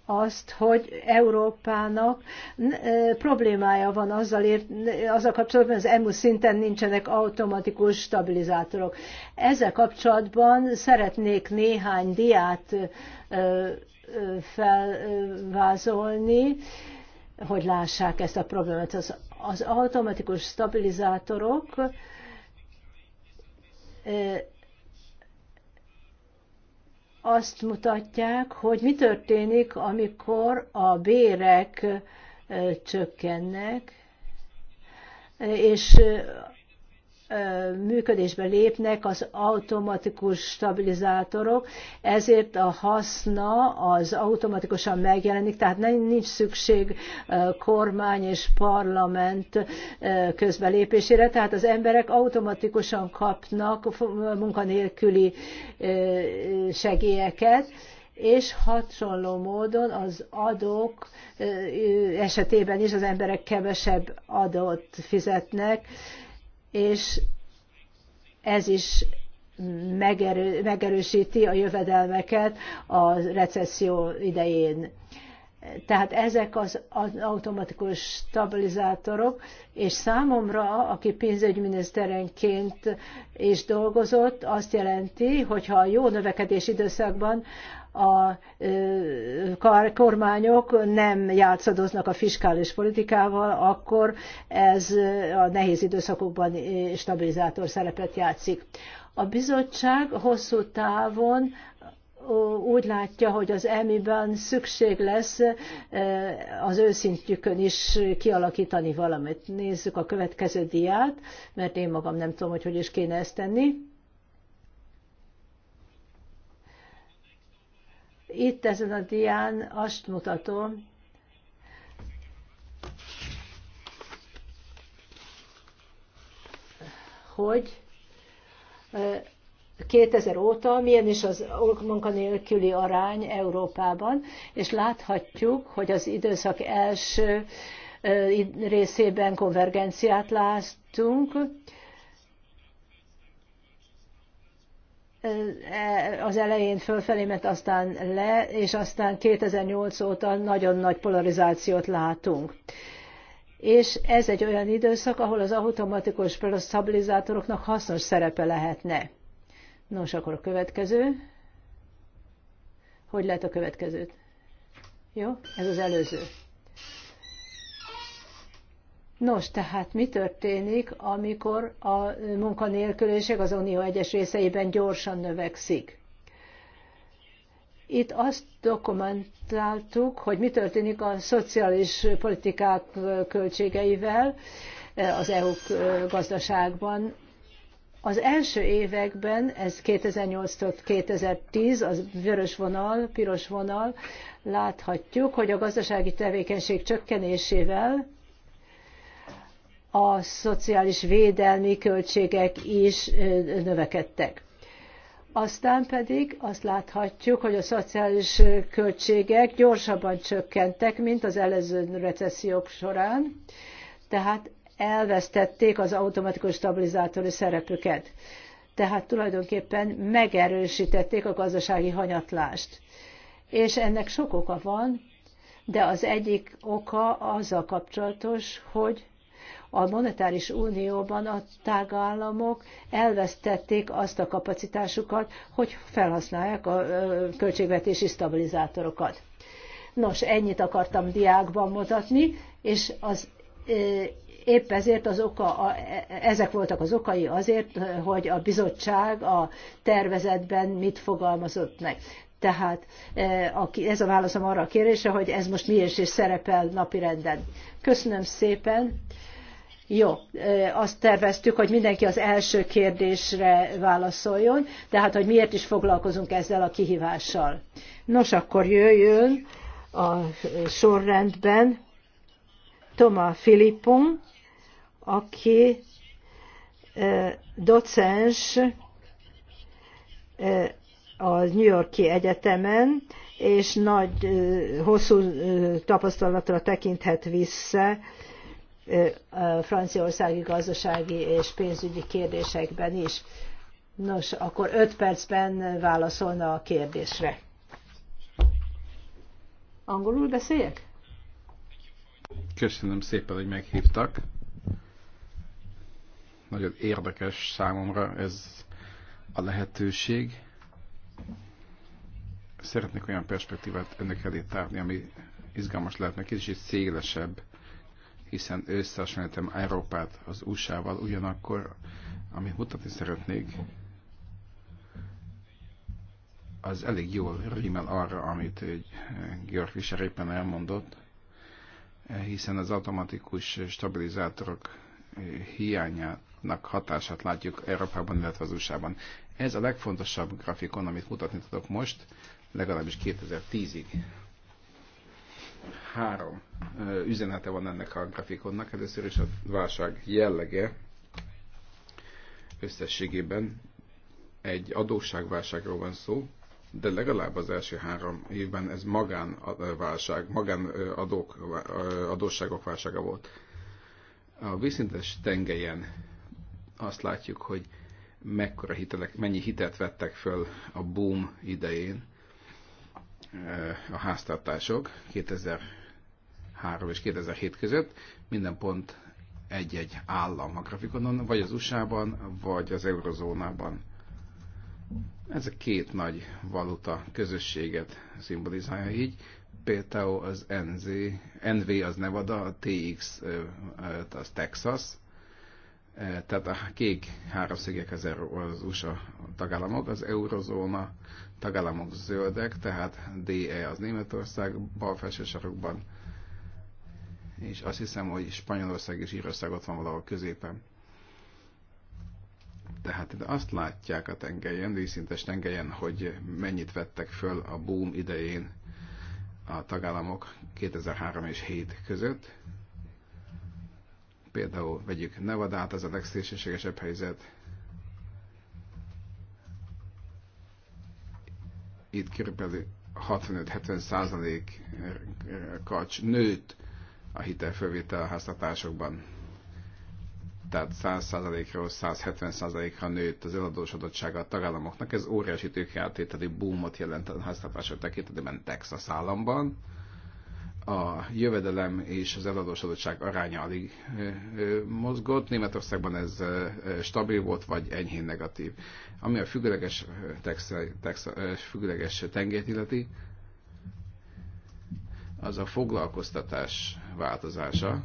Speaker 4: azt, hogy Európának problémája van azzal, ér, azzal kapcsolatban, hogy az EMU szinten nincsenek automatikus stabilizátorok. Ezzel kapcsolatban szeretnék néhány diát felvázolni, hogy lássák ezt a problémát. Az, az automatikus stabilizátorok azt mutatják, hogy mi történik, amikor a bérek csökkennek, és működésbe lépnek az automatikus stabilizátorok, ezért a haszna az automatikusan megjelenik, tehát nincs szükség kormány és parlament közbelépésére, tehát az emberek automatikusan kapnak munkanélküli segélyeket, és hasonló módon az adók esetében is az emberek kevesebb adót fizetnek, és ez is megerősíti a jövedelmeket a recesszió idején. Tehát ezek az automatikus stabilizátorok, és számomra, aki pénzügyminiszterenként is dolgozott, azt jelenti, hogyha a jó növekedés időszakban a kormányok nem játszadoznak a fiskális politikával, akkor ez a nehéz időszakokban stabilizátor szerepet játszik. A bizottság hosszú távon úgy látja, hogy az emi szükség lesz az őszintjükön is kialakítani valamit. Nézzük a következő diát, mert én magam nem tudom, hogy hogy is kéne ezt tenni. Itt ezen a dián azt mutatom, hogy 2000 óta milyen is az munkanélküli arány Európában, és láthatjuk, hogy az időszak első részében konvergenciát láttunk, e, az elején fölfelé, mert aztán le, és aztán 2008 óta nagyon nagy polarizációt látunk. És ez egy olyan időszak, ahol az automatikus stabilizátoroknak hasznos szerepe lehetne Nos, akkor a következő. Hogy lehet a következőt? Jó, ez az előző. Nos, tehát mi történik, amikor a munkanélküliség az Unió egyes részeiben gyorsan növekszik? Itt azt dokumentáltuk, hogy mi történik a szociális politikák költségeivel az EU gazdaságban az első években, ez 2008-tól 2010, az vörös vonal, piros vonal, láthatjuk, hogy a gazdasági tevékenység csökkenésével a szociális védelmi költségek is növekedtek. Aztán pedig azt láthatjuk, hogy a szociális költségek gyorsabban csökkentek, mint az előző recessziók során, tehát elvesztették az automatikus stabilizátori szerepüket. Tehát tulajdonképpen megerősítették a gazdasági hanyatlást. És ennek sok oka van, de az egyik oka azzal kapcsolatos, hogy a monetáris unióban a tagállamok elvesztették azt a kapacitásukat, hogy felhasználják a költségvetési stabilizátorokat. Nos, ennyit akartam diákban mutatni, és az épp ezért az oka, ezek voltak az okai azért, hogy a bizottság a tervezetben mit fogalmazott meg. Tehát e, ez a válaszom arra a kérésre, hogy ez most mi is, szerepel napirenden. Köszönöm szépen. Jó, e, azt terveztük, hogy mindenki az első kérdésre válaszoljon, tehát hogy miért is foglalkozunk ezzel a kihívással. Nos, akkor jöjjön a sorrendben Toma Filippum, aki docens a New Yorki Egyetemen, és nagy, hosszú tapasztalatra tekinthet vissza a franciaországi gazdasági és pénzügyi kérdésekben is. Nos, akkor öt percben válaszolna a kérdésre. Angolul beszéljek?
Speaker 3: Köszönöm szépen, hogy meghívtak. Nagyon érdekes számomra ez a lehetőség. Szeretnék olyan perspektívát önök elé tárni, ami izgalmas lehet. és kicsit szélesebb, hiszen összehasonlítom Európát az USA-val, ugyanakkor, amit mutatni szeretnék, az elég jól rímel arra, amit eh, György Fischer éppen elmondott, eh, hiszen az automatikus stabilizátorok eh, hiányát nak hatását látjuk Európában, illetve az USA-ban. Ez a legfontosabb grafikon, amit mutatni tudok most, legalábbis 2010-ig. Három üzenete van ennek a grafikonnak. Először is a válság jellege összességében egy adósságválságról van szó, de legalább az első három évben ez magánválság, magánadók, adósságok válsága volt. A vízszintes tengelyen azt látjuk, hogy mekkora hitelek, mennyi hitet vettek föl a boom idején eh, a háztartások 2003 és 2007 között. Minden pont egy-egy állam a grafikonon, vagy az USA-ban, vagy az eurozónában. Ez a két nagy valuta közösséget szimbolizálja így. Például az NZ, NV az Nevada, a TX eh, az Texas, E, tehát a kék háromszögek az, az USA tagállamok, az eurozóna tagállamok zöldek, tehát DE az Németország bal felső sarokban, és azt hiszem, hogy Spanyolország és Írország ott van valahol középen. Tehát de azt látják a tengelyen, díszintes tengelyen, hogy mennyit vettek föl a boom idején a tagállamok 2003 és 7 között, Például vegyük Nevadát, az a legszélsőségesebb helyzet. Itt körülbelül 65-70 százalék eh, kacs nőtt a hitelfővétel háztartásokban. Tehát 100 százalékról 170 százalékra nőtt az eladósodottsága a tagállamoknak. Ez óriási tőkeáttételi boomot jelent a háztartások tekintetében Texas államban a jövedelem és az eladósodottság aránya alig mozgott. Németországban ez stabil volt, vagy enyhén negatív. Ami a függőleges, texa, texa, függőleges tengét illeti, az a foglalkoztatás változása.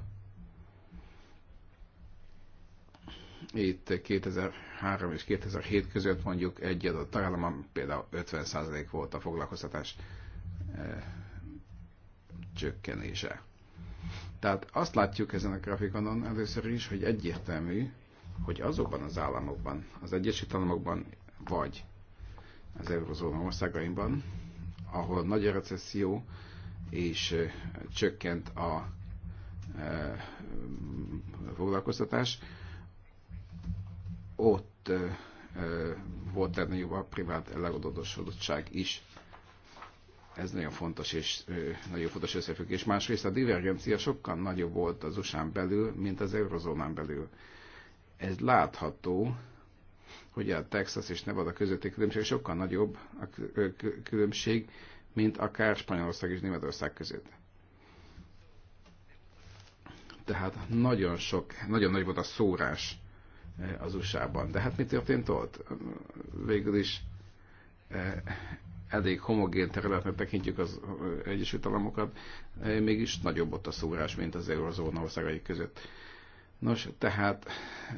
Speaker 3: Itt 2003 és 2007 között mondjuk egy adott tagállamban például 50% volt a foglalkoztatás csökkenése. Tehát azt látjuk ezen a grafikonon először is, hogy egyértelmű, hogy azokban az államokban, az Egyesült Államokban vagy az eurozóna országaimban, ahol nagy a recesszió és csökkent a foglalkoztatás, ott volt legnagyobb a privát eladósodottság is. Ez nagyon fontos és nagyon fontos összefüggés. Másrészt a divergencia sokkal nagyobb volt az usa belül, mint az eurozónán belül. Ez látható, hogy a Texas és Nevada közötti különbség sokkal nagyobb a különbség, mint akár Spanyolország és Németország között. Tehát nagyon sok, nagyon nagy volt a szórás az USA-ban. De hát mi történt ott? Végül is elég homogén területnek tekintjük az eh, Egyesült Államokat, eh, mégis nagyobb ott a szórás, mint az eurozóna országai között. Nos, tehát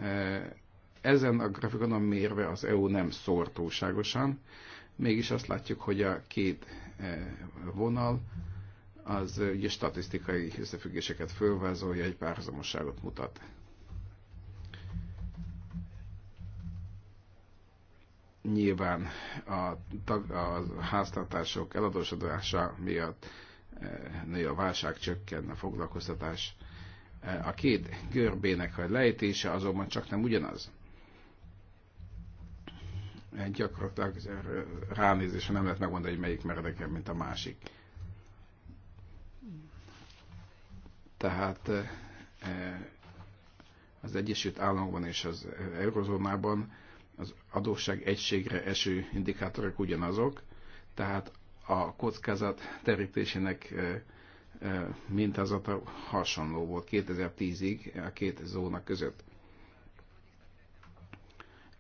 Speaker 3: eh, ezen a grafikonon mérve az EU nem szór túlságosan, mégis azt látjuk, hogy a két vonal az ugye statisztikai összefüggéseket fölvázolja, egy párhuzamosságot mutat. nyilván a, tag, a háztartások eladósodása miatt e, nő a válság, csökken a foglalkoztatás. E, a két görbének a lejtése azonban csak nem ugyanaz. E, gyakorlatilag ránézésre nem lehet megmondani, hogy melyik meredekebb, mint a másik. Tehát az Egyesült Államokban és az Eurozónában az adósság egységre eső indikátorok ugyanazok, tehát a kockázat terítésének e, e, mintázata hasonló volt 2010-ig a két zóna között.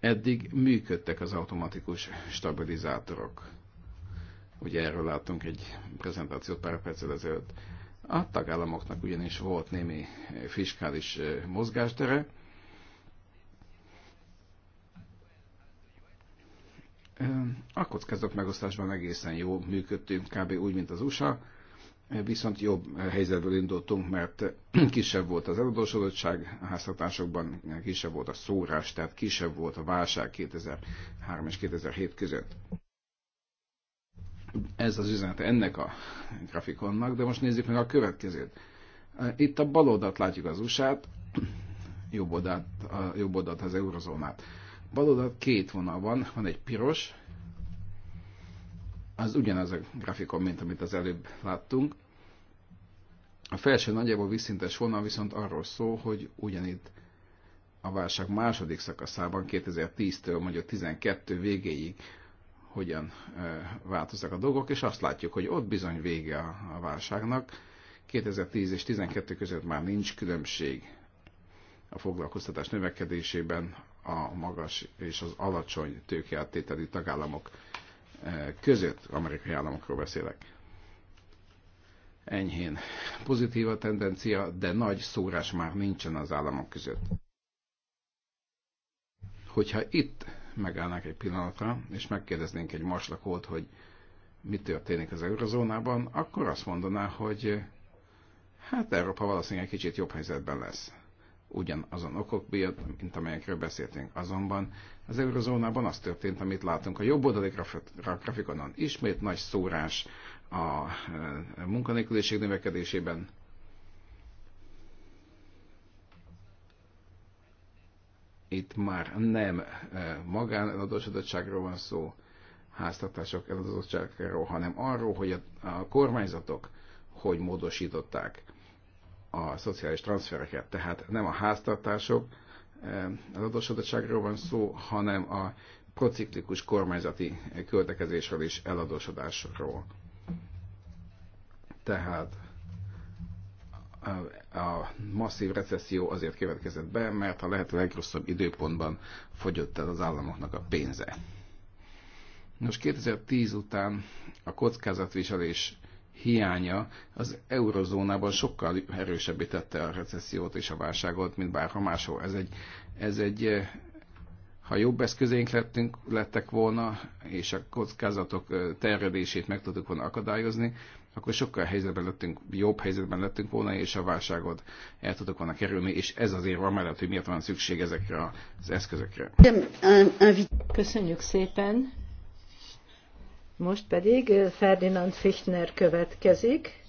Speaker 3: Eddig működtek az automatikus stabilizátorok. Ugye erről láttunk egy prezentációt pár perccel ezelőtt. A tagállamoknak ugyanis volt némi fiskális e, mozgástere, A kockázat megosztásban egészen jó működtünk, kb. úgy, mint az USA, viszont jobb helyzetből indultunk, mert *clears throat* kisebb volt az eladósodottság, a háztartásokban kisebb volt a szórás, tehát kisebb volt a válság 2003 és 2007 között. Ez az üzenet ennek a grafikonnak, de most nézzük meg a következőt. Itt a bal oldalt látjuk az USA-t, jobb oldalt, a jobb oldalt az eurozónát. Bal oldal két vonal van, van egy piros, az ugyanaz a grafikon, mint amit az előbb láttunk. A felső nagyjából visszintes vonal viszont arról szól, hogy ugyanitt a válság második szakaszában 2010-től mondjuk 12 végéig hogyan változtak a dolgok, és azt látjuk, hogy ott bizony vége a válságnak. 2010 és 12 között már nincs különbség a foglalkoztatás növekedésében, a magas és az alacsony tőkeáttételi tagállamok eh, között, amerikai államokról beszélek. Enyhén pozitív a tendencia, de nagy szórás már nincsen az államok között. Hogyha itt megállnánk egy pillanatra, és megkérdeznénk egy maslakót, hogy mi történik az eurozónában, akkor azt mondaná, hogy eh, hát Európa valószínűleg kicsit jobb helyzetben lesz ugyanazon okok miatt, mint amelyekről beszéltünk. Azonban az eurozónában az történt, amit látunk a jobb oldali grafikonon. Ismét nagy szórás a e, munkanélküliség növekedésében, itt már nem eladósodottságról van szó, háztartások eladósodottságról, hanem arról, hogy a, a kormányzatok hogy módosították a szociális transfereket. Tehát nem a háztartások eh, az adósodottságról van szó, hanem a prociklikus kormányzati költekezésről és eladósodásról. Tehát a masszív recesszió azért következett be, mert a lehető legrosszabb időpontban fogyott el az államoknak a pénze. Nos, 2010 után a kockázatviselés hiánya az eurozónában sokkal erősebbé tette a recessziót és a válságot, mint bárha máshol. Ez egy, ez egy eh, ha jobb eszközénk lettünk, lettek volna, és a kockázatok eh, terjedését meg tudtuk volna akadályozni, akkor sokkal helyzetben lettünk, jobb helyzetben lettünk volna, és a válságot el tudtuk volna kerülni, és ez azért van mellett, hogy miért van szükség ezekre az eszközökre.
Speaker 4: Köszönjük szépen! Most pedig eh, Ferdinand Fichtner következik,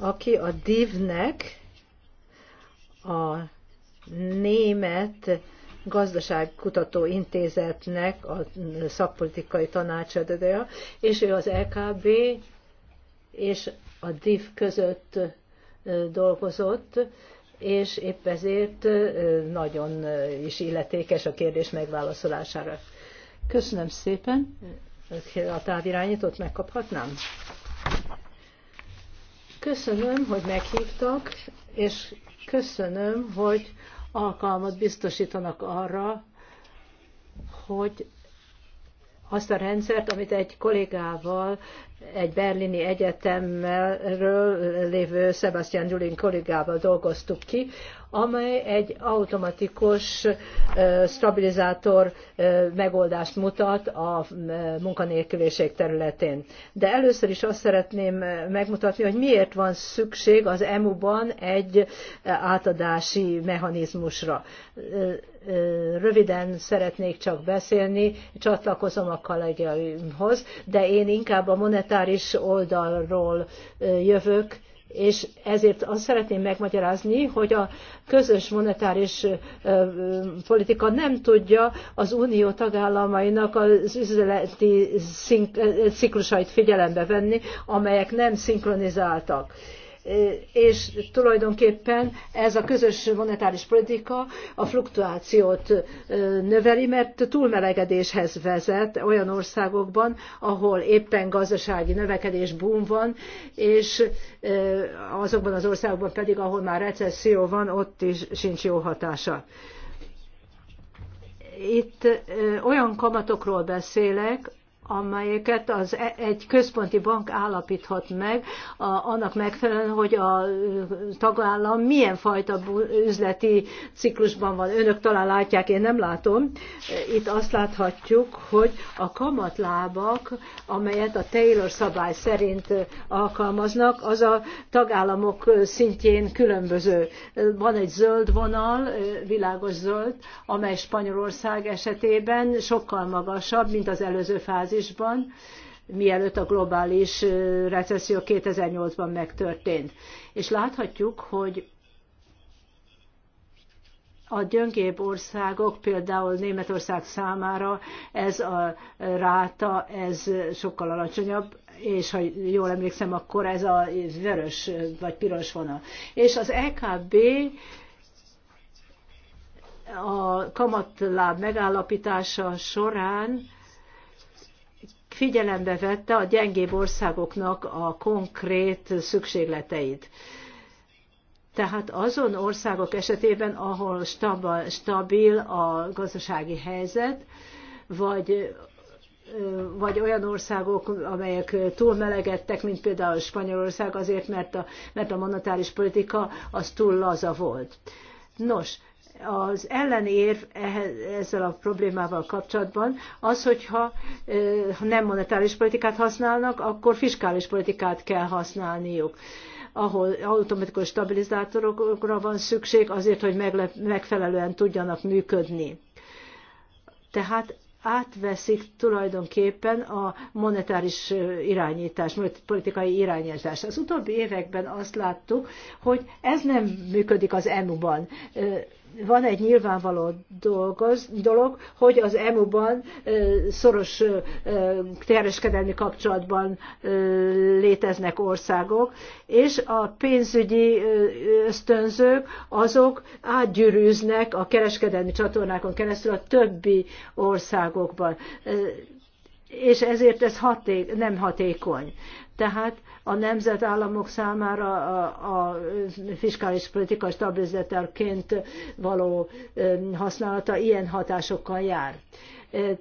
Speaker 4: aki a divnek nek a német gazdaságkutató intézetnek a eh, szakpolitikai tanácsadója, és ő az EKB és a DIV között eh, dolgozott, és épp ezért nagyon is illetékes a kérdés megválaszolására. Köszönöm szépen, a távirányítót megkaphatnám? Köszönöm, hogy meghívtak, és köszönöm, hogy alkalmat biztosítanak arra, hogy azt a rendszert, amit egy kollégával, egy berlini egyetemről lévő Sebastian Julin kollégával dolgoztuk ki, amely egy automatikus stabilizátor megoldást mutat a munkanélküliség területén. De először is azt szeretném megmutatni, hogy miért van szükség az EMU-ban egy átadási mechanizmusra röviden szeretnék csak beszélni, csatlakozom a kollégiaimhoz, de én inkább a monetáris oldalról jövök, és ezért azt szeretném megmagyarázni, hogy a közös monetáris politika nem tudja az unió tagállamainak az üzleti ciklusait figyelembe venni, amelyek nem szinkronizáltak és tulajdonképpen ez a közös monetáris politika a fluktuációt növeli, mert túlmelegedéshez vezet olyan országokban, ahol éppen gazdasági növekedés boom van, és azokban az országokban pedig, ahol már recesszió van, ott is sincs jó hatása. Itt olyan kamatokról beszélek, amelyeket az e- egy központi bank állapíthat meg, a, annak megfelelően, hogy a tagállam milyen fajta üzleti ciklusban van. Önök talán látják, én nem látom. Itt azt láthatjuk, hogy a kamatlábak, amelyet a Taylor szabály szerint alkalmaznak, az a tagállamok szintjén különböző. Van egy zöld vonal, világos zöld, amely Spanyolország esetében sokkal magasabb, mint az előző fázis krízisban, mielőtt a globális recesszió 2008-ban megtörtént. És láthatjuk, hogy a gyöngébb országok, például Németország számára ez a ráta, ez sokkal alacsonyabb, és ha jól emlékszem, akkor ez a vörös vagy piros vonal. És az EKB a kamatláb megállapítása során figyelembe vette a gyengébb országoknak a konkrét szükségleteit. Tehát azon országok esetében, ahol stabil a gazdasági helyzet, vagy vagy olyan országok, amelyek túl melegedtek, mint például Spanyolország, azért, mert a, mert a monetáris politika az túl laza volt. Nos, az ellenérv ezzel a problémával kapcsolatban az, hogyha nem monetáris politikát használnak, akkor fiskális politikát kell használniuk ahol automatikus stabilizátorokra van szükség azért, hogy megfelelően tudjanak működni. Tehát átveszik tulajdonképpen a monetáris irányítás, politikai irányítás. Az utóbbi években azt láttuk, hogy ez nem működik az EMU-ban van egy nyilvánvaló dolgoz, dolog, hogy az EMU-ban szoros kereskedelmi kapcsolatban léteznek országok, és a pénzügyi ösztönzők azok átgyűrűznek a kereskedelmi csatornákon keresztül a többi országokban és ezért ez haték, nem hatékony tehát a nemzetállamok számára a, a fiskális politika stabilizátorként való használata ilyen hatásokkal jár.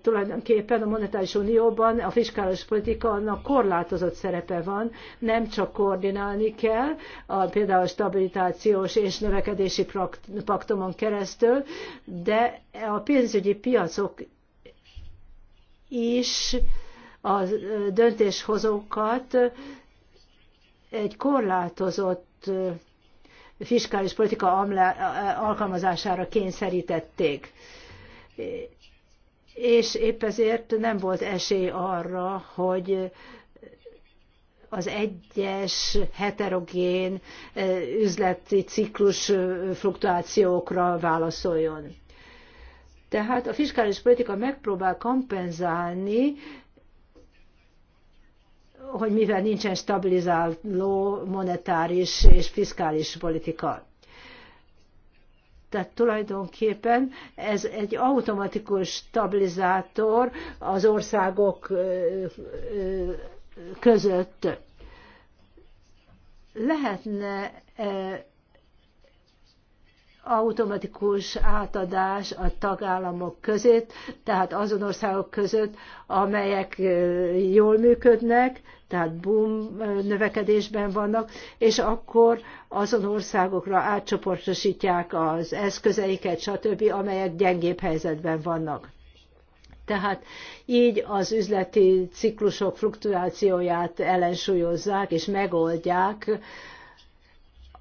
Speaker 4: Tulajdonképpen a monetáris unióban a fiskális politikának korlátozott szerepe van, nem csak koordinálni kell, a, például a stabilitációs és növekedési paktumon keresztül, de a pénzügyi piacok is a döntéshozókat egy korlátozott fiskális politika alkalmazására kényszerítették. És épp ezért nem volt esély arra, hogy az egyes heterogén üzleti ciklus fluktuációkra válaszoljon. Tehát a fiskális politika megpróbál kompenzálni hogy mivel nincsen stabilizáló monetáris és fiskális politika. Tehát tulajdonképpen ez egy automatikus stabilizátor az országok között. Lehetne automatikus átadás a tagállamok között, tehát azon országok között, amelyek jól működnek, tehát boom növekedésben vannak, és akkor azon országokra átcsoportosítják az eszközeiket, stb., amelyek gyengébb helyzetben vannak. Tehát így az üzleti ciklusok fluktuációját ellensúlyozzák és megoldják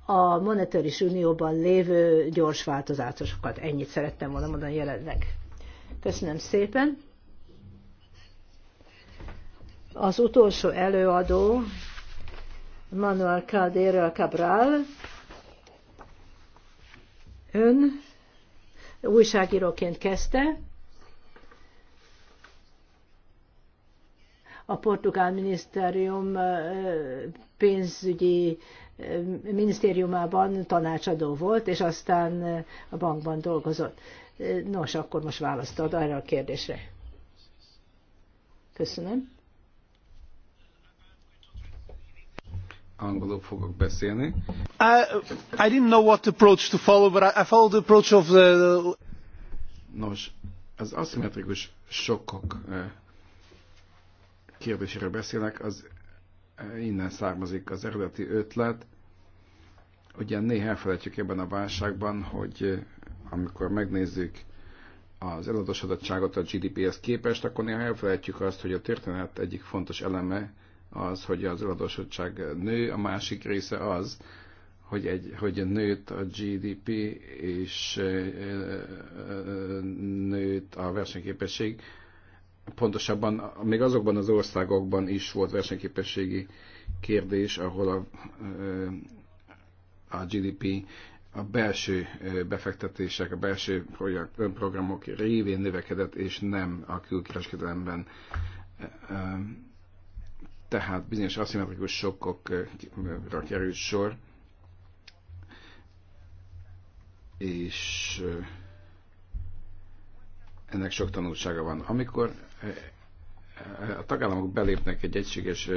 Speaker 4: a monetáris unióban lévő gyors változásokat. Ennyit szerettem volna mondani jelenleg. Köszönöm szépen. Az utolsó előadó Manuel Caldera Cabral, ön újságíróként kezdte, a portugál minisztérium pénzügyi minisztériumában tanácsadó volt, és aztán a bankban dolgozott. Nos, akkor most választod erre a kérdésre. Köszönöm.
Speaker 3: angolul fogok beszélni.
Speaker 4: I,
Speaker 2: I didn't know what approach to follow, but I, I followed the approach of the...
Speaker 3: Nos, az aszimmetrikus sokkok eh, kérdésére beszélek, az eh, innen származik az eredeti ötlet. Ugye néha elfelejtjük ebben a válságban, hogy eh, amikor megnézzük az eladósodottságot a GDP-hez képest, akkor néha elfelejtjük azt, hogy a történet egyik fontos eleme az, hogy az adósodtság nő, a másik része az, hogy, egy, hogy nőtt a GDP és nőtt a versenyképesség. Pontosabban még azokban az országokban is volt versenyképességi kérdés, ahol a, a GDP a belső befektetések, a belső programok révén növekedett, és nem a külkereskedelemben tehát bizonyos aszimmetrikus sokkokra került sor, és ennek sok tanulsága van. Amikor a tagállamok belépnek egy egységes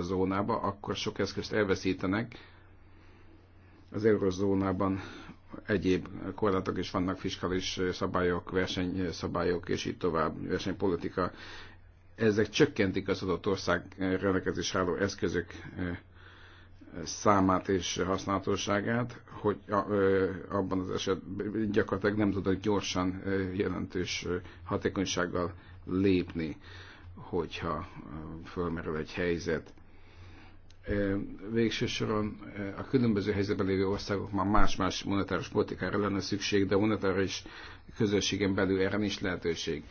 Speaker 3: zónába, akkor sok eszközt elveszítenek. Az eurozónában egyéb korlátok is vannak, fiskális szabályok, versenyszabályok és így tovább, versenypolitika ezek csökkentik az adott ország rendelkezés álló eszközök számát és használatosságát, hogy abban az esetben gyakorlatilag nem tudnak gyorsan, jelentős hatékonysággal lépni, hogyha fölmerül egy helyzet. Végső soron a különböző helyzetben lévő országok már más-más monetáris politikára lenne szükség, de monetáris közösségen belül erre is lehetőség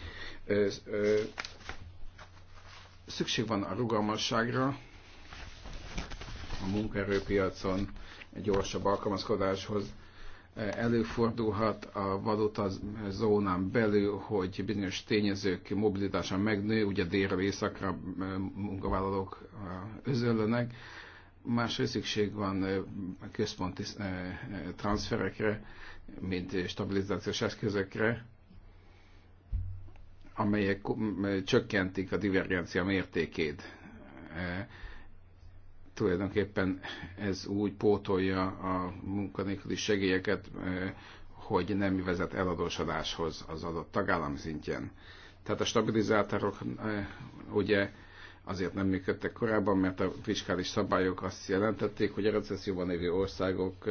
Speaker 3: Szükség van a rugalmasságra, a munkaerőpiacon egy gyorsabb alkalmazkodáshoz. Előfordulhat a valóta zónán belül, hogy bizonyos tényezők mobilitása megnő, ugye délről északra munkavállalók özöllönek. Másrészt szükség van központi transferekre, mint stabilizációs eszközökre, amelyek csökkentik a divergencia mértékét. E, tulajdonképpen ez úgy pótolja a munkanélküli segélyeket, e, hogy nem vezet eladósodáshoz az adott tagállam szintjén. Tehát a stabilizátorok e, ugye azért nem működtek korábban, mert a fiskális szabályok azt jelentették, hogy a recesszióban lévő országok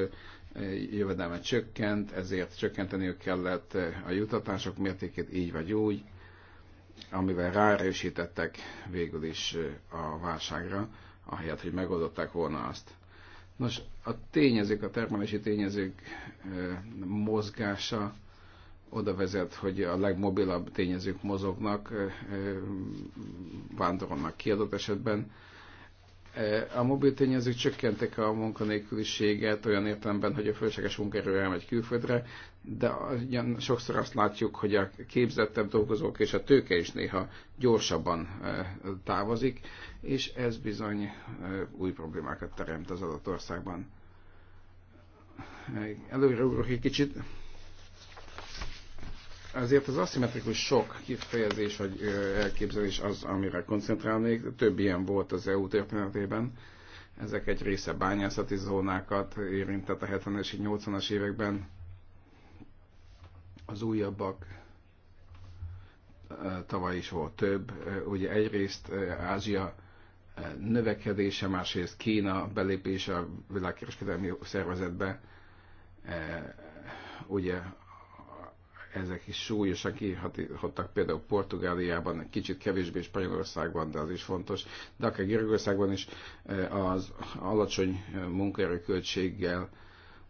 Speaker 3: jövedelme csökkent, ezért csökkenteniük kellett a jutatások mértékét így vagy úgy amivel ráerősítettek végül is a válságra, ahelyett, hogy megoldották volna azt. Nos, a tényezők, a termelési tényezők mozgása oda vezet, hogy a legmobilabb tényezők mozognak, vándorolnak kiadott esetben, a mobil tényezők csökkentek a munkanélküliséget olyan értelemben, hogy a fölösleges munkaerő elmegy külföldre, de ugyan sokszor azt látjuk, hogy a képzettebb dolgozók és a tőke is néha gyorsabban távozik, és ez bizony új problémákat teremt az adott országban. Előre ugrok egy kicsit azért az aszimmetrikus sok kifejezés vagy elképzelés az, amire koncentrálnék. Több ilyen volt az EU történetében. Ezek egy része bányászati zónákat érintett a 70-es és 80-as években. Az újabbak tavaly is volt több. Ugye egyrészt Ázsia növekedése, másrészt Kína belépése a világkereskedelmi szervezetbe, ugye ezek is súlyosak, kihatottak például Portugáliában, kicsit kevésbé Spanyolországban, de az is fontos, de akár Görögországban is e, az alacsony e, munkaerőköltséggel,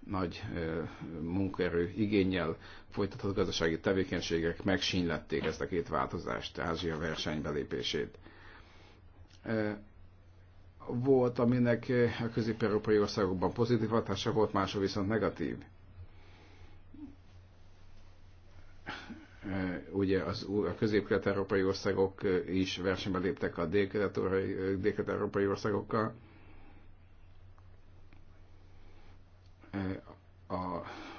Speaker 3: nagy e, munkaerő igényel folytatott gazdasági tevékenységek megsínlették ezt a két változást, Ázsia versenybelépését. Volt, aminek a közép-európai országokban pozitív hatása volt, máshol viszont negatív Eh, ugye az, a közép-kelet-európai országok eh, is versenybe léptek a dél-kelet-európai eh, országokkal.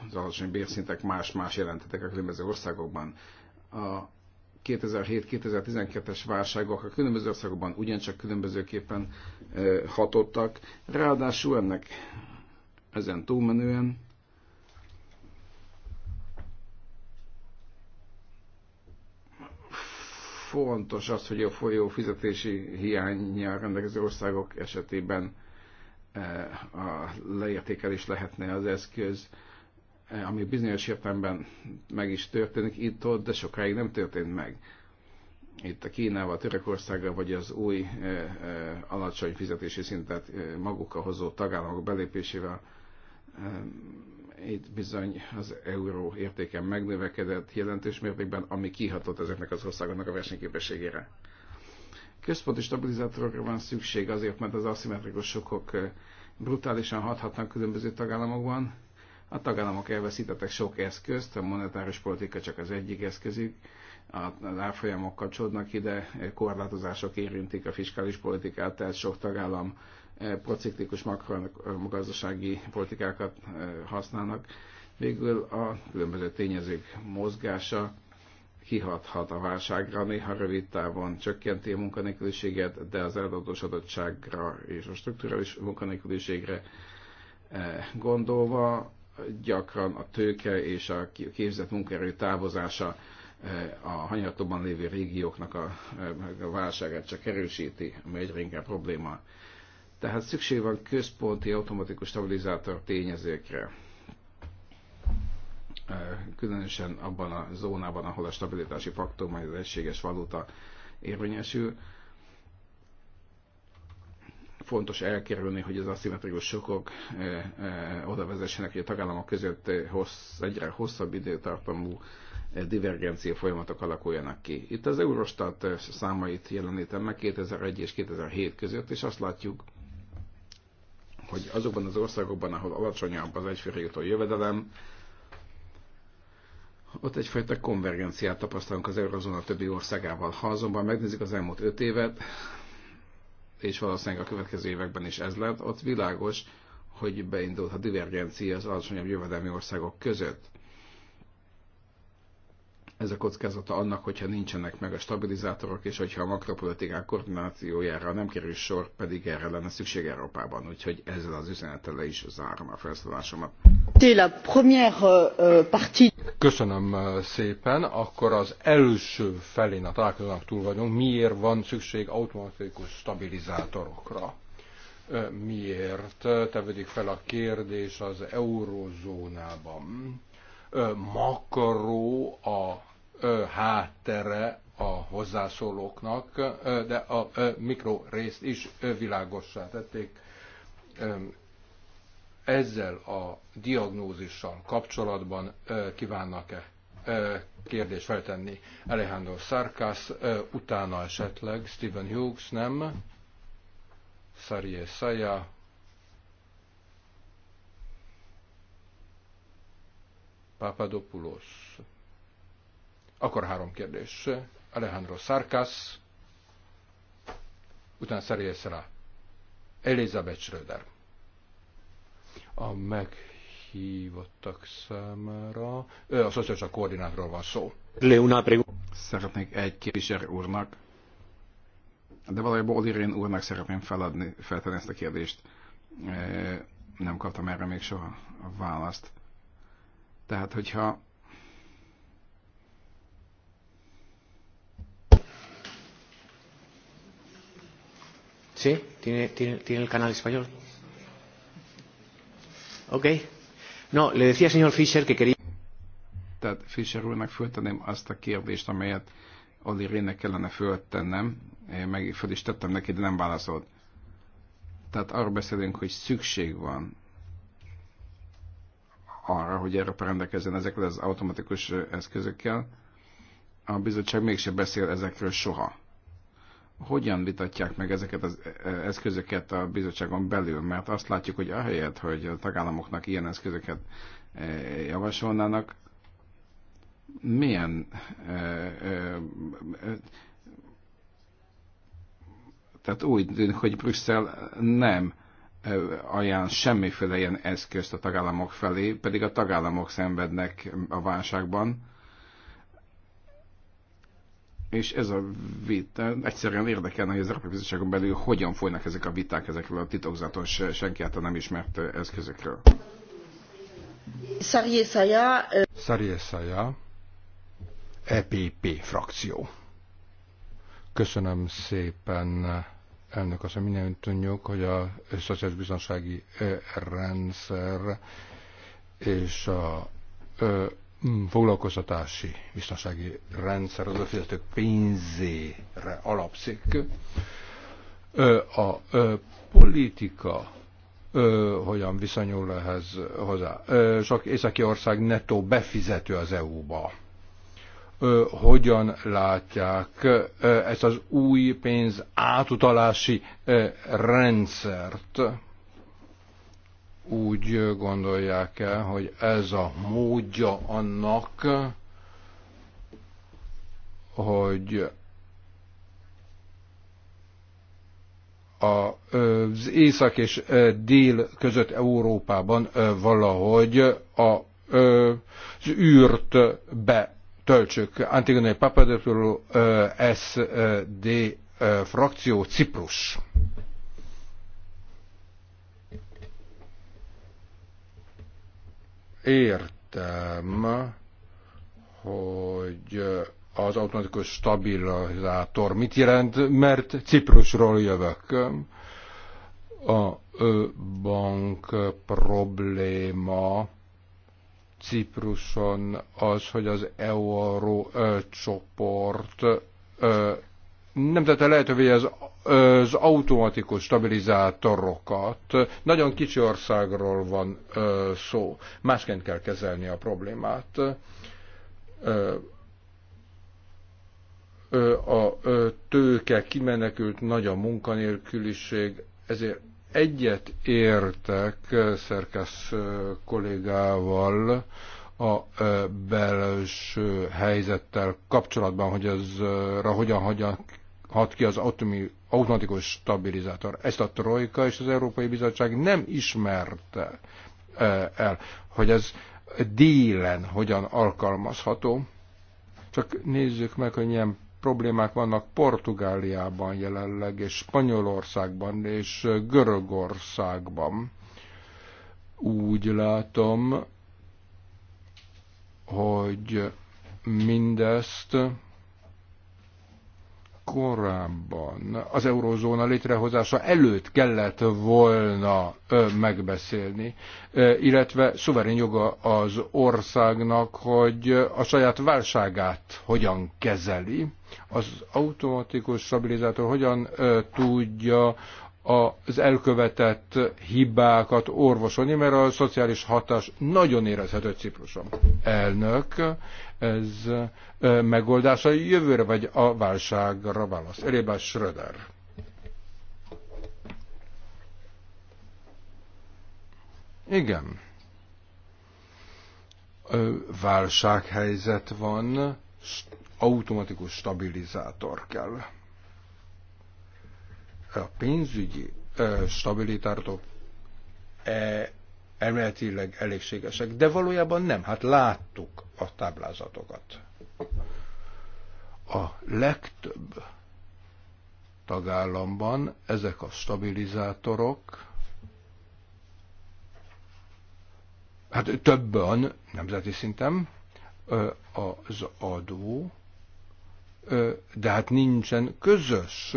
Speaker 3: Az alacsony bérszintek más-más jelentetek a különböző országokban. A 2007-2012-es válságok a különböző országokban ugyancsak különbözőképpen hatottak. Ráadásul ennek ezen túlmenően fontos az, hogy a folyó fizetési hiányjal rendelkező országok esetében eh, a leértékelés lehetne az eszköz, eh, ami bizonyos értelemben meg is történik itt-ott, de sokáig nem történt meg. Itt a Kínával, Törökországgal, vagy az új eh, alacsony fizetési szintet magukkal hozó tagállamok belépésével itt bizony az euró értéken megnövekedett jelentős mértékben, ami kihatott ezeknek az országoknak a versenyképességére. Központi stabilizátorokra van szükség azért, mert az aszimmetrikus sokok brutálisan hathatnak különböző tagállamokban. A tagállamok elveszítettek sok eszközt, a monetáris politika csak az egyik eszközük, az árfolyamok kapcsolódnak ide, korlátozások érintik a fiskális politikát, tehát sok tagállam prociklikus makrogazdasági politikákat eh, használnak, végül a különböző tényezők mozgása kihathat a válságra, néha rövid távon csökkenti a munkanélküliséget, de az eladósodottságra és a strukturális munkanélküliségre eh, gondolva gyakran a tőke és a képzett munkaerő távozása eh, a hanyatóban lévő régióknak a válságát csak erősíti, ami egyre inkább probléma. Tehát szükség van központi automatikus stabilizátor tényezőkre. Különösen abban a zónában, ahol a stabilitási faktor, majd az egységes valuta érvényesül. Fontos elkerülni, hogy az aszimmetrikus sokok oda vezessenek, hogy a tagállamok között hossz, egyre hosszabb időtartamú divergencia folyamatok alakuljanak ki. Itt az Eurostat számait jelenítem meg 2001 és 2007 között, és azt látjuk, hogy azokban az országokban, ahol alacsonyabb az egyfőre jutó jövedelem, ott egyfajta konvergenciát tapasztalunk az eurozóna többi országával. Ha azonban megnézzük az elmúlt öt évet, és valószínűleg a következő években is ez lett, ott világos, hogy beindult a divergencia az alacsonyabb jövedelmi országok között ez a kockázata annak, hogyha nincsenek meg a stabilizátorok, és hogyha a makropolitikák koordinációjára nem kerül sor, pedig erre lenne szükség Európában. Úgyhogy ezzel az üzenettel le is zárom a felszólásomat.
Speaker 4: Euh, euh,
Speaker 3: Köszönöm euh,
Speaker 1: szépen. Akkor az első felén a találkozónak túl vagyunk. Miért van szükség automatikus stabilizátorokra? Miért tevődik fel a kérdés az eurozónában? makaró a háttere a hozzászólóknak, de a mikro részt is világossá tették. Ezzel a diagnózissal kapcsolatban kívánnak-e kérdést feltenni Alejandro Sarkas, utána esetleg Stephen Hughes, nem? Sarje Saja, Papadopoulos. Akkor három kérdés. Alejandro Sarkas, utána Szeréje Szerá, Elizabeth Schröder. A meghívottak számára, ő a szociális koordinátról van szó.
Speaker 3: Leona Szeretnék egy képviselő úrnak, de valójában Olirén úrnak szeretném feladni, feltenni ezt a kérdést. Nem kaptam erre még soha a választ. Tehát, hogyha ¿Sí? ¿Tiene, tiene, tiene el canal español? Ok. No, le decía al señor Fischer que quería... Tehát Fischer úrnak föltenném azt a kérdést, amelyet Oli Rének kellene föltennem. Én meg föl is tettem neki, de nem válaszolt. Tehát arról beszélünk, hogy szükség van arra, hogy erre rendelkezzen ezekkel az automatikus eszközökkel. A bizottság mégsem beszél ezekről soha hogyan vitatják meg ezeket az e, e, eszközöket a bizottságon belül, mert azt látjuk, hogy ahelyett, hogy a tagállamoknak ilyen eszközöket e, javasolnának, milyen tehát úgy tűnik, hogy Brüsszel nem ajánl semmiféle ilyen eszközt a tagállamok felé, pedig a tagállamok szenvednek a válságban, és ez a vita, egyszerűen érdekelne, hogy az Európai Bizottságon belül hogyan folynak ezek a viták ezekről a titokzatos, eh, senki által nem ismert eh, eszközökről.
Speaker 4: Szarjészaja.
Speaker 3: Szarjészaja,
Speaker 1: EPP frakció. Köszönöm szépen, elnök hogy mindent tudjuk, hogy a szociális biztonsági eh, rendszer és a foglalkoztatási biztonsági rendszer az öfizetők pénzére alapszik. A politika hogyan viszonyul ehhez hozzá. Sok északi ország nettó befizető az EU-ba. Hogyan látják ezt az új pénz átutalási rendszert? úgy gondolják el, hogy ez a módja annak, hogy az észak és dél között Európában valahogy a, az űrt betöltsük. Antigone Papadopoulou SD frakció Ciprus. Értem, hogy az automatikus stabilizátor mit jelent, mert Ciprusról jövök. A bank probléma Cipruson az, hogy az euró csoport nem tette lehetővé az, az automatikus stabilizátorokat. Nagyon kicsi országról van ö, szó. Másként kell kezelni a problémát. Ö, a tőke kimenekült, nagy a munkanélküliség, ezért egyet értek szerkesz kollégával, a belső helyzettel kapcsolatban, hogy ezra hogyan hogyan hat ki az atomi, automatikus stabilizátor. Ezt a Trojka és az Európai Bizottság nem ismerte eh, el, hogy ez délen hogyan alkalmazható. Csak nézzük meg, hogy milyen problémák vannak Portugáliában jelenleg, és Spanyolországban, és Görögországban. Úgy látom, hogy mindezt korábban az eurozóna létrehozása előtt kellett volna megbeszélni, illetve szuverén joga az országnak, hogy a saját válságát hogyan kezeli, az automatikus stabilizátor hogyan tudja az elkövetett hibákat orvosolni, mert a szociális hatás nagyon érezhető Cipruson. Elnök, ez megoldása jövőre vagy a válságra válasz. Erébe Schröder. Igen. Válsághelyzet van, automatikus stabilizátor kell. A pénzügyi stabilitártok e, elméletileg elégségesek, de valójában nem. Hát láttuk a táblázatokat. A legtöbb tagállamban ezek a stabilizátorok, hát többen nemzeti szinten az adó, de hát nincsen közös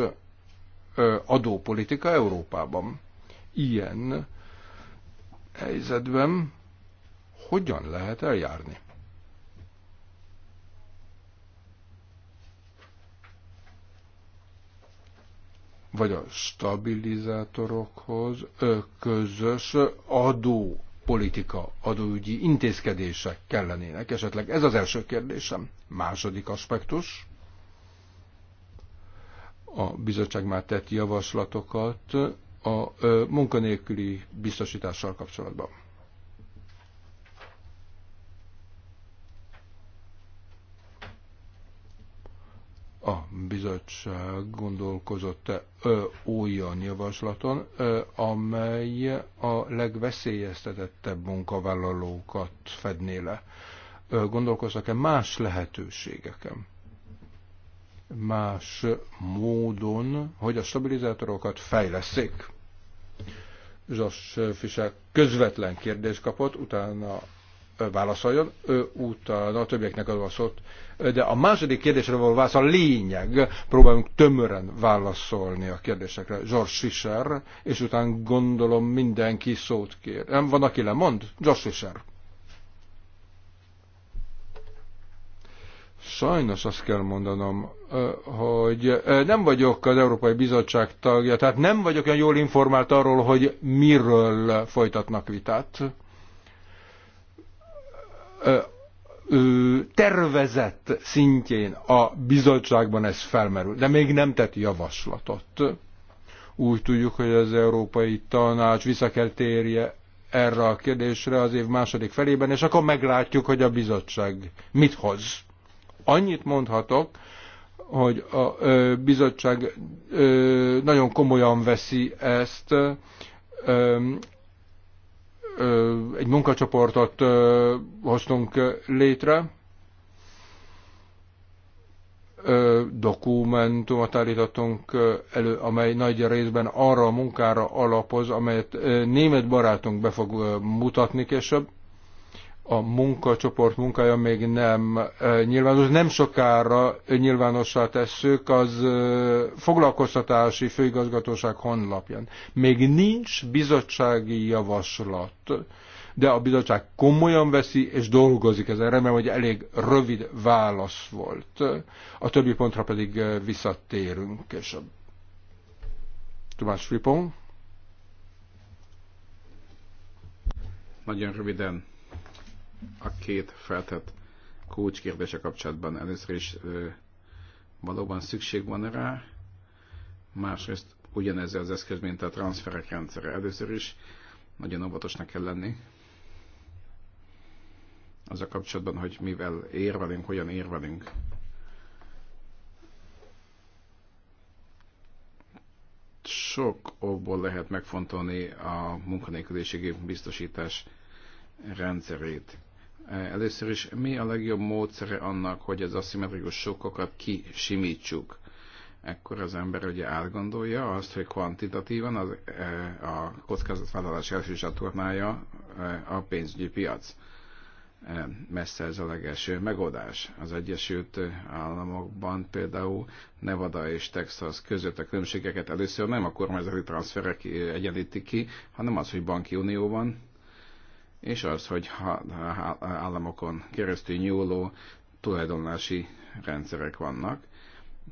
Speaker 1: adópolitika Európában. Ilyen helyzetben hogyan lehet eljárni? Vagy a stabilizátorokhoz közös adó politika, adóügyi intézkedések kellenének esetleg? Ez az első kérdésem. Második aspektus. A bizottság már tett javaslatokat a munkanélküli biztosítással kapcsolatban. a bizottság gondolkozott -e, ö, olyan javaslaton, ö, amely a legveszélyeztetettebb munkavállalókat fedné le. gondolkoztak-e más lehetőségeken? más módon, hogy a stabilizátorokat fejleszék. Zsas Fischer közvetlen kérdést kapott, utána válaszoljon, ő utána a többieknek adva szót. De a második kérdésre való válasz a lényeg. Próbálunk tömören válaszolni a kérdésekre. George Fischer, és utána gondolom mindenki szót kér. Nem, van, aki lemond? George Fischer. Sajnos azt kell mondanom, hogy nem vagyok az Európai Bizottság tagja, tehát nem vagyok olyan jól informált arról, hogy miről folytatnak vitát. Tervezett szintjén a bizottságban ez felmerül, de még nem tett javaslatot. Úgy tudjuk, hogy az Európai Tanács vissza kell térje erre a kérdésre az év második felében, és akkor meglátjuk, hogy a bizottság mit hoz Annyit mondhatok, hogy a bizottság nagyon komolyan veszi ezt, egy munkacsoportot hoztunk létre, dokumentumot állítottunk elő, amely nagy részben arra a munkára alapoz, amelyet német barátunk be fog mutatni később, a munkacsoport munkája még nem nyilvános. Nem sokára nyilvánossá tesszük az foglalkoztatási főigazgatóság honlapján. Még nincs bizottsági javaslat, de a bizottság komolyan veszi és dolgozik ezen. Remélem, hogy elég rövid válasz volt. A többi pontra pedig visszatérünk később. Tomás Fripon.
Speaker 3: Nagyon röviden a két feltett kérdése kapcsolatban. Először is valóban szükség van rá, másrészt ugyanez az eszköz, mint a transferek rendszere. Először is nagyon óvatosnak kell lenni az a kapcsolatban, hogy mivel érvelünk, hogyan érvelünk. Sok okból lehet megfontolni a munkanélküliségi biztosítás rendszerét. Először is mi a legjobb módszere annak, hogy az aszimmetrikus sokokat kisimítsuk? Ekkor az ember ugye átgondolja azt, hogy kvantitatívan az, e, a kockázatvállalás első csatornája e, a pénzügyi piac. E, messze ez a legelső megoldás. Az Egyesült Államokban például Nevada és Texas között a különbségeket először nem a kormányzati transferek egyenlítik ki, hanem az, hogy banki unió van, és az, hogy ha államokon keresztül nyúló tulajdonlási rendszerek vannak,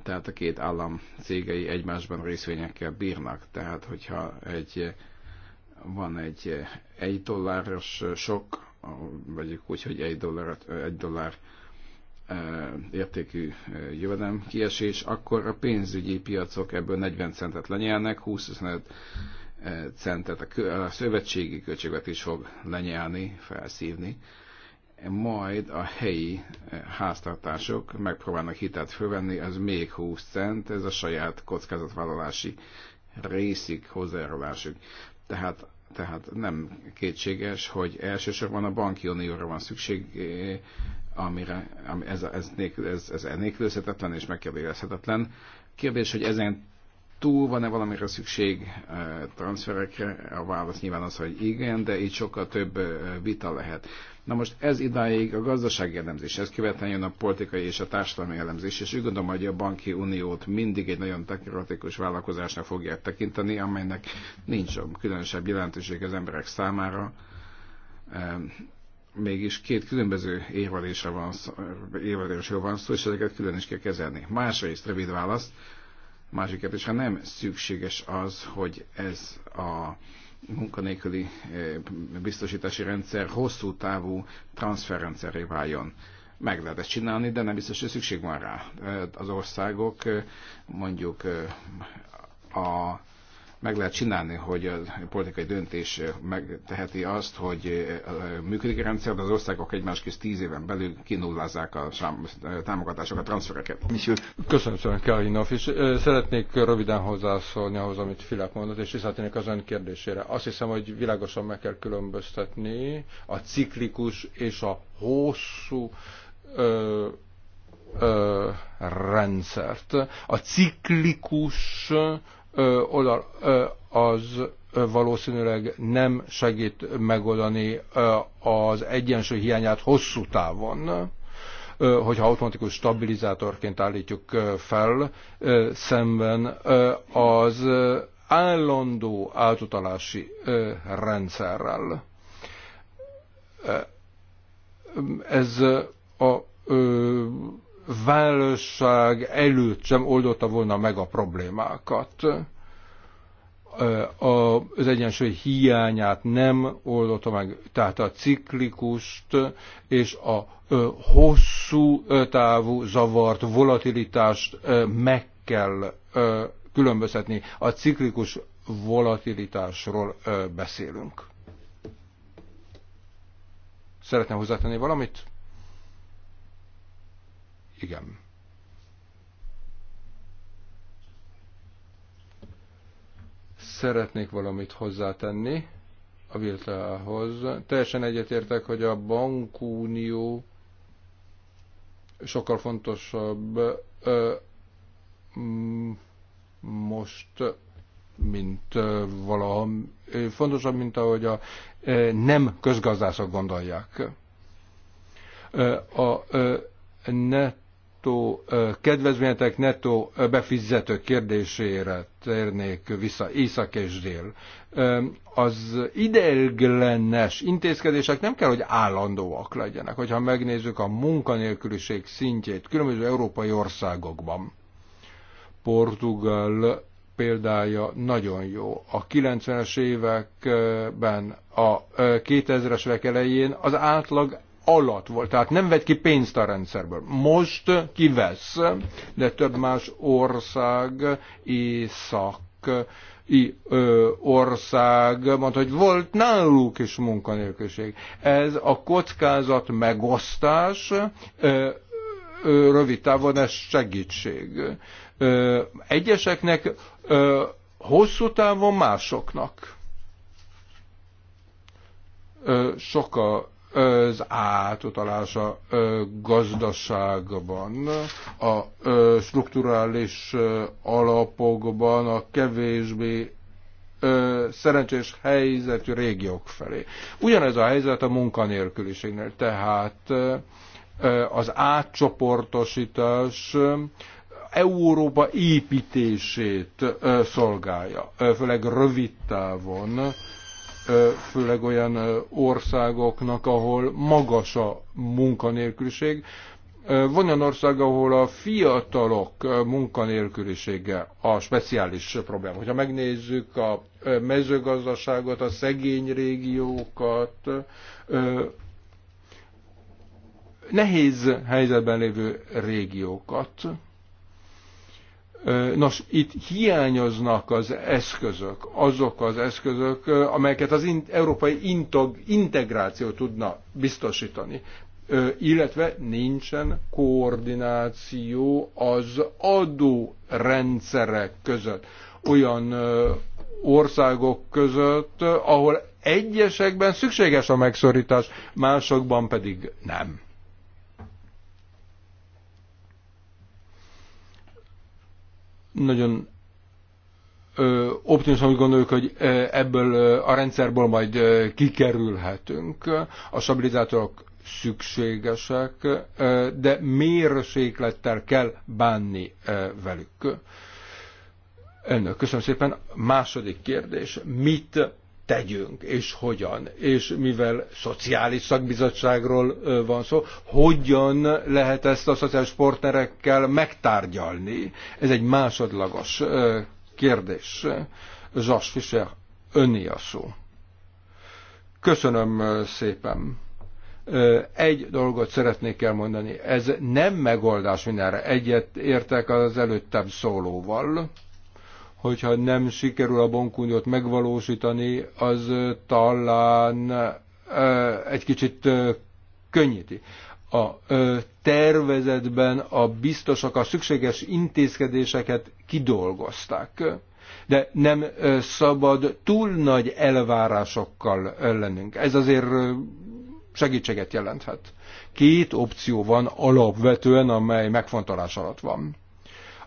Speaker 3: tehát a két állam cégei egymásban részvényekkel bírnak. Tehát, hogyha egy, van egy egy dolláros sok, vagy úgy, hogy egy dollár, egy dollár értékű jövedelem kiesés, akkor a pénzügyi piacok ebből 40 centet lenyelnek, 20 centet a szövetségi költségvetés fog lenyelni, felszívni, majd a helyi eh, háztartások megpróbálnak hitelt fölvenni, ez még 20 cent, ez a saját kockázatvállalási részig hozzájárulásuk. Tehát, tehát nem kétséges, hogy elsősorban a banki unióra van szükség, eh, amire, ez, ez, ez, ez, ez nélkülözhetetlen és megkérdőjelezhetetlen. Kérdés, hogy ezen túl van-e valamire szükség eh, transferekre? A válasz nyilván az, hogy igen, de itt sokkal több eh, vita lehet. Na most ez idáig a gazdasági elemzés, ez követően jön a politikai és a társadalmi elemzés, és úgy gondolom, hogy a banki uniót mindig egy nagyon technokratikus vállalkozásnak fogják tekinteni, amelynek nincs különösebb jelentőség az emberek számára eh, mégis két különböző érvelésre van, van szó, és ezeket külön is kell kezelni. Másrészt rövid választ, Másik kérdés, ha nem szükséges az, hogy ez a munkanélküli eh, biztosítási rendszer hosszú távú transferrendszeré váljon. Meg lehet ezt csinálni, de nem biztos, hogy szükség van rá. Eh, az országok eh, mondjuk a meg lehet csinálni, hogy a politikai döntés megteheti azt, hogy működik a rendszer, de az országok egymás közt tíz éven belül kinullázzák a támogatásokat, a transfereket. Köszönöm szépen, Kalinov, és szeretnék röviden hozzászólni
Speaker 1: ahhoz, amit Filip mondott, és visszatérnék az ön kérdésére. Azt hiszem, hogy világosan meg kell különböztetni a ciklikus és a hosszú ö, ö, rendszert. A ciklikus oldal az valószínűleg nem segít megoldani az egyensúly hiányát hosszú távon, hogyha automatikus stabilizátorként állítjuk fel, szemben az állandó átutalási rendszerrel. Ez a válság előtt sem oldotta volna meg a problémákat. Az egyensúly hiányát nem oldotta meg, tehát a ciklikust és a hosszú távú zavart volatilitást meg kell különböztetni. A ciklikus volatilitásról beszélünk. Szeretném hozzátenni valamit? Igen. Szeretnék valamit hozzátenni a Viltához. Teljesen egyetértek, hogy a bankunió sokkal fontosabb ö, mm, most, mint ö, valaha, fontosabb, mint ahogy a ö, nem közgazdászok gondolják. Ö, a ö, net nettó kedvezményetek, nettó befizető kérdésére térnék vissza, észak és dél. Az ideiglenes intézkedések nem kell, hogy állandóak legyenek, hogyha megnézzük a munkanélküliség szintjét különböző európai országokban. Portugál példája nagyon jó. A 90-es években, a 2000-es évek elején az átlag alatt volt, tehát nem vett ki pénzt a rendszerből. Most kivesz, de több más ország, észak, i, ö, ország, mondta, hogy volt náluk is munkanélküliség. Ez a kockázat megosztás ö, ö, rövid távon ez segítség. Ö, egyeseknek, ö, hosszú távon másoknak. Ö, sokkal az átutalása gazdaságban, a strukturális alapokban, a kevésbé szerencsés helyzetű régiók felé. Ugyanez a helyzet a munkanélküliségnél, tehát az átcsoportosítás Európa építését szolgálja, főleg rövid távon főleg olyan országoknak, ahol magas a munkanélküliség. Van olyan ország, ahol a fiatalok munkanélkülisége a speciális probléma. Hogyha megnézzük a mezőgazdaságot, a szegény régiókat, nehéz helyzetben lévő régiókat, Nos, itt hiányoznak az eszközök, azok az eszközök, amelyeket az európai integráció tudna biztosítani illetve nincsen koordináció az adórendszerek között. Olyan országok között, ahol egyesekben szükséges a megszorítás, másokban pedig nem. Nagyon optimisan úgy gondoljuk, hogy ebből a rendszerből majd kikerülhetünk. A stabilizátorok szükségesek, de mérséklettel kell bánni velük. Önök, köszönöm szépen. Második kérdés. Mit tegyünk, és hogyan. És mivel szociális szakbizottságról van szó, hogyan lehet ezt a szociális partnerekkel megtárgyalni? Ez egy másodlagos kérdés. Zsas Fischer, önni a szó. Köszönöm szépen. Egy dolgot szeretnék elmondani. Ez nem megoldás mindenre. Egyet értek az előttem szólóval hogyha nem sikerül a bonkúnyot megvalósítani, az talán egy kicsit könnyíti. A tervezetben a biztosak a szükséges intézkedéseket kidolgozták, de nem szabad túl nagy elvárásokkal lennünk. Ez azért segítséget jelenthet. Két opció van alapvetően, amely megfontolás alatt van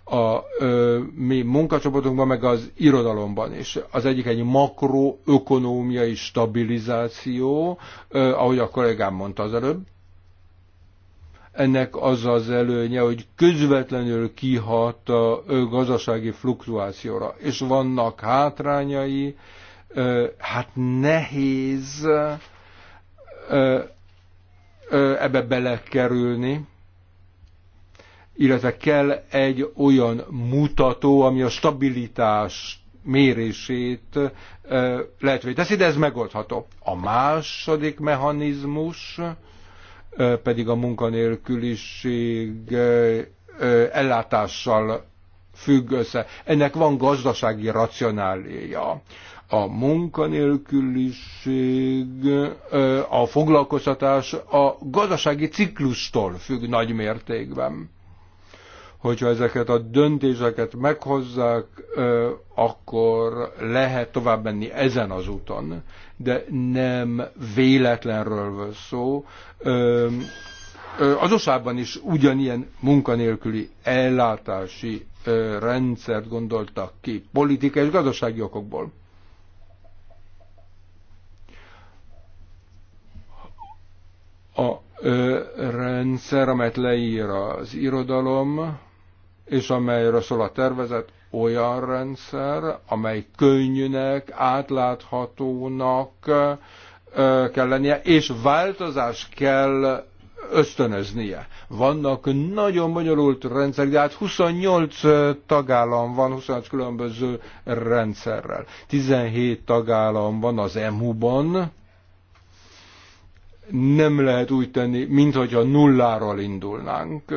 Speaker 1: a ö, mi munkacsoportunkban, meg az irodalomban is. Az egyik egy makroökonómiai stabilizáció, ö, ahogy a kollégám mondta az előbb. Ennek az az előnye, hogy közvetlenül kihat a ö, gazdasági fluktuációra, és vannak hátrányai, ö, hát nehéz ö, ö, ebbe belekerülni illetve kell egy olyan mutató, ami a stabilitás mérését lehetővé teszi, de ez megoldható. A második mechanizmus pedig a munkanélküliség ellátással függ össze. Ennek van gazdasági racionáléja. A munkanélküliség, a foglalkoztatás a gazdasági ciklustól függ nagy mértékben hogyha ezeket a döntéseket meghozzák, akkor lehet tovább menni ezen az úton, de nem véletlenről van szó. Az oszában is ugyanilyen munkanélküli ellátási rendszert gondoltak ki politikai és gazdasági okokból. A rendszer, amelyet leír az irodalom, és amelyről szól a tervezet, olyan rendszer, amely könnyűnek, átláthatónak kell lennie, és változás kell ösztönöznie. Vannak nagyon bonyolult rendszerek, de hát 28 tagállam van, 28 különböző rendszerrel. 17 tagállam van az EMU-ban, nem lehet úgy tenni, mintha nulláról indulnánk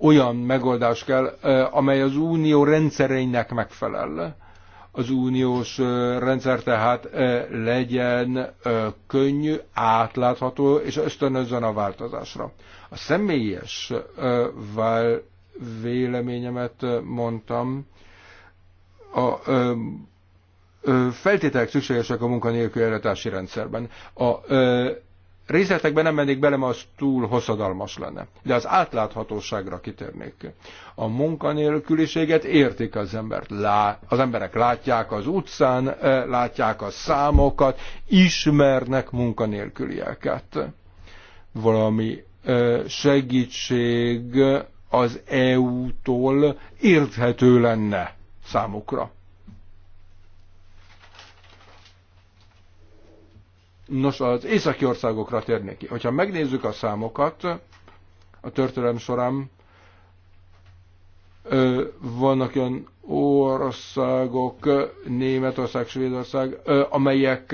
Speaker 1: olyan megoldás kell, amely az unió rendszereinek megfelel. Az uniós rendszer tehát legyen könnyű, átlátható, és ösztönözzön a változásra. A személyes véleményemet mondtam, a feltételek szükségesek a munkanélkül rendszerben. A Részletekben nem mennék bele, mert az túl hosszadalmas lenne. De az átláthatóságra kitérnék. A munkanélküliséget értik az embert. Lá, az emberek látják az utcán, eh, látják a számokat, ismernek munkanélkülieket. Valami eh, segítség az EU-tól érthető lenne számukra. Nos, az északi országokra térnék ki. Hogyha megnézzük a számokat, a történelem során vannak olyan országok, Németország, Svédország, amelyek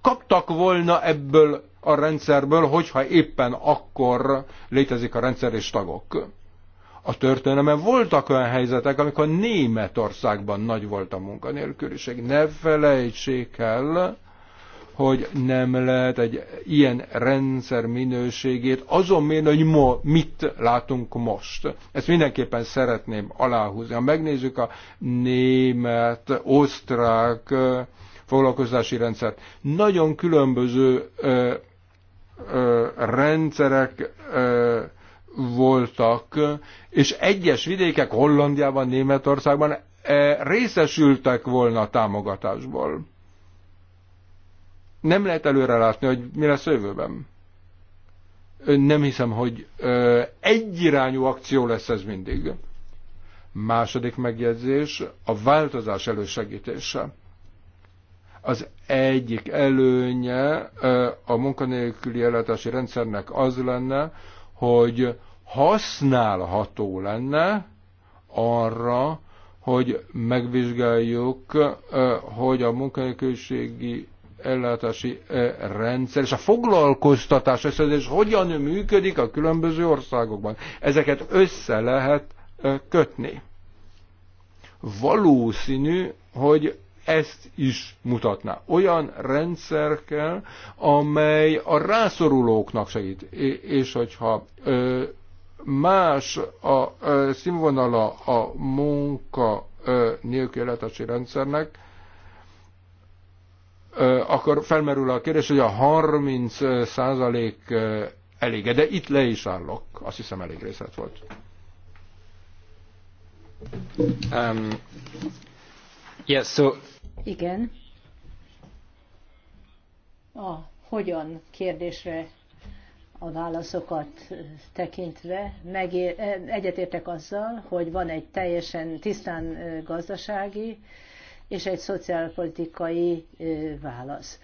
Speaker 1: kaptak volna ebből a rendszerből, hogyha éppen akkor létezik a rendszer és tagok. A történelemben voltak olyan helyzetek, amikor Németországban nagy volt a munkanélküliség. Ne felejtsék el, hogy nem lehet egy ilyen rendszer minőségét azon mérni, hogy ma mit látunk most. Ezt mindenképpen szeretném aláhúzni. Ha megnézzük a német, osztrák foglalkozási rendszert, nagyon különböző ö, ö, rendszerek ö, voltak, és egyes vidékek Hollandiában, Németországban részesültek volna a támogatásból nem lehet előre látni, hogy mi lesz a jövőben. Nem hiszem, hogy egyirányú akció lesz ez mindig. Második megjegyzés a változás elősegítése. Az egyik előnye a munkanélküli ellátási rendszernek az lenne, hogy használható lenne arra, hogy megvizsgáljuk, hogy a munkanélküliségi ellátási rendszer és a foglalkoztatás összezés hogyan működik a különböző országokban. Ezeket össze lehet kötni. Valószínű, hogy ezt is mutatná. Olyan rendszer kell, amely a rászorulóknak segít, és hogyha más a színvonala a munka nélkül rendszernek, akkor felmerül a kérdés, hogy a 30 százalék elége, de itt le is állok. Azt hiszem elég részlet volt. Um, yes, so...
Speaker 4: Igen. A hogyan kérdésre a válaszokat tekintve megér, egyetértek azzal, hogy van egy teljesen tisztán gazdasági és egy szociálpolitikai válasz.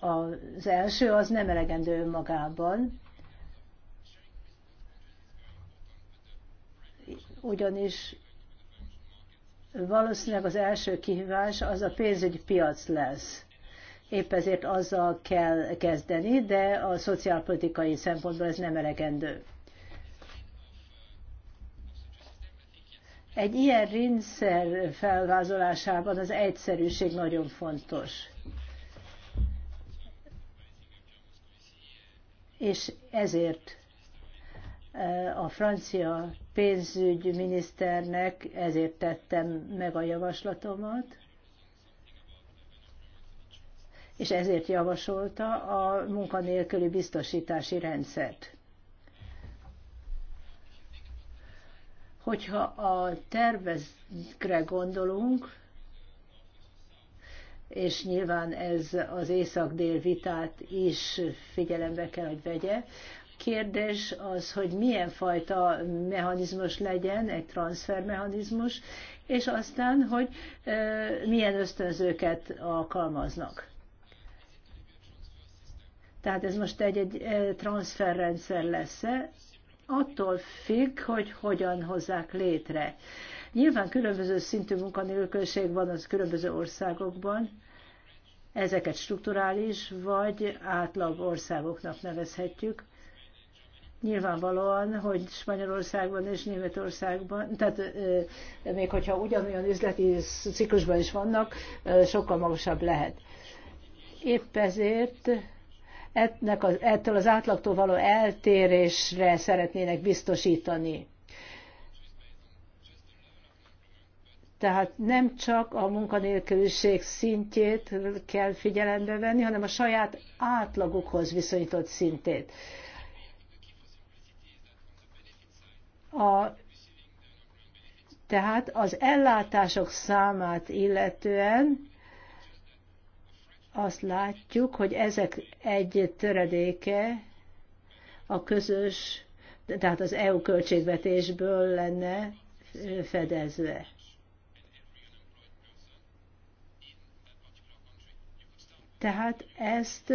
Speaker 4: Az első az nem elegendő önmagában, ugyanis valószínűleg az első kihívás az a pénzügyi piac lesz. Épp ezért azzal kell kezdeni, de a szociálpolitikai szempontból ez nem elegendő. Egy ilyen rendszer felvázolásában az egyszerűség nagyon fontos. És ezért eh, a francia pénzügyminiszternek ezért tettem meg a javaslatomat, és ezért javasolta a munkanélküli biztosítási rendszert. Hogyha a tervezkre gondolunk, és nyilván ez az észak-dél vitát is figyelembe kell, hogy vegye. Kérdés az, hogy milyen fajta mechanizmus legyen, egy transfermechanizmus, és aztán, hogy milyen ösztönzőket alkalmaznak. Tehát ez most egy, egy transferrendszer lesz-e, attól függ, hogy hogyan hozzák létre. Nyilván különböző szintű munkanélkülség van az különböző országokban, ezeket strukturális vagy átlag országoknak nevezhetjük. Nyilvánvalóan, hogy Spanyolországban és Németországban, tehát még hogyha ugyanolyan üzleti ciklusban is vannak, sokkal magasabb lehet. Épp ezért ennek ettől az átlagtól való eltérésre szeretnének biztosítani. Tehát nem csak a munkanélküliség szintjét kell figyelembe venni, hanem a saját átlagukhoz viszonyított szintét. A, tehát az ellátások számát illetően azt látjuk, hogy ezek egy töredéke a közös, tehát az EU költségvetésből lenne fedezve. Tehát ezt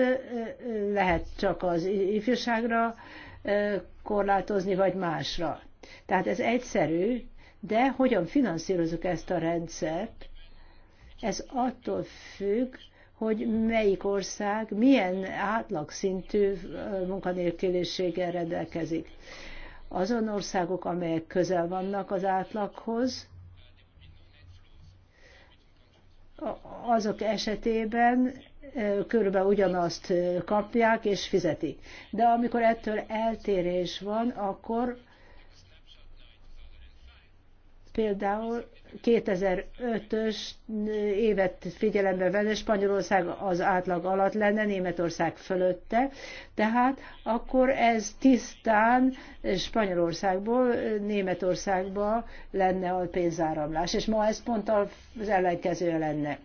Speaker 4: lehet csak az ifjúságra korlátozni, vagy másra. Tehát ez egyszerű, de hogyan finanszírozunk ezt a rendszert, ez attól függ, hogy melyik ország milyen átlagszintű munkanélküliséggel rendelkezik. Azon országok, amelyek közel vannak az átlaghoz, azok esetében körülbelül ugyanazt kapják és fizetik. De amikor ettől eltérés van, akkor például 2005-ös évet figyelembe venni, Spanyolország az átlag alatt lenne, Németország fölötte, tehát akkor ez tisztán Spanyolországból Németországba lenne a pénzáramlás, és ma ez pont az ellenkezője lenne.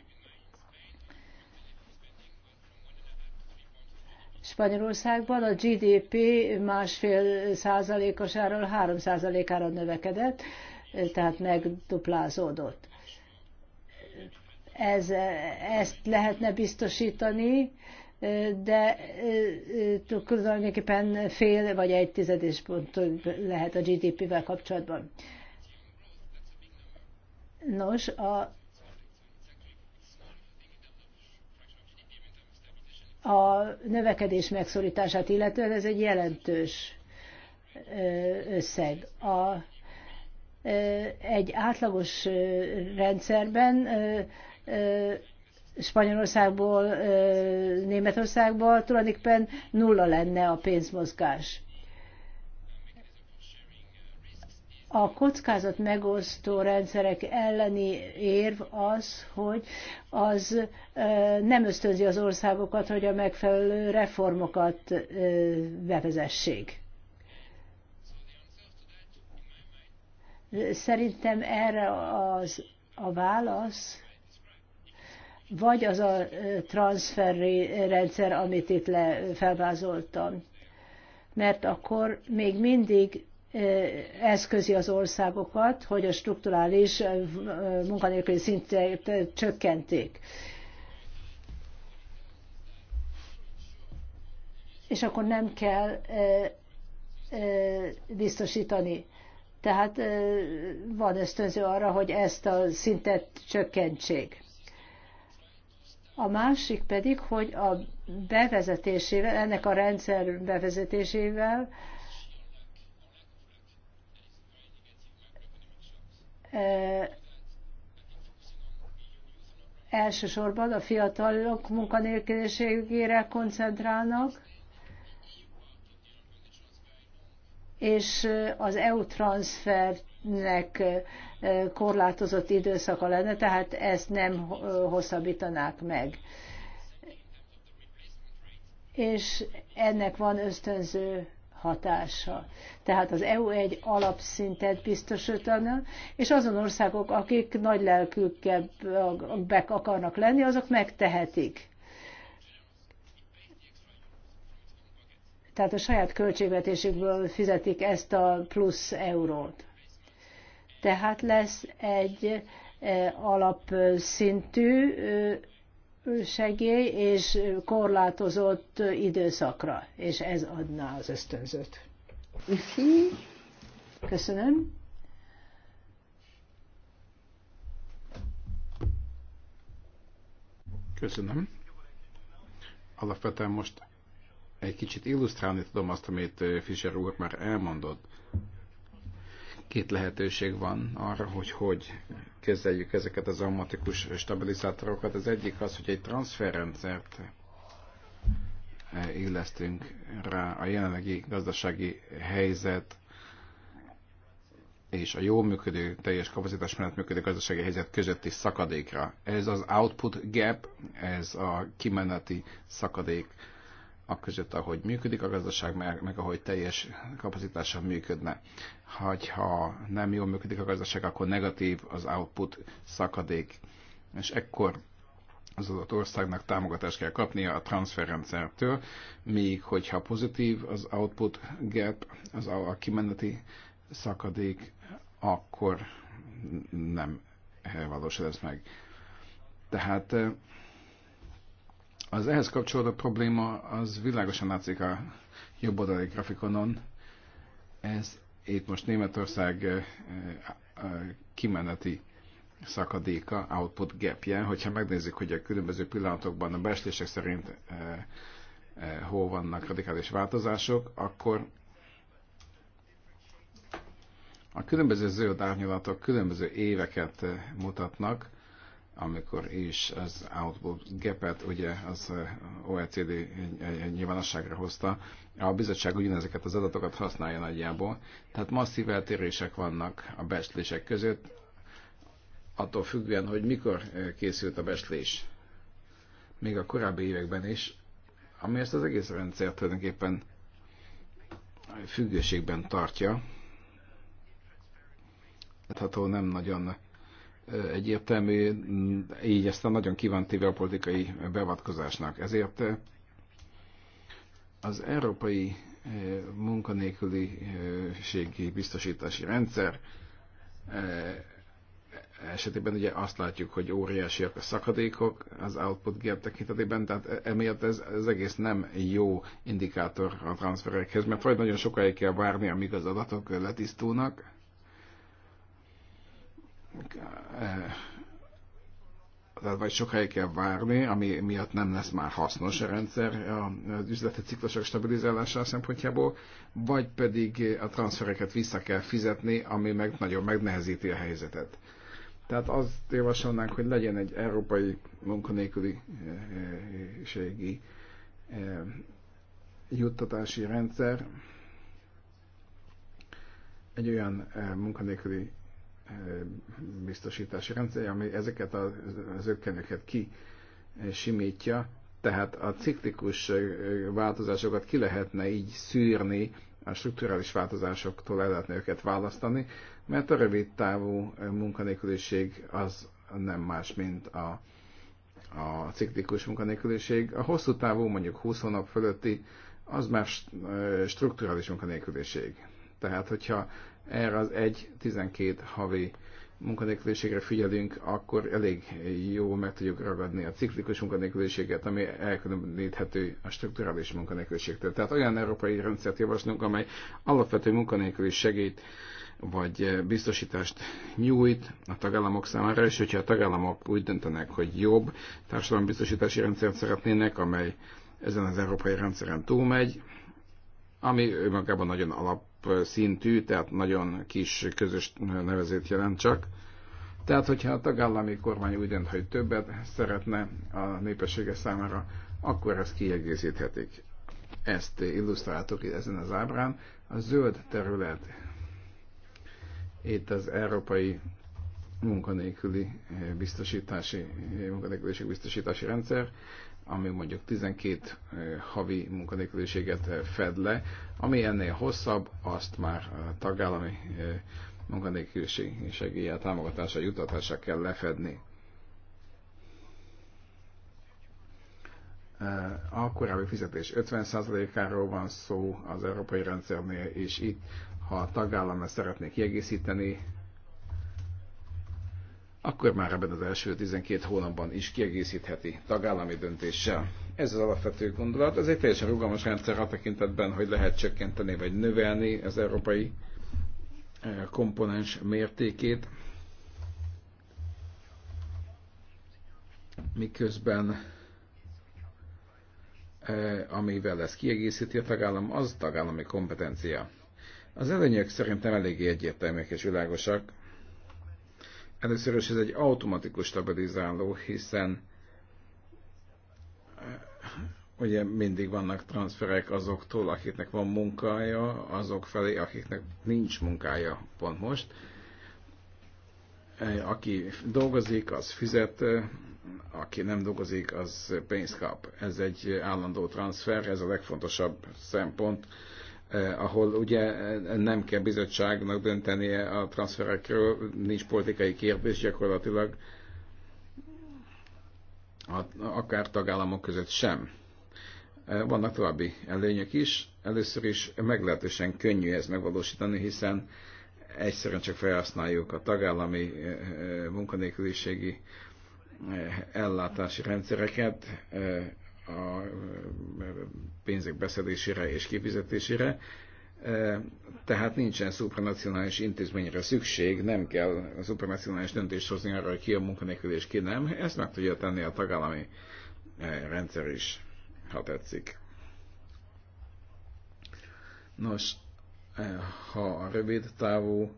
Speaker 4: Spanyolországban a GDP másfél százalékosáról három százalékára növekedett, tehát megduplázódott. Ez, ezt lehetne biztosítani, de tulajdonképpen fél vagy egy tizedes pont lehet a GDP-vel kapcsolatban. Nos, a a növekedés megszorítását illetően ez egy jelentős összeg. A egy átlagos rendszerben Spanyolországból, Németországból tulajdonképpen nulla lenne a pénzmozgás. A kockázat megosztó rendszerek elleni érv az, hogy az nem ösztönzi az országokat, hogy a megfelelő reformokat bevezessék. Szerintem erre az a válasz, vagy az a rendszer, amit itt felvázoltam. Mert akkor még mindig eszközi az országokat, hogy a strukturális munkanélküli szintet csökkenték. És akkor nem kell biztosítani tehát van ösztönző arra, hogy ezt a szintet csökkentsék. A másik pedig, hogy a bevezetésével, ennek a rendszer bevezetésével elsősorban a fiatalok munkanélküliségére koncentrálnak, és az EU transfernek korlátozott időszaka lenne, tehát ezt nem hosszabbítanák meg. És ennek van ösztönző hatása. Tehát az EU egy alapszintet biztosítana, és azon országok, akik nagy lelkükkel akarnak lenni, azok megtehetik. Tehát a saját költségvetésükből fizetik ezt a plusz eurót. Tehát lesz egy e, alapszintű e, segély és korlátozott időszakra, és ez adná az ösztönzőt. Köszönöm.
Speaker 3: Köszönöm. Alapvetően most egy kicsit illusztrálni tudom azt, amit Fischer úr már elmondott. Két lehetőség van arra, hogy hogy kezeljük ezeket az automatikus stabilizátorokat. Az egyik az, hogy egy transferrendszert illesztünk rá a jelenlegi gazdasági helyzet és a jó működő, teljes kapacitás mellett működő gazdasági helyzet közötti szakadékra. Ez az output gap, ez a kimeneti szakadék a között, ahogy működik a gazdaság, meg, meg ahogy teljes kapacitással működne. Ha nem jól működik a gazdaság, akkor negatív az output szakadék, és ekkor az adott országnak támogatást kell kapnia a transferrendszertől, míg hogyha pozitív az output gap, az a kimeneti szakadék, akkor nem valósul ez meg. Tehát eh, az ehhez kapcsolódó probléma az világosan látszik a jobb oldali grafikonon. Ez itt most Németország eh, eh, kimeneti szakadéka, output gapje, hogyha megnézzük, hogy a különböző pillanatokban a beslések szerint eh, hol vannak radikális változások, akkor a különböző zöld árnyalatok különböző éveket mutatnak, amikor is az output gap-et ugye az OECD nyilvánosságra hozta, a bizottság ugyanezeket az adatokat használja nagyjából. Tehát masszív eltérések vannak a beszélések között, attól függően, hogy mikor készült a beszélés, Még a korábbi években is, ami ezt az egész rendszer tulajdonképpen függőségben tartja. Tehát nem nagyon egyértelmű, mm, így ezt a nagyon kíván a politikai beavatkozásnak. Ezért az európai munkanélküliségi biztosítási rendszer esetében ugye azt látjuk, hogy óriásiak a szakadékok az output gap tekintetében, tehát e- emiatt ez, ez egész nem jó indikátor a transferekhez, mert vagy nagyon sokáig kell várni, amíg az adatok letisztulnak, vagy sokáig kell várni, ami miatt nem lesz már hasznos a rendszer az üzleti ciklusok stabilizálása szempontjából, vagy pedig a transfereket vissza kell fizetni, ami meg nagyon megnehezíti a helyzetet. Tehát azt javasolnánk, hogy legyen egy európai munkanélküliségi eh, juttatási rendszer, egy olyan eh, munkanélküli biztosítási rendszer, ami ezeket az ökkenőket ki simítja, tehát a ciklikus változásokat ki lehetne így szűrni, a strukturális változásoktól el lehetne őket választani, mert a rövid távú munkanélküliség az nem más, mint a, a ciklikus munkanélküliség. A hosszú távú, mondjuk 20 hónap fölötti, az már strukturális munkanélküliség. Tehát, hogyha erre az 1-12 havi munkanélküliségre figyelünk, akkor elég jó meg tudjuk ragadni a ciklikus munkanélküliséget, ami elkülöníthető a strukturális munkanélküliségtől. Tehát olyan európai rendszert javaslunk, amely alapvető munkanélküli segít vagy biztosítást nyújt a tagállamok számára, és hogyha a tagállamok úgy döntenek, hogy jobb biztosítási rendszert szeretnének, amely ezen az európai rendszeren túlmegy, ami önmagában nagyon alap szintű, tehát nagyon kis közös nevezét jelent csak. Tehát, hogyha a tagállami kormány úgy dönt, hogy többet szeretne a népessége számára, akkor ezt kiegészíthetik. Ezt illusztráltuk ezen az ábrán. A zöld terület itt az európai munkanélküli biztosítási, munkanélküliség biztosítási rendszer ami mondjuk 12 havi munkanélküliséget fed le, ami ennél hosszabb, azt már a tagállami munkanélküliség segélye támogatása, juttatása kell lefedni. A korábbi fizetés 50%-áról van szó az európai rendszernél, és itt, ha a tagállam ezt szeretné kiegészíteni, akkor már ebben az első 12 hónapban is kiegészítheti tagállami döntéssel. Ez az alapvető gondolat. Ez egy teljesen rugalmas rendszer a tekintetben, hogy lehet csökkenteni vagy növelni az európai eh, komponens mértékét, miközben eh, amivel ez kiegészíti a tagállam, az tagállami kompetencia. Az előnyök szerintem eléggé egyértelműek és világosak Először is ez egy automatikus stabilizáló, hiszen eh, ugye mindig vannak transferek azoktól, akiknek van munkája, azok felé, akiknek nincs munkája pont most. Eh, aki dolgozik, az fizet, eh, aki nem dolgozik, az pénzt kap. Ez egy állandó transfer, ez a legfontosabb szempont Eh, ahol ugye eh, nem kell bizottságnak döntenie a transferekről, nincs politikai kérdés gyakorlatilag, akár tagállamok között sem. Eh, vannak további előnyök is. Először is meglehetősen könnyű ez megvalósítani, hiszen egyszerűen csak felhasználjuk a tagállami munkanélküliségi ellátási rendszereket, a pénzek beszedésére és kifizetésére, e, tehát nincsen szupranacionális intézményre szükség, nem kell szupranacionális döntést hozni arra, hogy ki a munkanélkül és ki nem. Ezt meg tudja tenni a tagállami e, rendszer is, ha tetszik. Nos, e, ha a rövid távú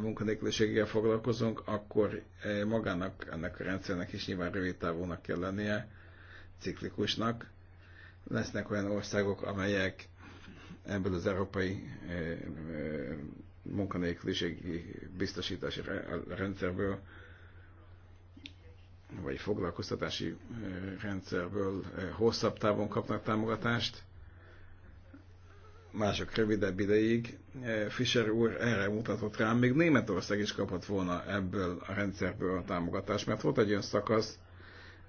Speaker 3: munkanélküliséggel foglalkozunk, akkor magának ennek a rendszernek is nyilván rövid távúnak kell lennie, ciklikusnak. Lesznek olyan országok, amelyek ebből az európai munkanélküliségi biztosítási rendszerből vagy foglalkoztatási rendszerből hosszabb távon kapnak támogatást, mások rövidebb ideig. Fischer úr erre mutatott rám, még Németország is kapott volna ebből a rendszerből a támogatást, mert volt egy olyan szakasz,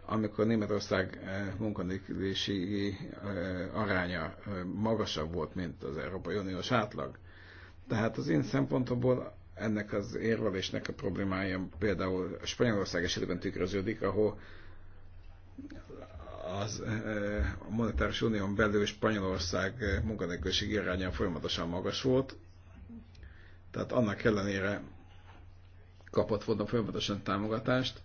Speaker 3: amikor Németország eh, munkanélküliségi eh, aránya eh, magasabb volt, mint az Európai Uniós átlag. Tehát az én szempontomból ennek az érvelésnek a problémája például Spanyolország esetében tükröződik, ahol az, a monetáris unión belül Spanyolország munkanélküliségi aránya folyamatosan magas volt, tehát annak ellenére kapott volna folyamatosan támogatást,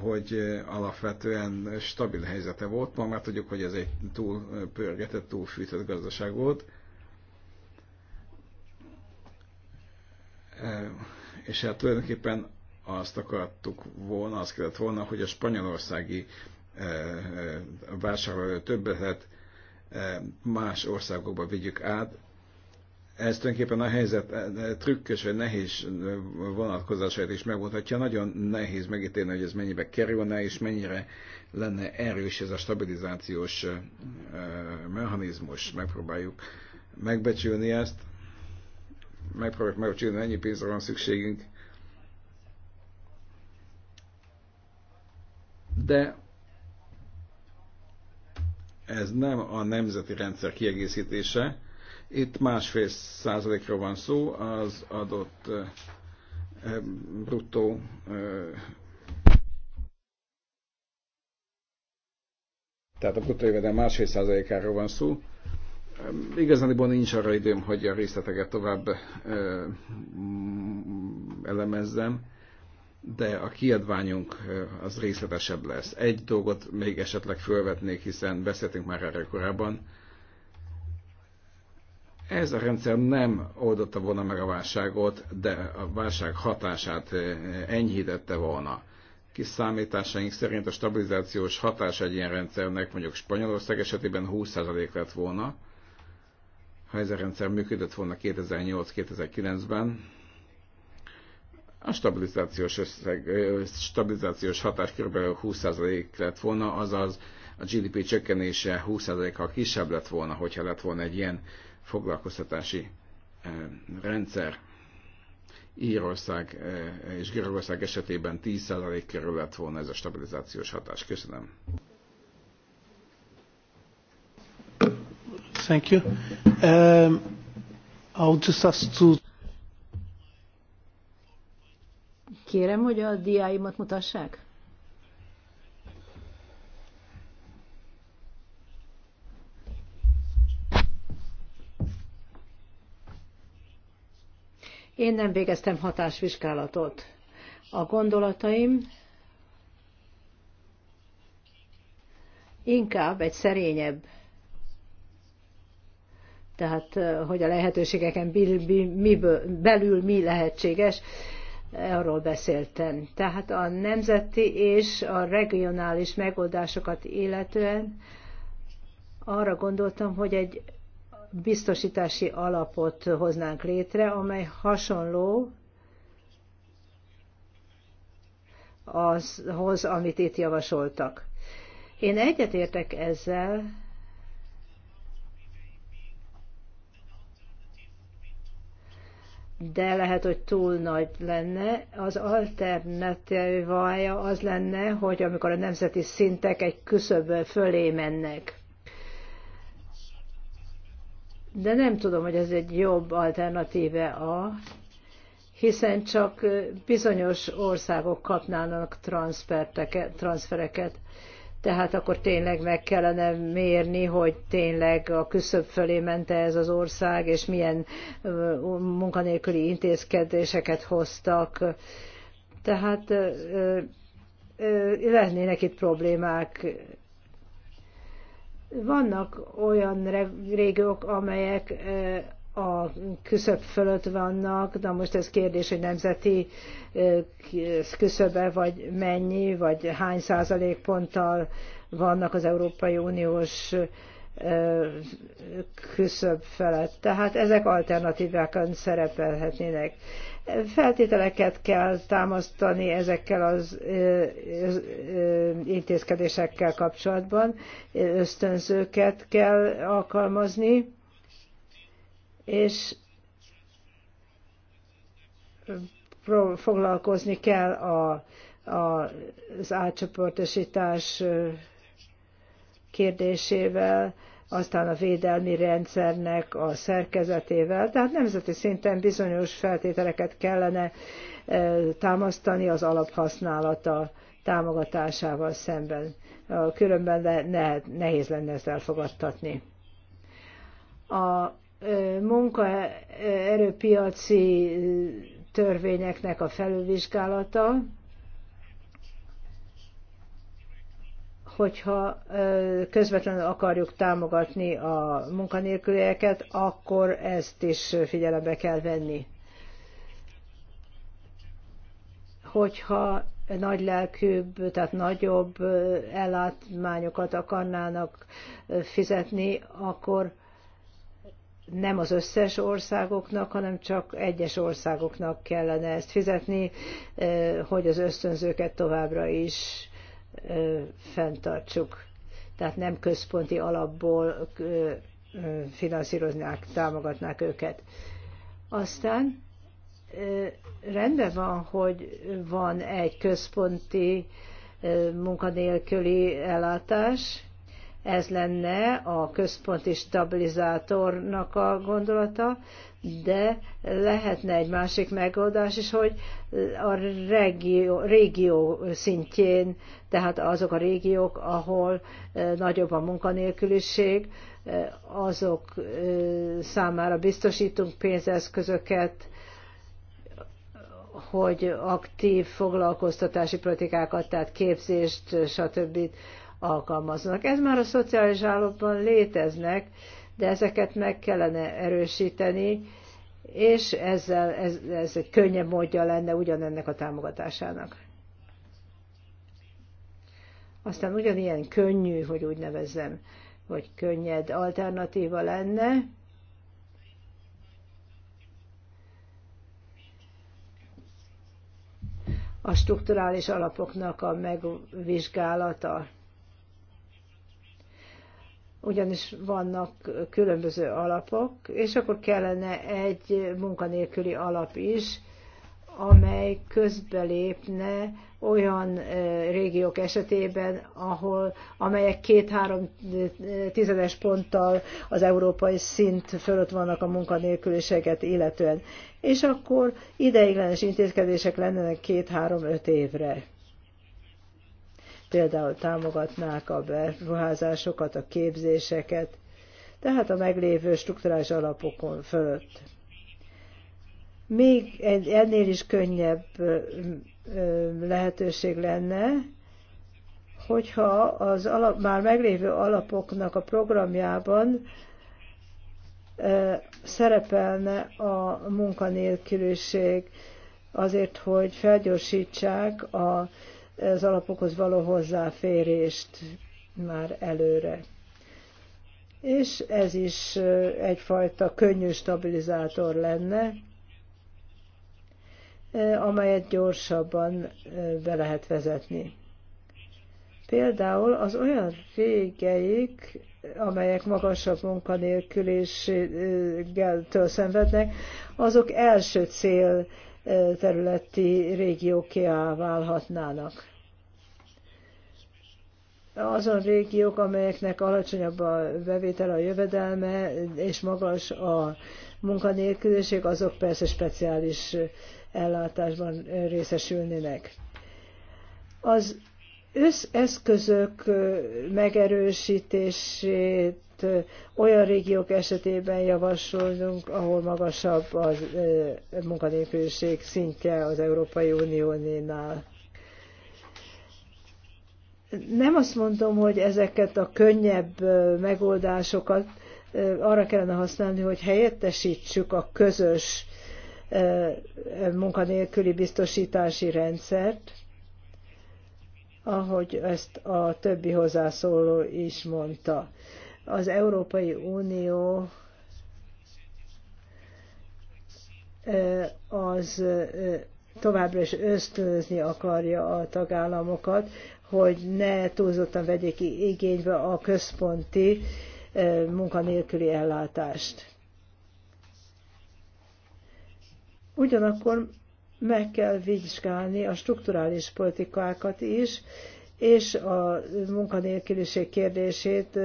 Speaker 3: hogy eh, alapvetően stabil helyzete volt. Ma már tudjuk, hogy ez egy túl eh, pörgetett, túl fűtött gazdaság volt. Eh, és hát tulajdonképpen azt akartuk volna, azt kellett volna, hogy a spanyolországi vásároló többetet más országokba vigyük át, ez tulajdonképpen a helyzet e, e, trükkös vagy nehéz e, vonatkozásait is megmutatja. Nagyon nehéz megítélni, hogy ez mennyibe kerülne, és mennyire lenne erős ez a stabilizációs mechanizmus. Megpróbáljuk megbecsülni ezt, megpróbáljuk megbecsülni, mennyi pénzre van szükségünk. De ez nem a nemzeti rendszer kiegészítése, itt másfél százalékról van szó az adott bruttó tehát a bruttó jövedelem másfél százalékáról van szó. Igazániból nincs arra időm, hogy a részleteket tovább ö, mm, elemezzem, de a kiadványunk az részletesebb lesz. Egy dolgot még esetleg felvetnék, hiszen beszéltünk már erre korábban, ez a rendszer nem oldotta volna meg a válságot, de a válság hatását eh, enyhítette volna. Kis számításaink szerint a stabilizációs hatás egy ilyen rendszernek mondjuk Spanyolország esetében 20% lett volna, ha ez a rendszer működött volna 2008-2009-ben, a stabilizációs, összeg, eh, stabilizációs hatás kb. 20% lett volna, azaz a GDP csökkenése 20%-kal kisebb lett volna, hogyha lett volna egy ilyen foglalkoztatási eh, rendszer. Írország eh, és Görögország esetében 10% körül lett volna ez a stabilizációs hatás. Köszönöm.
Speaker 2: Thank you. Um, I'll just
Speaker 4: ask to... Kérem, hogy a diáimat mutassák. Én nem végeztem hatásvizsgálatot. A gondolataim inkább egy szerényebb, tehát hogy a lehetőségeken belül mi lehetséges, arról beszéltem. Tehát a nemzeti és a regionális megoldásokat illetően arra gondoltam, hogy egy biztosítási alapot hoznánk létre, amely hasonló azhoz, amit itt javasoltak. Én egyetértek ezzel, de lehet, hogy túl nagy lenne. Az alternatívája az lenne, hogy amikor a nemzeti szintek egy küszöbből fölé mennek, de nem tudom, hogy ez egy jobb alternatíve a, hiszen csak bizonyos országok kapnának transfereket, tehát akkor tényleg meg kellene mérni, hogy tényleg a küszöb fölé mente ez az ország, és milyen munkanélküli intézkedéseket hoztak. Tehát lennének itt problémák vannak olyan régiók, amelyek a küszöb fölött vannak, de most ez kérdés, hogy nemzeti küszöbe, vagy mennyi, vagy hány százalékponttal vannak az Európai Uniós küszöb felett. Tehát ezek alternatívákon szerepelhetnének. Feltételeket kell támasztani ezekkel az intézkedésekkel kapcsolatban, ösztönzőket kell alkalmazni, és foglalkozni kell a, a, az átcsoportosítás kérdésével, aztán a védelmi rendszernek a szerkezetével, tehát nemzeti szinten bizonyos feltételeket kellene e, támasztani az alaphasználata támogatásával szemben. Különben ne, nehéz lenne ezt elfogadtatni. A e, munkaerőpiaci e, törvényeknek a felülvizsgálata, hogyha közvetlenül akarjuk támogatni a munkanélkülieket, akkor ezt is figyelembe kell venni. Hogyha nagy lelkűbb, tehát nagyobb ellátmányokat akarnának fizetni, akkor nem az összes országoknak, hanem csak egyes országoknak kellene ezt fizetni, hogy az ösztönzőket továbbra is fenntartsuk. Tehát nem központi alapból finanszíroznák, támogatnák őket. Aztán rendben van, hogy van egy központi munkanélküli ellátás, ez lenne a központi stabilizátornak a gondolata, de lehetne egy másik megoldás is, hogy a regió, régió szintjén, tehát azok a régiók, ahol nagyobb a munkanélküliség, azok számára biztosítunk pénzeszközöket, hogy aktív foglalkoztatási politikákat, tehát képzést, stb alkalmaznak. Ez már a szociális állapotban léteznek, de ezeket meg kellene erősíteni, és ezzel ez, ez egy könnyebb módja lenne ugyanennek a támogatásának. Aztán ugyanilyen könnyű, hogy úgy nevezzem, vagy könnyed alternatíva lenne, a strukturális alapoknak a megvizsgálata ugyanis vannak különböző alapok, és akkor kellene egy munkanélküli alap is, amely közbelépne olyan régiók esetében, ahol, amelyek két-három tizedes ponttal az európai szint fölött vannak a munkanélküliséget illetően. És akkor ideiglenes intézkedések lennének két-három-öt évre például támogatnák a beruházásokat, a képzéseket, tehát a meglévő strukturális alapokon fölött. Még ennél is könnyebb lehetőség lenne, hogyha az alap, már meglévő alapoknak a programjában szerepelne a munkanélküliség azért, hogy felgyorsítsák a az alapokhoz való hozzáférést már előre. És ez is egyfajta könnyű stabilizátor lenne, amelyet gyorsabban be lehet vezetni. Például az olyan régeik, amelyek magasabb munkanélküléstől szenvednek, azok első cél területi régiókéá válhatnának. Azon régiók, amelyeknek alacsonyabb a bevétel a jövedelme és magas a munkanélküliség, azok persze speciális ellátásban részesülnének. Az összeszközök megerősítését mert olyan régiók esetében javasolunk, ahol magasabb a munkanélküliség szintje az Európai Uniónénál. Nem azt mondom, hogy ezeket a könnyebb megoldásokat arra kellene használni, hogy helyettesítsük a közös munkanélküli biztosítási rendszert, ahogy ezt a többi hozzászóló is mondta az Európai Unió az továbbra is ösztönözni akarja a tagállamokat, hogy ne túlzottan vegyék igénybe a központi munkanélküli ellátást. Ugyanakkor meg kell vizsgálni a strukturális politikákat is, és a munkanélküliség kérdését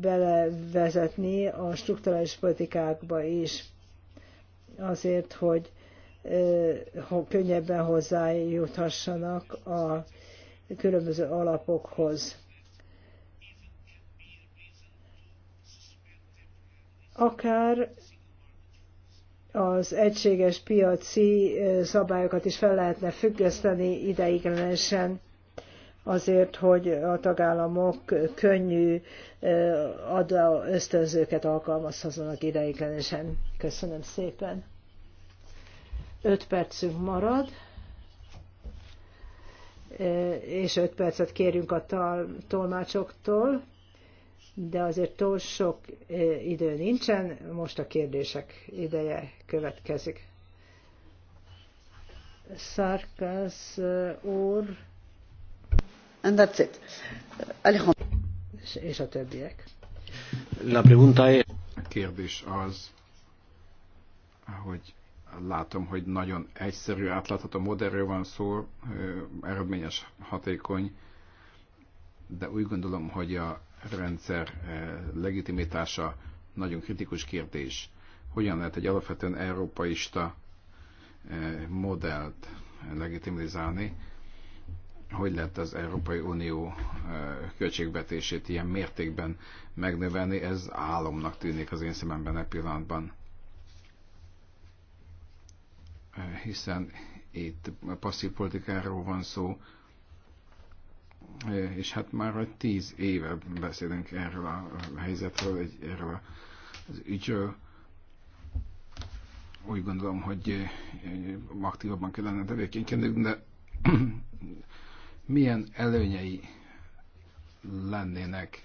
Speaker 4: belevezetni a strukturális politikákba is, azért, hogy könnyebben hozzájuthassanak a különböző alapokhoz. Akár az egységes piaci szabályokat is fel lehetne függeszteni ideiglenesen azért, hogy a tagállamok könnyű adó ösztönzőket alkalmazhassanak ideiglenesen. Köszönöm szépen. Öt percünk marad, és öt percet kérünk a tolmácsoktól, de azért túl sok idő nincsen, most a kérdések ideje következik. Szárkász úr, And that's it. És a többiek.
Speaker 3: La pregunta es... kérdés az, hogy látom, hogy nagyon egyszerű, átlátható modellről van szó, eredményes, hatékony, de úgy gondolom, hogy a rendszer legitimitása nagyon kritikus kérdés. Hogyan lehet egy alapvetően európaista modellt legitimizálni? hogy lehet az Európai Unió költségvetését ilyen mértékben megnövelni, ez álomnak tűnik az én szememben e pillanatban. Hiszen itt passzív politikáról van szó, és hát már vagy tíz éve beszélünk erről a helyzetről, erről az ügyről. Úgy gondolom, hogy aktívabban kellene tevékenykedni, de milyen előnyei lennének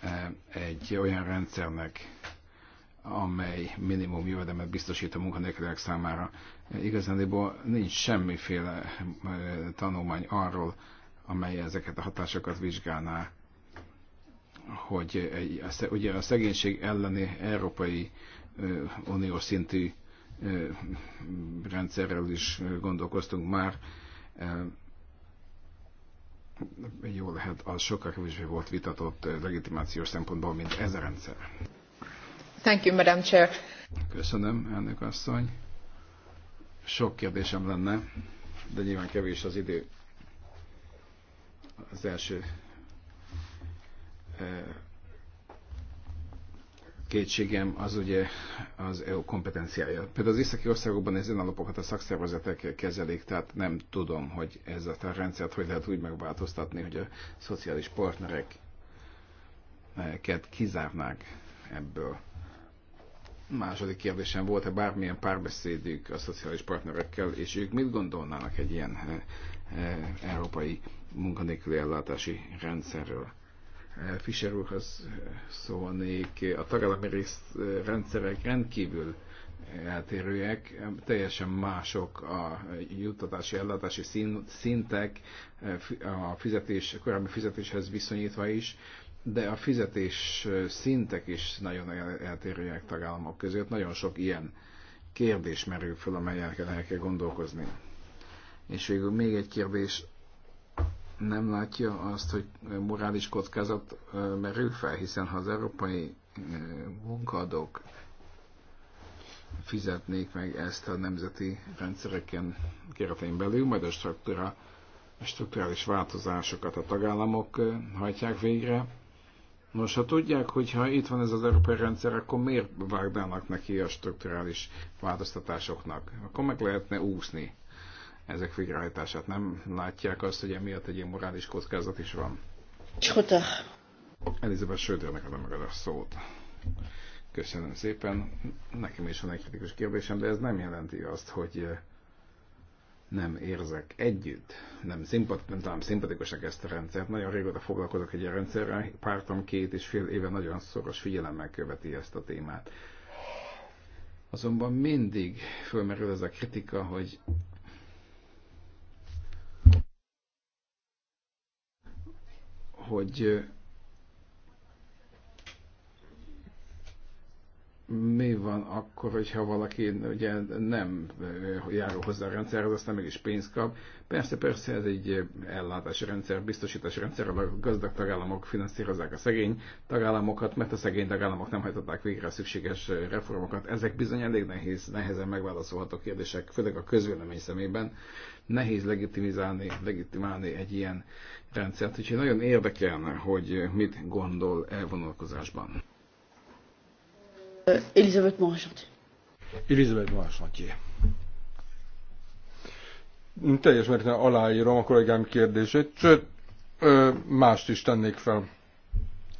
Speaker 3: eh, egy olyan rendszernek, amely minimum jövedelmet biztosít a munkanélküliek számára. Igazándiból nincs semmiféle eh, tanulmány arról, amely ezeket a hatásokat vizsgálná, hogy ugye a szegénység elleni európai eh, uniós szintű rendszerrel is gondolkoztunk már, jó lehet, az sokkal kevésbé volt vitatott eh, legitimációs szempontból, mint ez a rendszer.
Speaker 4: Thank you, Madam Chair.
Speaker 3: Köszönöm, elnök asszony. Sok kérdésem lenne, de nyilván kevés az idő. Az első eh, kétségem az ugye az EU kompetenciája. Például az északi országokban az alapokat a szakszervezetek kezelik, tehát nem tudom, hogy ez a rendszert hogy lehet úgy megváltoztatni, hogy a szociális partnereket kizárnák ebből. Második kérdésem volt-e bármilyen párbeszédük a szociális partnerekkel, és ők mit gondolnának egy ilyen eh, eh, európai munkanélküli ellátási rendszerről? Fischer úrhoz eh, szólnék. A tagállami rész eh, rendszerek rendkívül eh, eltérőek, teljesen mások a juttatási, ellátási szintek, a fizetés, a korábbi fizetéshez viszonyítva is, de a fizetés szintek is nagyon eltérőek tagállamok között. Nagyon sok ilyen kérdés merül föl, amelyen el kell gondolkozni. És végül még egy kérdés, nem látja azt, hogy morális kockázat merül fel, hiszen ha az európai munkadók fizetnék meg ezt a nemzeti rendszereken keretein belül, majd a struktúra, a struktúrális változásokat a tagállamok hajtják végre. Nos, ha tudják, hogy ha itt van ez az európai rendszer, akkor miért vágdának neki a struktúrális változtatásoknak? Akkor meg lehetne úszni ezek végrehajtását. Nem látják azt, hogy emiatt egy ilyen morális kockázat is van. Schröter. Elizabeth Schrödernek adom meg a szót. Köszönöm szépen. Nekem is van egy kritikus kérdésem, de ez nem jelenti azt, hogy eh, nem érzek együtt, nem, szimpat, nem talán szimpatikusak ezt a rendszert. Nagyon régóta foglalkozok egy ilyen rendszerrel, pártom két és fél éve nagyon szoros figyelemmel követi ezt a témát. Azonban mindig fölmerül ez a kritika, hogy hogy mi van akkor, hogyha valaki ugye nem járul hozzá a rendszerhez, aztán mégis pénzt kap. Persze, persze, ez egy ellátási rendszer, biztosítási rendszer, a gazdag tagállamok finanszírozzák a szegény tagállamokat, mert a szegény tagállamok nem hajtották végre a szükséges reformokat. Ezek bizony elég nehéz, nehezen megválaszolható kérdések, főleg a közvélemény szemében. Nehéz legitimizálni, legitimálni egy ilyen rendszert, úgyhogy nagyon érdekelne, hogy mit gondol elvonalkozásban.
Speaker 4: Uh, Elizabeth morin
Speaker 3: Elizabeth
Speaker 1: morin Teljes mértékben aláírom a kollégám kérdését, sőt, mást is tennék fel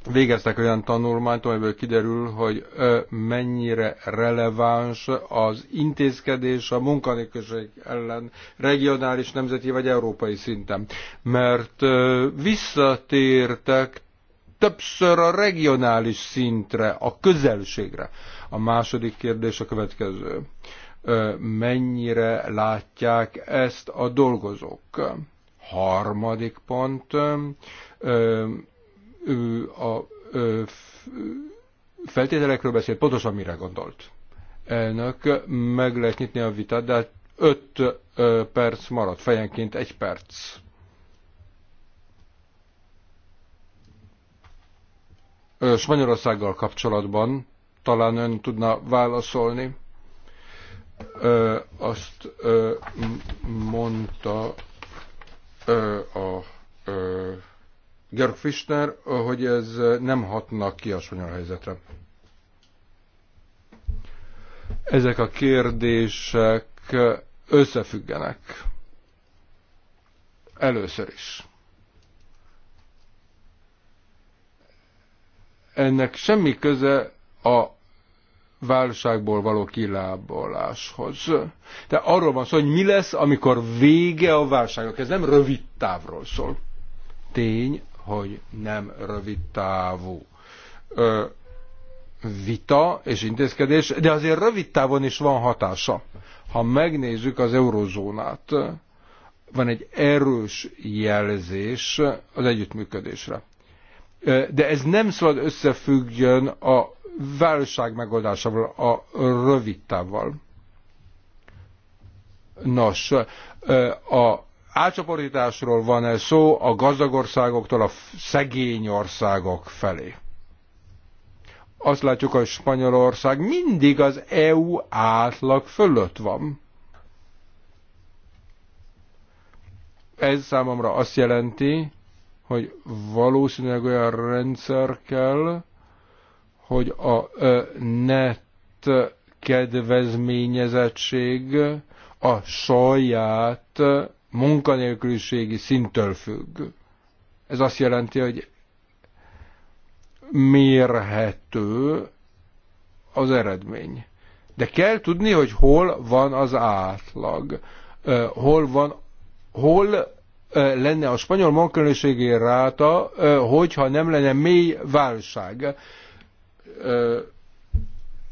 Speaker 1: végeztek olyan tanulmányt, amiből kiderül, hogy mennyire releváns az intézkedés a munkanélküliség ellen regionális, nemzeti vagy európai szinten. Mert visszatértek többször a regionális szintre, a közelségre. A második kérdés a következő. Mennyire látják ezt a dolgozók? Harmadik pont a feltételekről beszélt, pontosan mire gondolt. Elnök, meg lehet nyitni a vitát, de 5 hát perc maradt, fejenként egy perc. Spanyolországgal kapcsolatban talán ön tudna válaszolni. Ö, azt ö, mondta ö, a ö, Georg Fischner, hogy ez nem hatna ki a spanyol helyzetre. Ezek a kérdések összefüggenek. Először is. Ennek semmi köze a válságból való kilábaláshoz. De arról van szó, hogy mi lesz, amikor vége a válságnak. Ez nem rövid távról szól. Tény hogy nem rövid távú ö, vita és intézkedés, de azért rövid távon is van hatása. Ha megnézzük az eurozónát, van egy erős jelzés az együttműködésre. De ez nem szabad összefüggjön a válság megoldásával, a rövid távval. Nos, a átcsoportításról van-e szó a gazdag országoktól a szegény országok felé? Azt látjuk, hogy Spanyolország mindig az EU átlag fölött van. Ez számomra azt jelenti, hogy valószínűleg olyan rendszer kell, hogy a net kedvezményezettség a saját munkanélküliségi szintől függ. Ez azt jelenti, hogy mérhető az eredmény. De kell tudni, hogy hol van az átlag, hol van, hol lenne a spanyol munkanélküliségi ráta, hogyha nem lenne mély válság.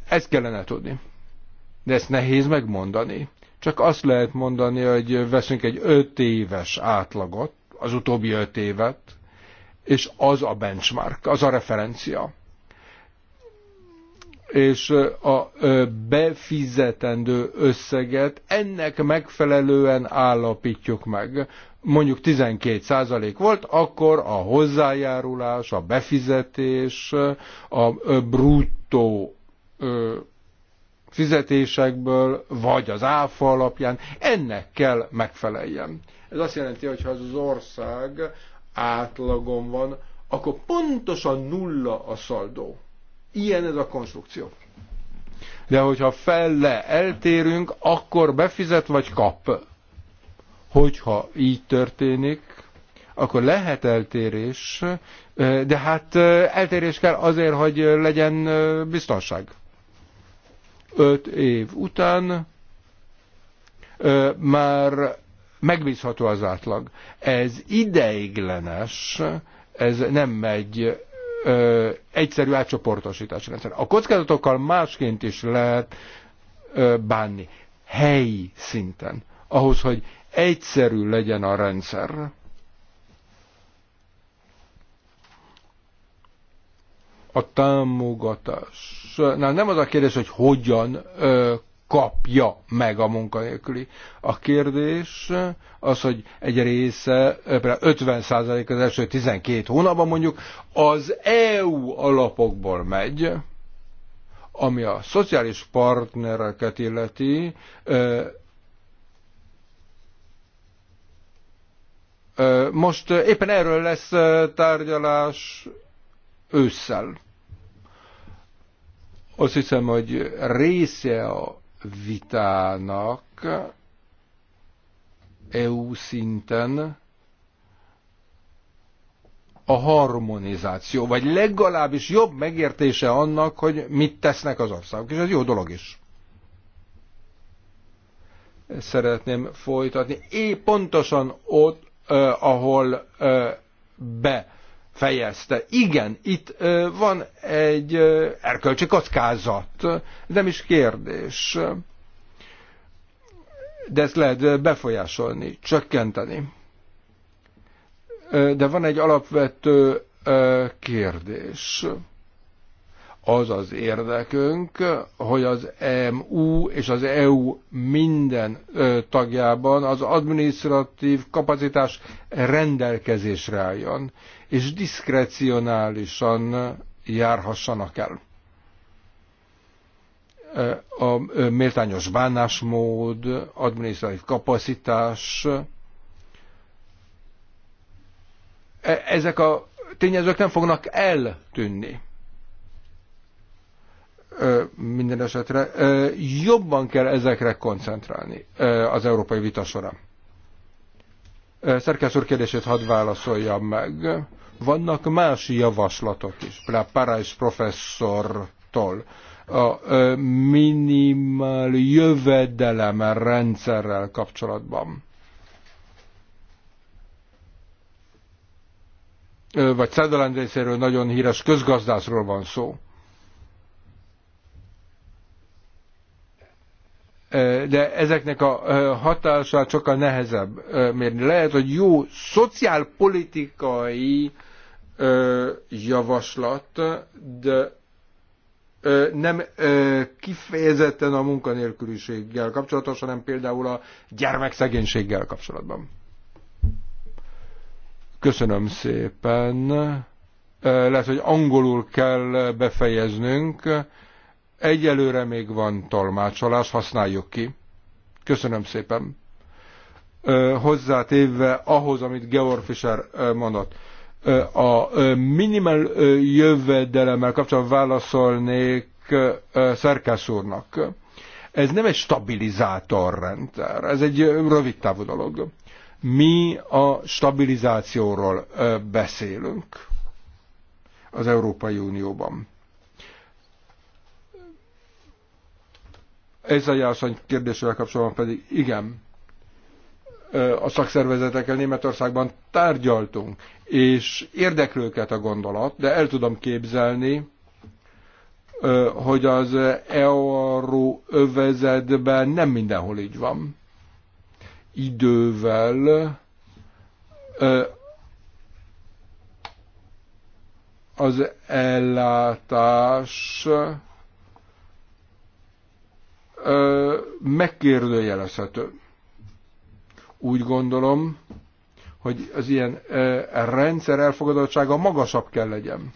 Speaker 1: Ezt kellene tudni. De ezt nehéz megmondani. Csak azt lehet mondani, hogy veszünk egy öt éves átlagot, az utóbbi öt évet, és az a benchmark, az a referencia. És a befizetendő összeget ennek megfelelően állapítjuk meg. Mondjuk 12% volt, akkor a hozzájárulás, a befizetés, a bruttó fizetésekből, vagy az áfa alapján, ennek kell megfeleljen. Ez azt jelenti, hogy ha az ország átlagon van, akkor pontosan nulla a szaldó. Ilyen ez a konstrukció. De hogyha felle eltérünk, akkor befizet vagy kap. Hogyha így történik, akkor lehet eltérés, de hát eh, eltérés kell azért, hogy legyen eh, biztonság. Öt év után már megbízható az átlag. Ez ideiglenes, ez nem megy ö, egyszerű átcsoportosítás rendszer. A kockázatokkal másként is lehet ö, bánni. Helyi szinten. Ahhoz, hogy egyszerű legyen a rendszer, A támogatásnál nem az a kérdés, hogy hogyan kapja meg a munkanélküli. A kérdés az, hogy egy része, például 50 az első 12 hónapban mondjuk, az EU alapokból megy, ami a szociális partnereket illeti, most éppen erről lesz tárgyalás ősszel. Azt hiszem, hogy része a vitának EU szinten a harmonizáció, vagy legalábbis jobb megértése annak, hogy mit tesznek az országok, és ez jó dolog is. Szeretném folytatni. épp pontosan ott, eh, ahol eh, be fejezte. Igen, itt van egy erkölcsi kockázat, nem is kérdés. De ezt lehet befolyásolni, csökkenteni. De van egy alapvető kérdés. Az az érdekünk, hogy az EMU és az EU minden tagjában az administratív kapacitás rendelkezésre álljon és diszkrecionálisan járhassanak el. E, a e, méltányos bánásmód, adminisztratív kapacitás, e, ezek a tényezők nem fognak eltűnni minden esetre jobban kell ezekre koncentrálni az európai vita során. Szerkesz úr kérdését hadd válaszoljam meg. Vannak más javaslatok is, például Parais professzortól a minimál jövedelem rendszerrel kapcsolatban. Vagy Sutherland részéről nagyon híres közgazdászról van szó de ezeknek a hatását sokkal nehezebb mérni. Lehet, hogy jó szociálpolitikai javaslat, de nem kifejezetten a munkanélküliséggel kapcsolatos, hanem például a gyermekszegénységgel kapcsolatban. Köszönöm szépen. Lehet, hogy angolul kell befejeznünk. Egyelőre még van tolmácsolás, használjuk ki. Köszönöm szépen. hozzátévve ahhoz, amit Georg Fischer mondott. A minimál jövedelemmel kapcsolatban válaszolnék Szerkász úrnak. Ez nem egy stabilizátor rendszer, ez egy rövid távú dolog. Mi a stabilizációról beszélünk az Európai Unióban Ez a járvány kérdésével kapcsolatban pedig igen, a szakszervezetekkel Németországban tárgyaltunk, és érdeklőket a gondolat, de el tudom képzelni, hogy az EORU övezetben nem mindenhol így van. Idővel az ellátás megkérdőjelezhető. Úgy gondolom, hogy az ilyen rendszer elfogadottsága magasabb kell legyen.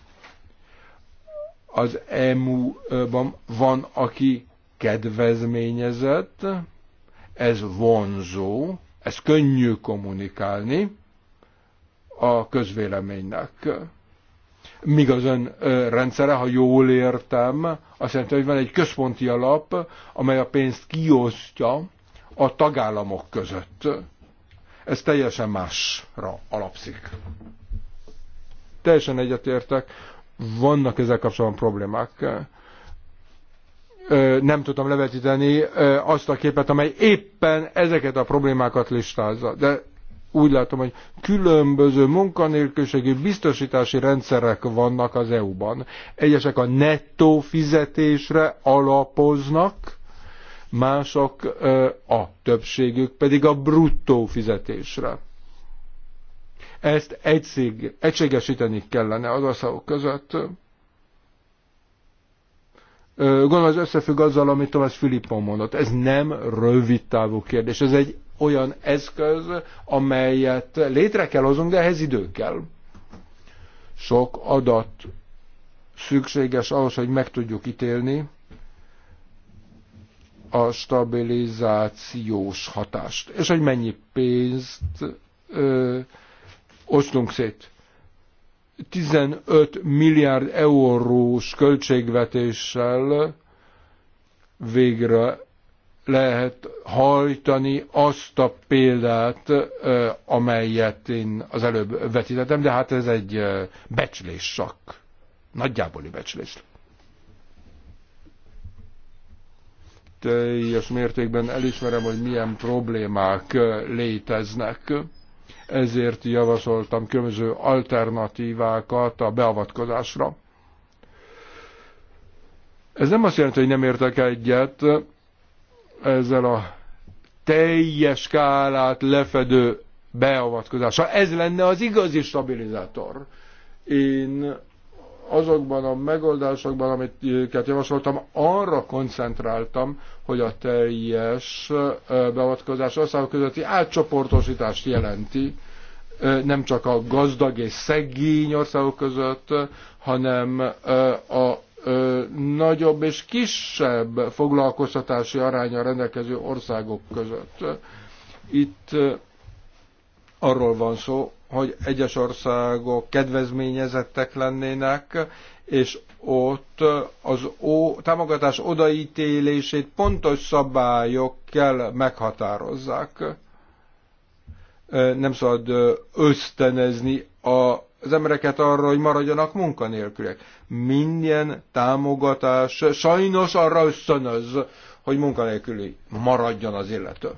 Speaker 1: Az EMU-ban van, aki kedvezményezett, ez vonzó, ez könnyű kommunikálni a közvéleménynek. Míg az ön rendszere, ha jól értem, azt jelenti, hogy van egy központi alap, amely a pénzt kiosztja a tagállamok között. Ez teljesen másra alapszik. Teljesen egyetértek, vannak ezzel kapcsolatban problémák. Nem tudtam levetíteni azt a képet, amely éppen ezeket a problémákat listázza. De úgy látom, hogy különböző munkanélküliségi biztosítási rendszerek vannak az EU-ban. Egyesek a nettó fizetésre alapoznak, mások a többségük pedig a bruttó fizetésre. Ezt egység, egységesíteni kellene az országok között. Gondolom, az összefügg azzal, amit Tomás Filippon mondott. Ez nem rövid távú kérdés, ez egy olyan eszköz, amelyet létre kell hozunk, de ehhez idő kell. Sok adat szükséges ahhoz, hogy meg tudjuk ítélni a stabilizációs hatást, és hogy mennyi pénzt ö, osztunk szét. 15 milliárd eurós költségvetéssel végre lehet hajtani azt a példát, amelyet én az előbb vetítettem, de hát ez egy becslés nagyjából egy becslés. Teljes mértékben elismerem, hogy milyen problémák léteznek. Ezért javasoltam különböző alternatívákat a beavatkozásra. Ez nem azt jelenti, hogy nem értek egyet, ezzel a teljes skálát lefedő beavatkozása. Ez lenne az igazi stabilizátor. Én azokban a megoldásokban, amiket javasoltam, arra koncentráltam, hogy a teljes beavatkozás országok közötti átcsoportosítást jelenti, nem csak a gazdag és szegény országok között, hanem a nagyobb és kisebb foglalkoztatási aránya rendelkező országok között. Itt arról van szó, hogy egyes országok kedvezményezettek lennének, és ott az ó, támogatás odaítélését pontos szabályok kell meghatározzák. Nem szabad ösztönözni a az embereket arra, hogy maradjanak munkanélküliek. Minden támogatás sajnos arra összönöz, hogy munkanélküli maradjon az illető.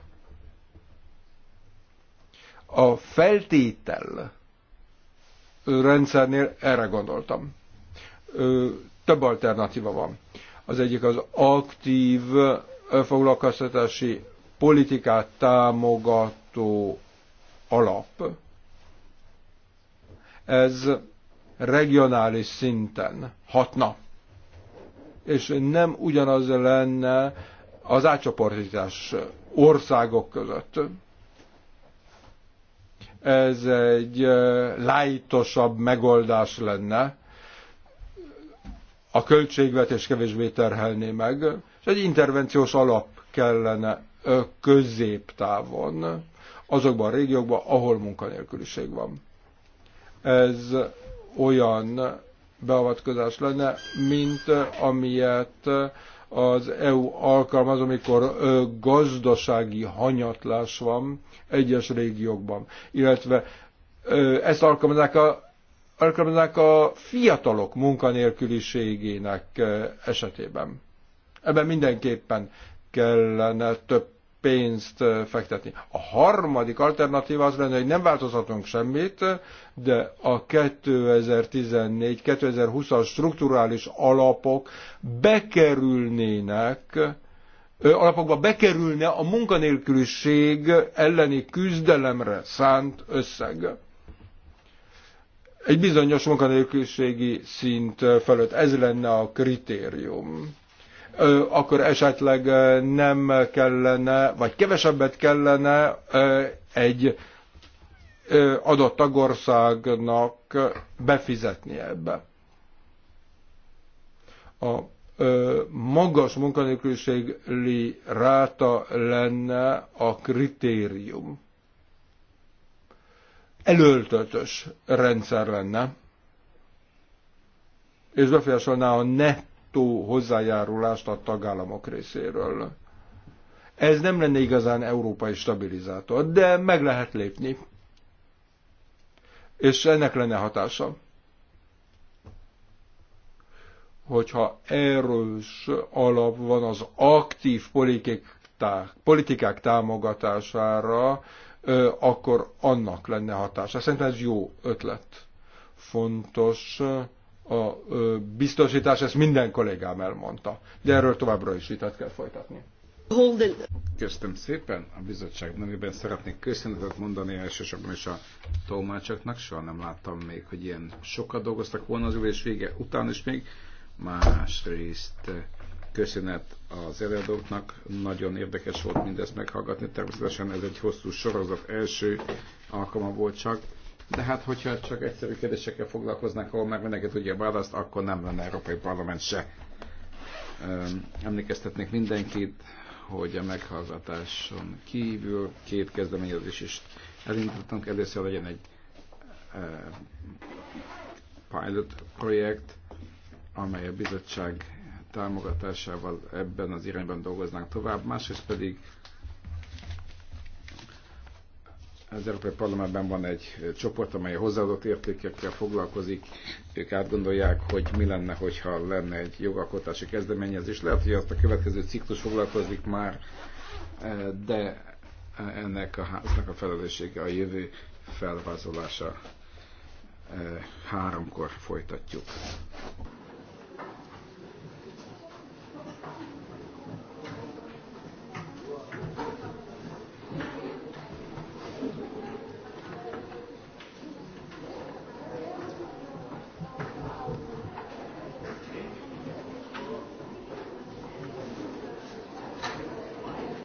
Speaker 1: A feltétel rendszernél erre gondoltam. Több alternatíva van. Az egyik az aktív foglalkoztatási politikát támogató alap, ez regionális szinten hatna. És nem ugyanaz lenne az átcsoportítás országok között. Ez egy lájtosabb megoldás lenne, a költségvetés kevésbé terhelné meg, és egy intervenciós alap kellene középtávon azokban a régiókban, ahol munkanélküliség van. Ez olyan beavatkozás lenne, mint amilyet az EU alkalmaz, amikor gazdasági hanyatlás van egyes régiókban, illetve ezt alkalmazzák a, alkalmazzák a fiatalok munkanélküliségének esetében. Ebben mindenképpen kellene több pénzt fektetni. A harmadik alternatíva az lenne, hogy nem változhatunk semmit, de a 2014-2020-as strukturális alapok bekerülnének, alapokba bekerülne a munkanélküliség elleni küzdelemre szánt összeg. Egy bizonyos munkanélküliségi szint fölött ez lenne a kritérium akkor esetleg nem kellene, vagy kevesebbet kellene egy adott tagországnak befizetni ebbe. A magas munkanélküliségi ráta lenne a kritérium. Előltötös rendszer lenne, és befolyásolná a net méltó hozzájárulást a tagállamok részéről. Ez nem lenne igazán európai stabilizátor, de meg lehet lépni. És ennek lenne hatása. Hogyha erős alap van az aktív politikák, politikák támogatására, akkor annak lenne hatása. Szerintem ez jó ötlet. Fontos a biztosítás,
Speaker 3: ezt minden kollégám elmondta. De erről továbbra is vitát kell folytatni. Köszönöm szépen. A bizottság nevében szeretnék köszönetet mondani elsősorban is a tolmácsoknak. Soha nem láttam még, hogy ilyen sokat dolgoztak volna az ülés vége után is még. Másrészt köszönet az előadóknak. Nagyon érdekes volt mindezt meghallgatni. Természetesen ez egy hosszú sorozat első alkalma volt csak. De hát, hogyha csak egyszerű kérdésekkel foglalkoznak, ahol meg mindenki tudja a választ, akkor nem lenne Európai Parlament se. Emlékeztetnék mindenkit, hogy a meghallgatáson kívül két kezdeményezés is elindítottunk. Először legyen egy pilot projekt, amely a bizottság támogatásával ebben az irányban dolgoznánk tovább, másrészt pedig Az Európai Parlamentben van egy csoport, amely hozzáadott értékekkel foglalkozik. Ők átgondolják, hogy mi lenne, hogyha lenne egy jogalkotási kezdeményezés. Lehet, hogy azt a következő ciklus foglalkozik már, de ennek a háznak a felelőssége a jövő felvázolása. Háromkor folytatjuk.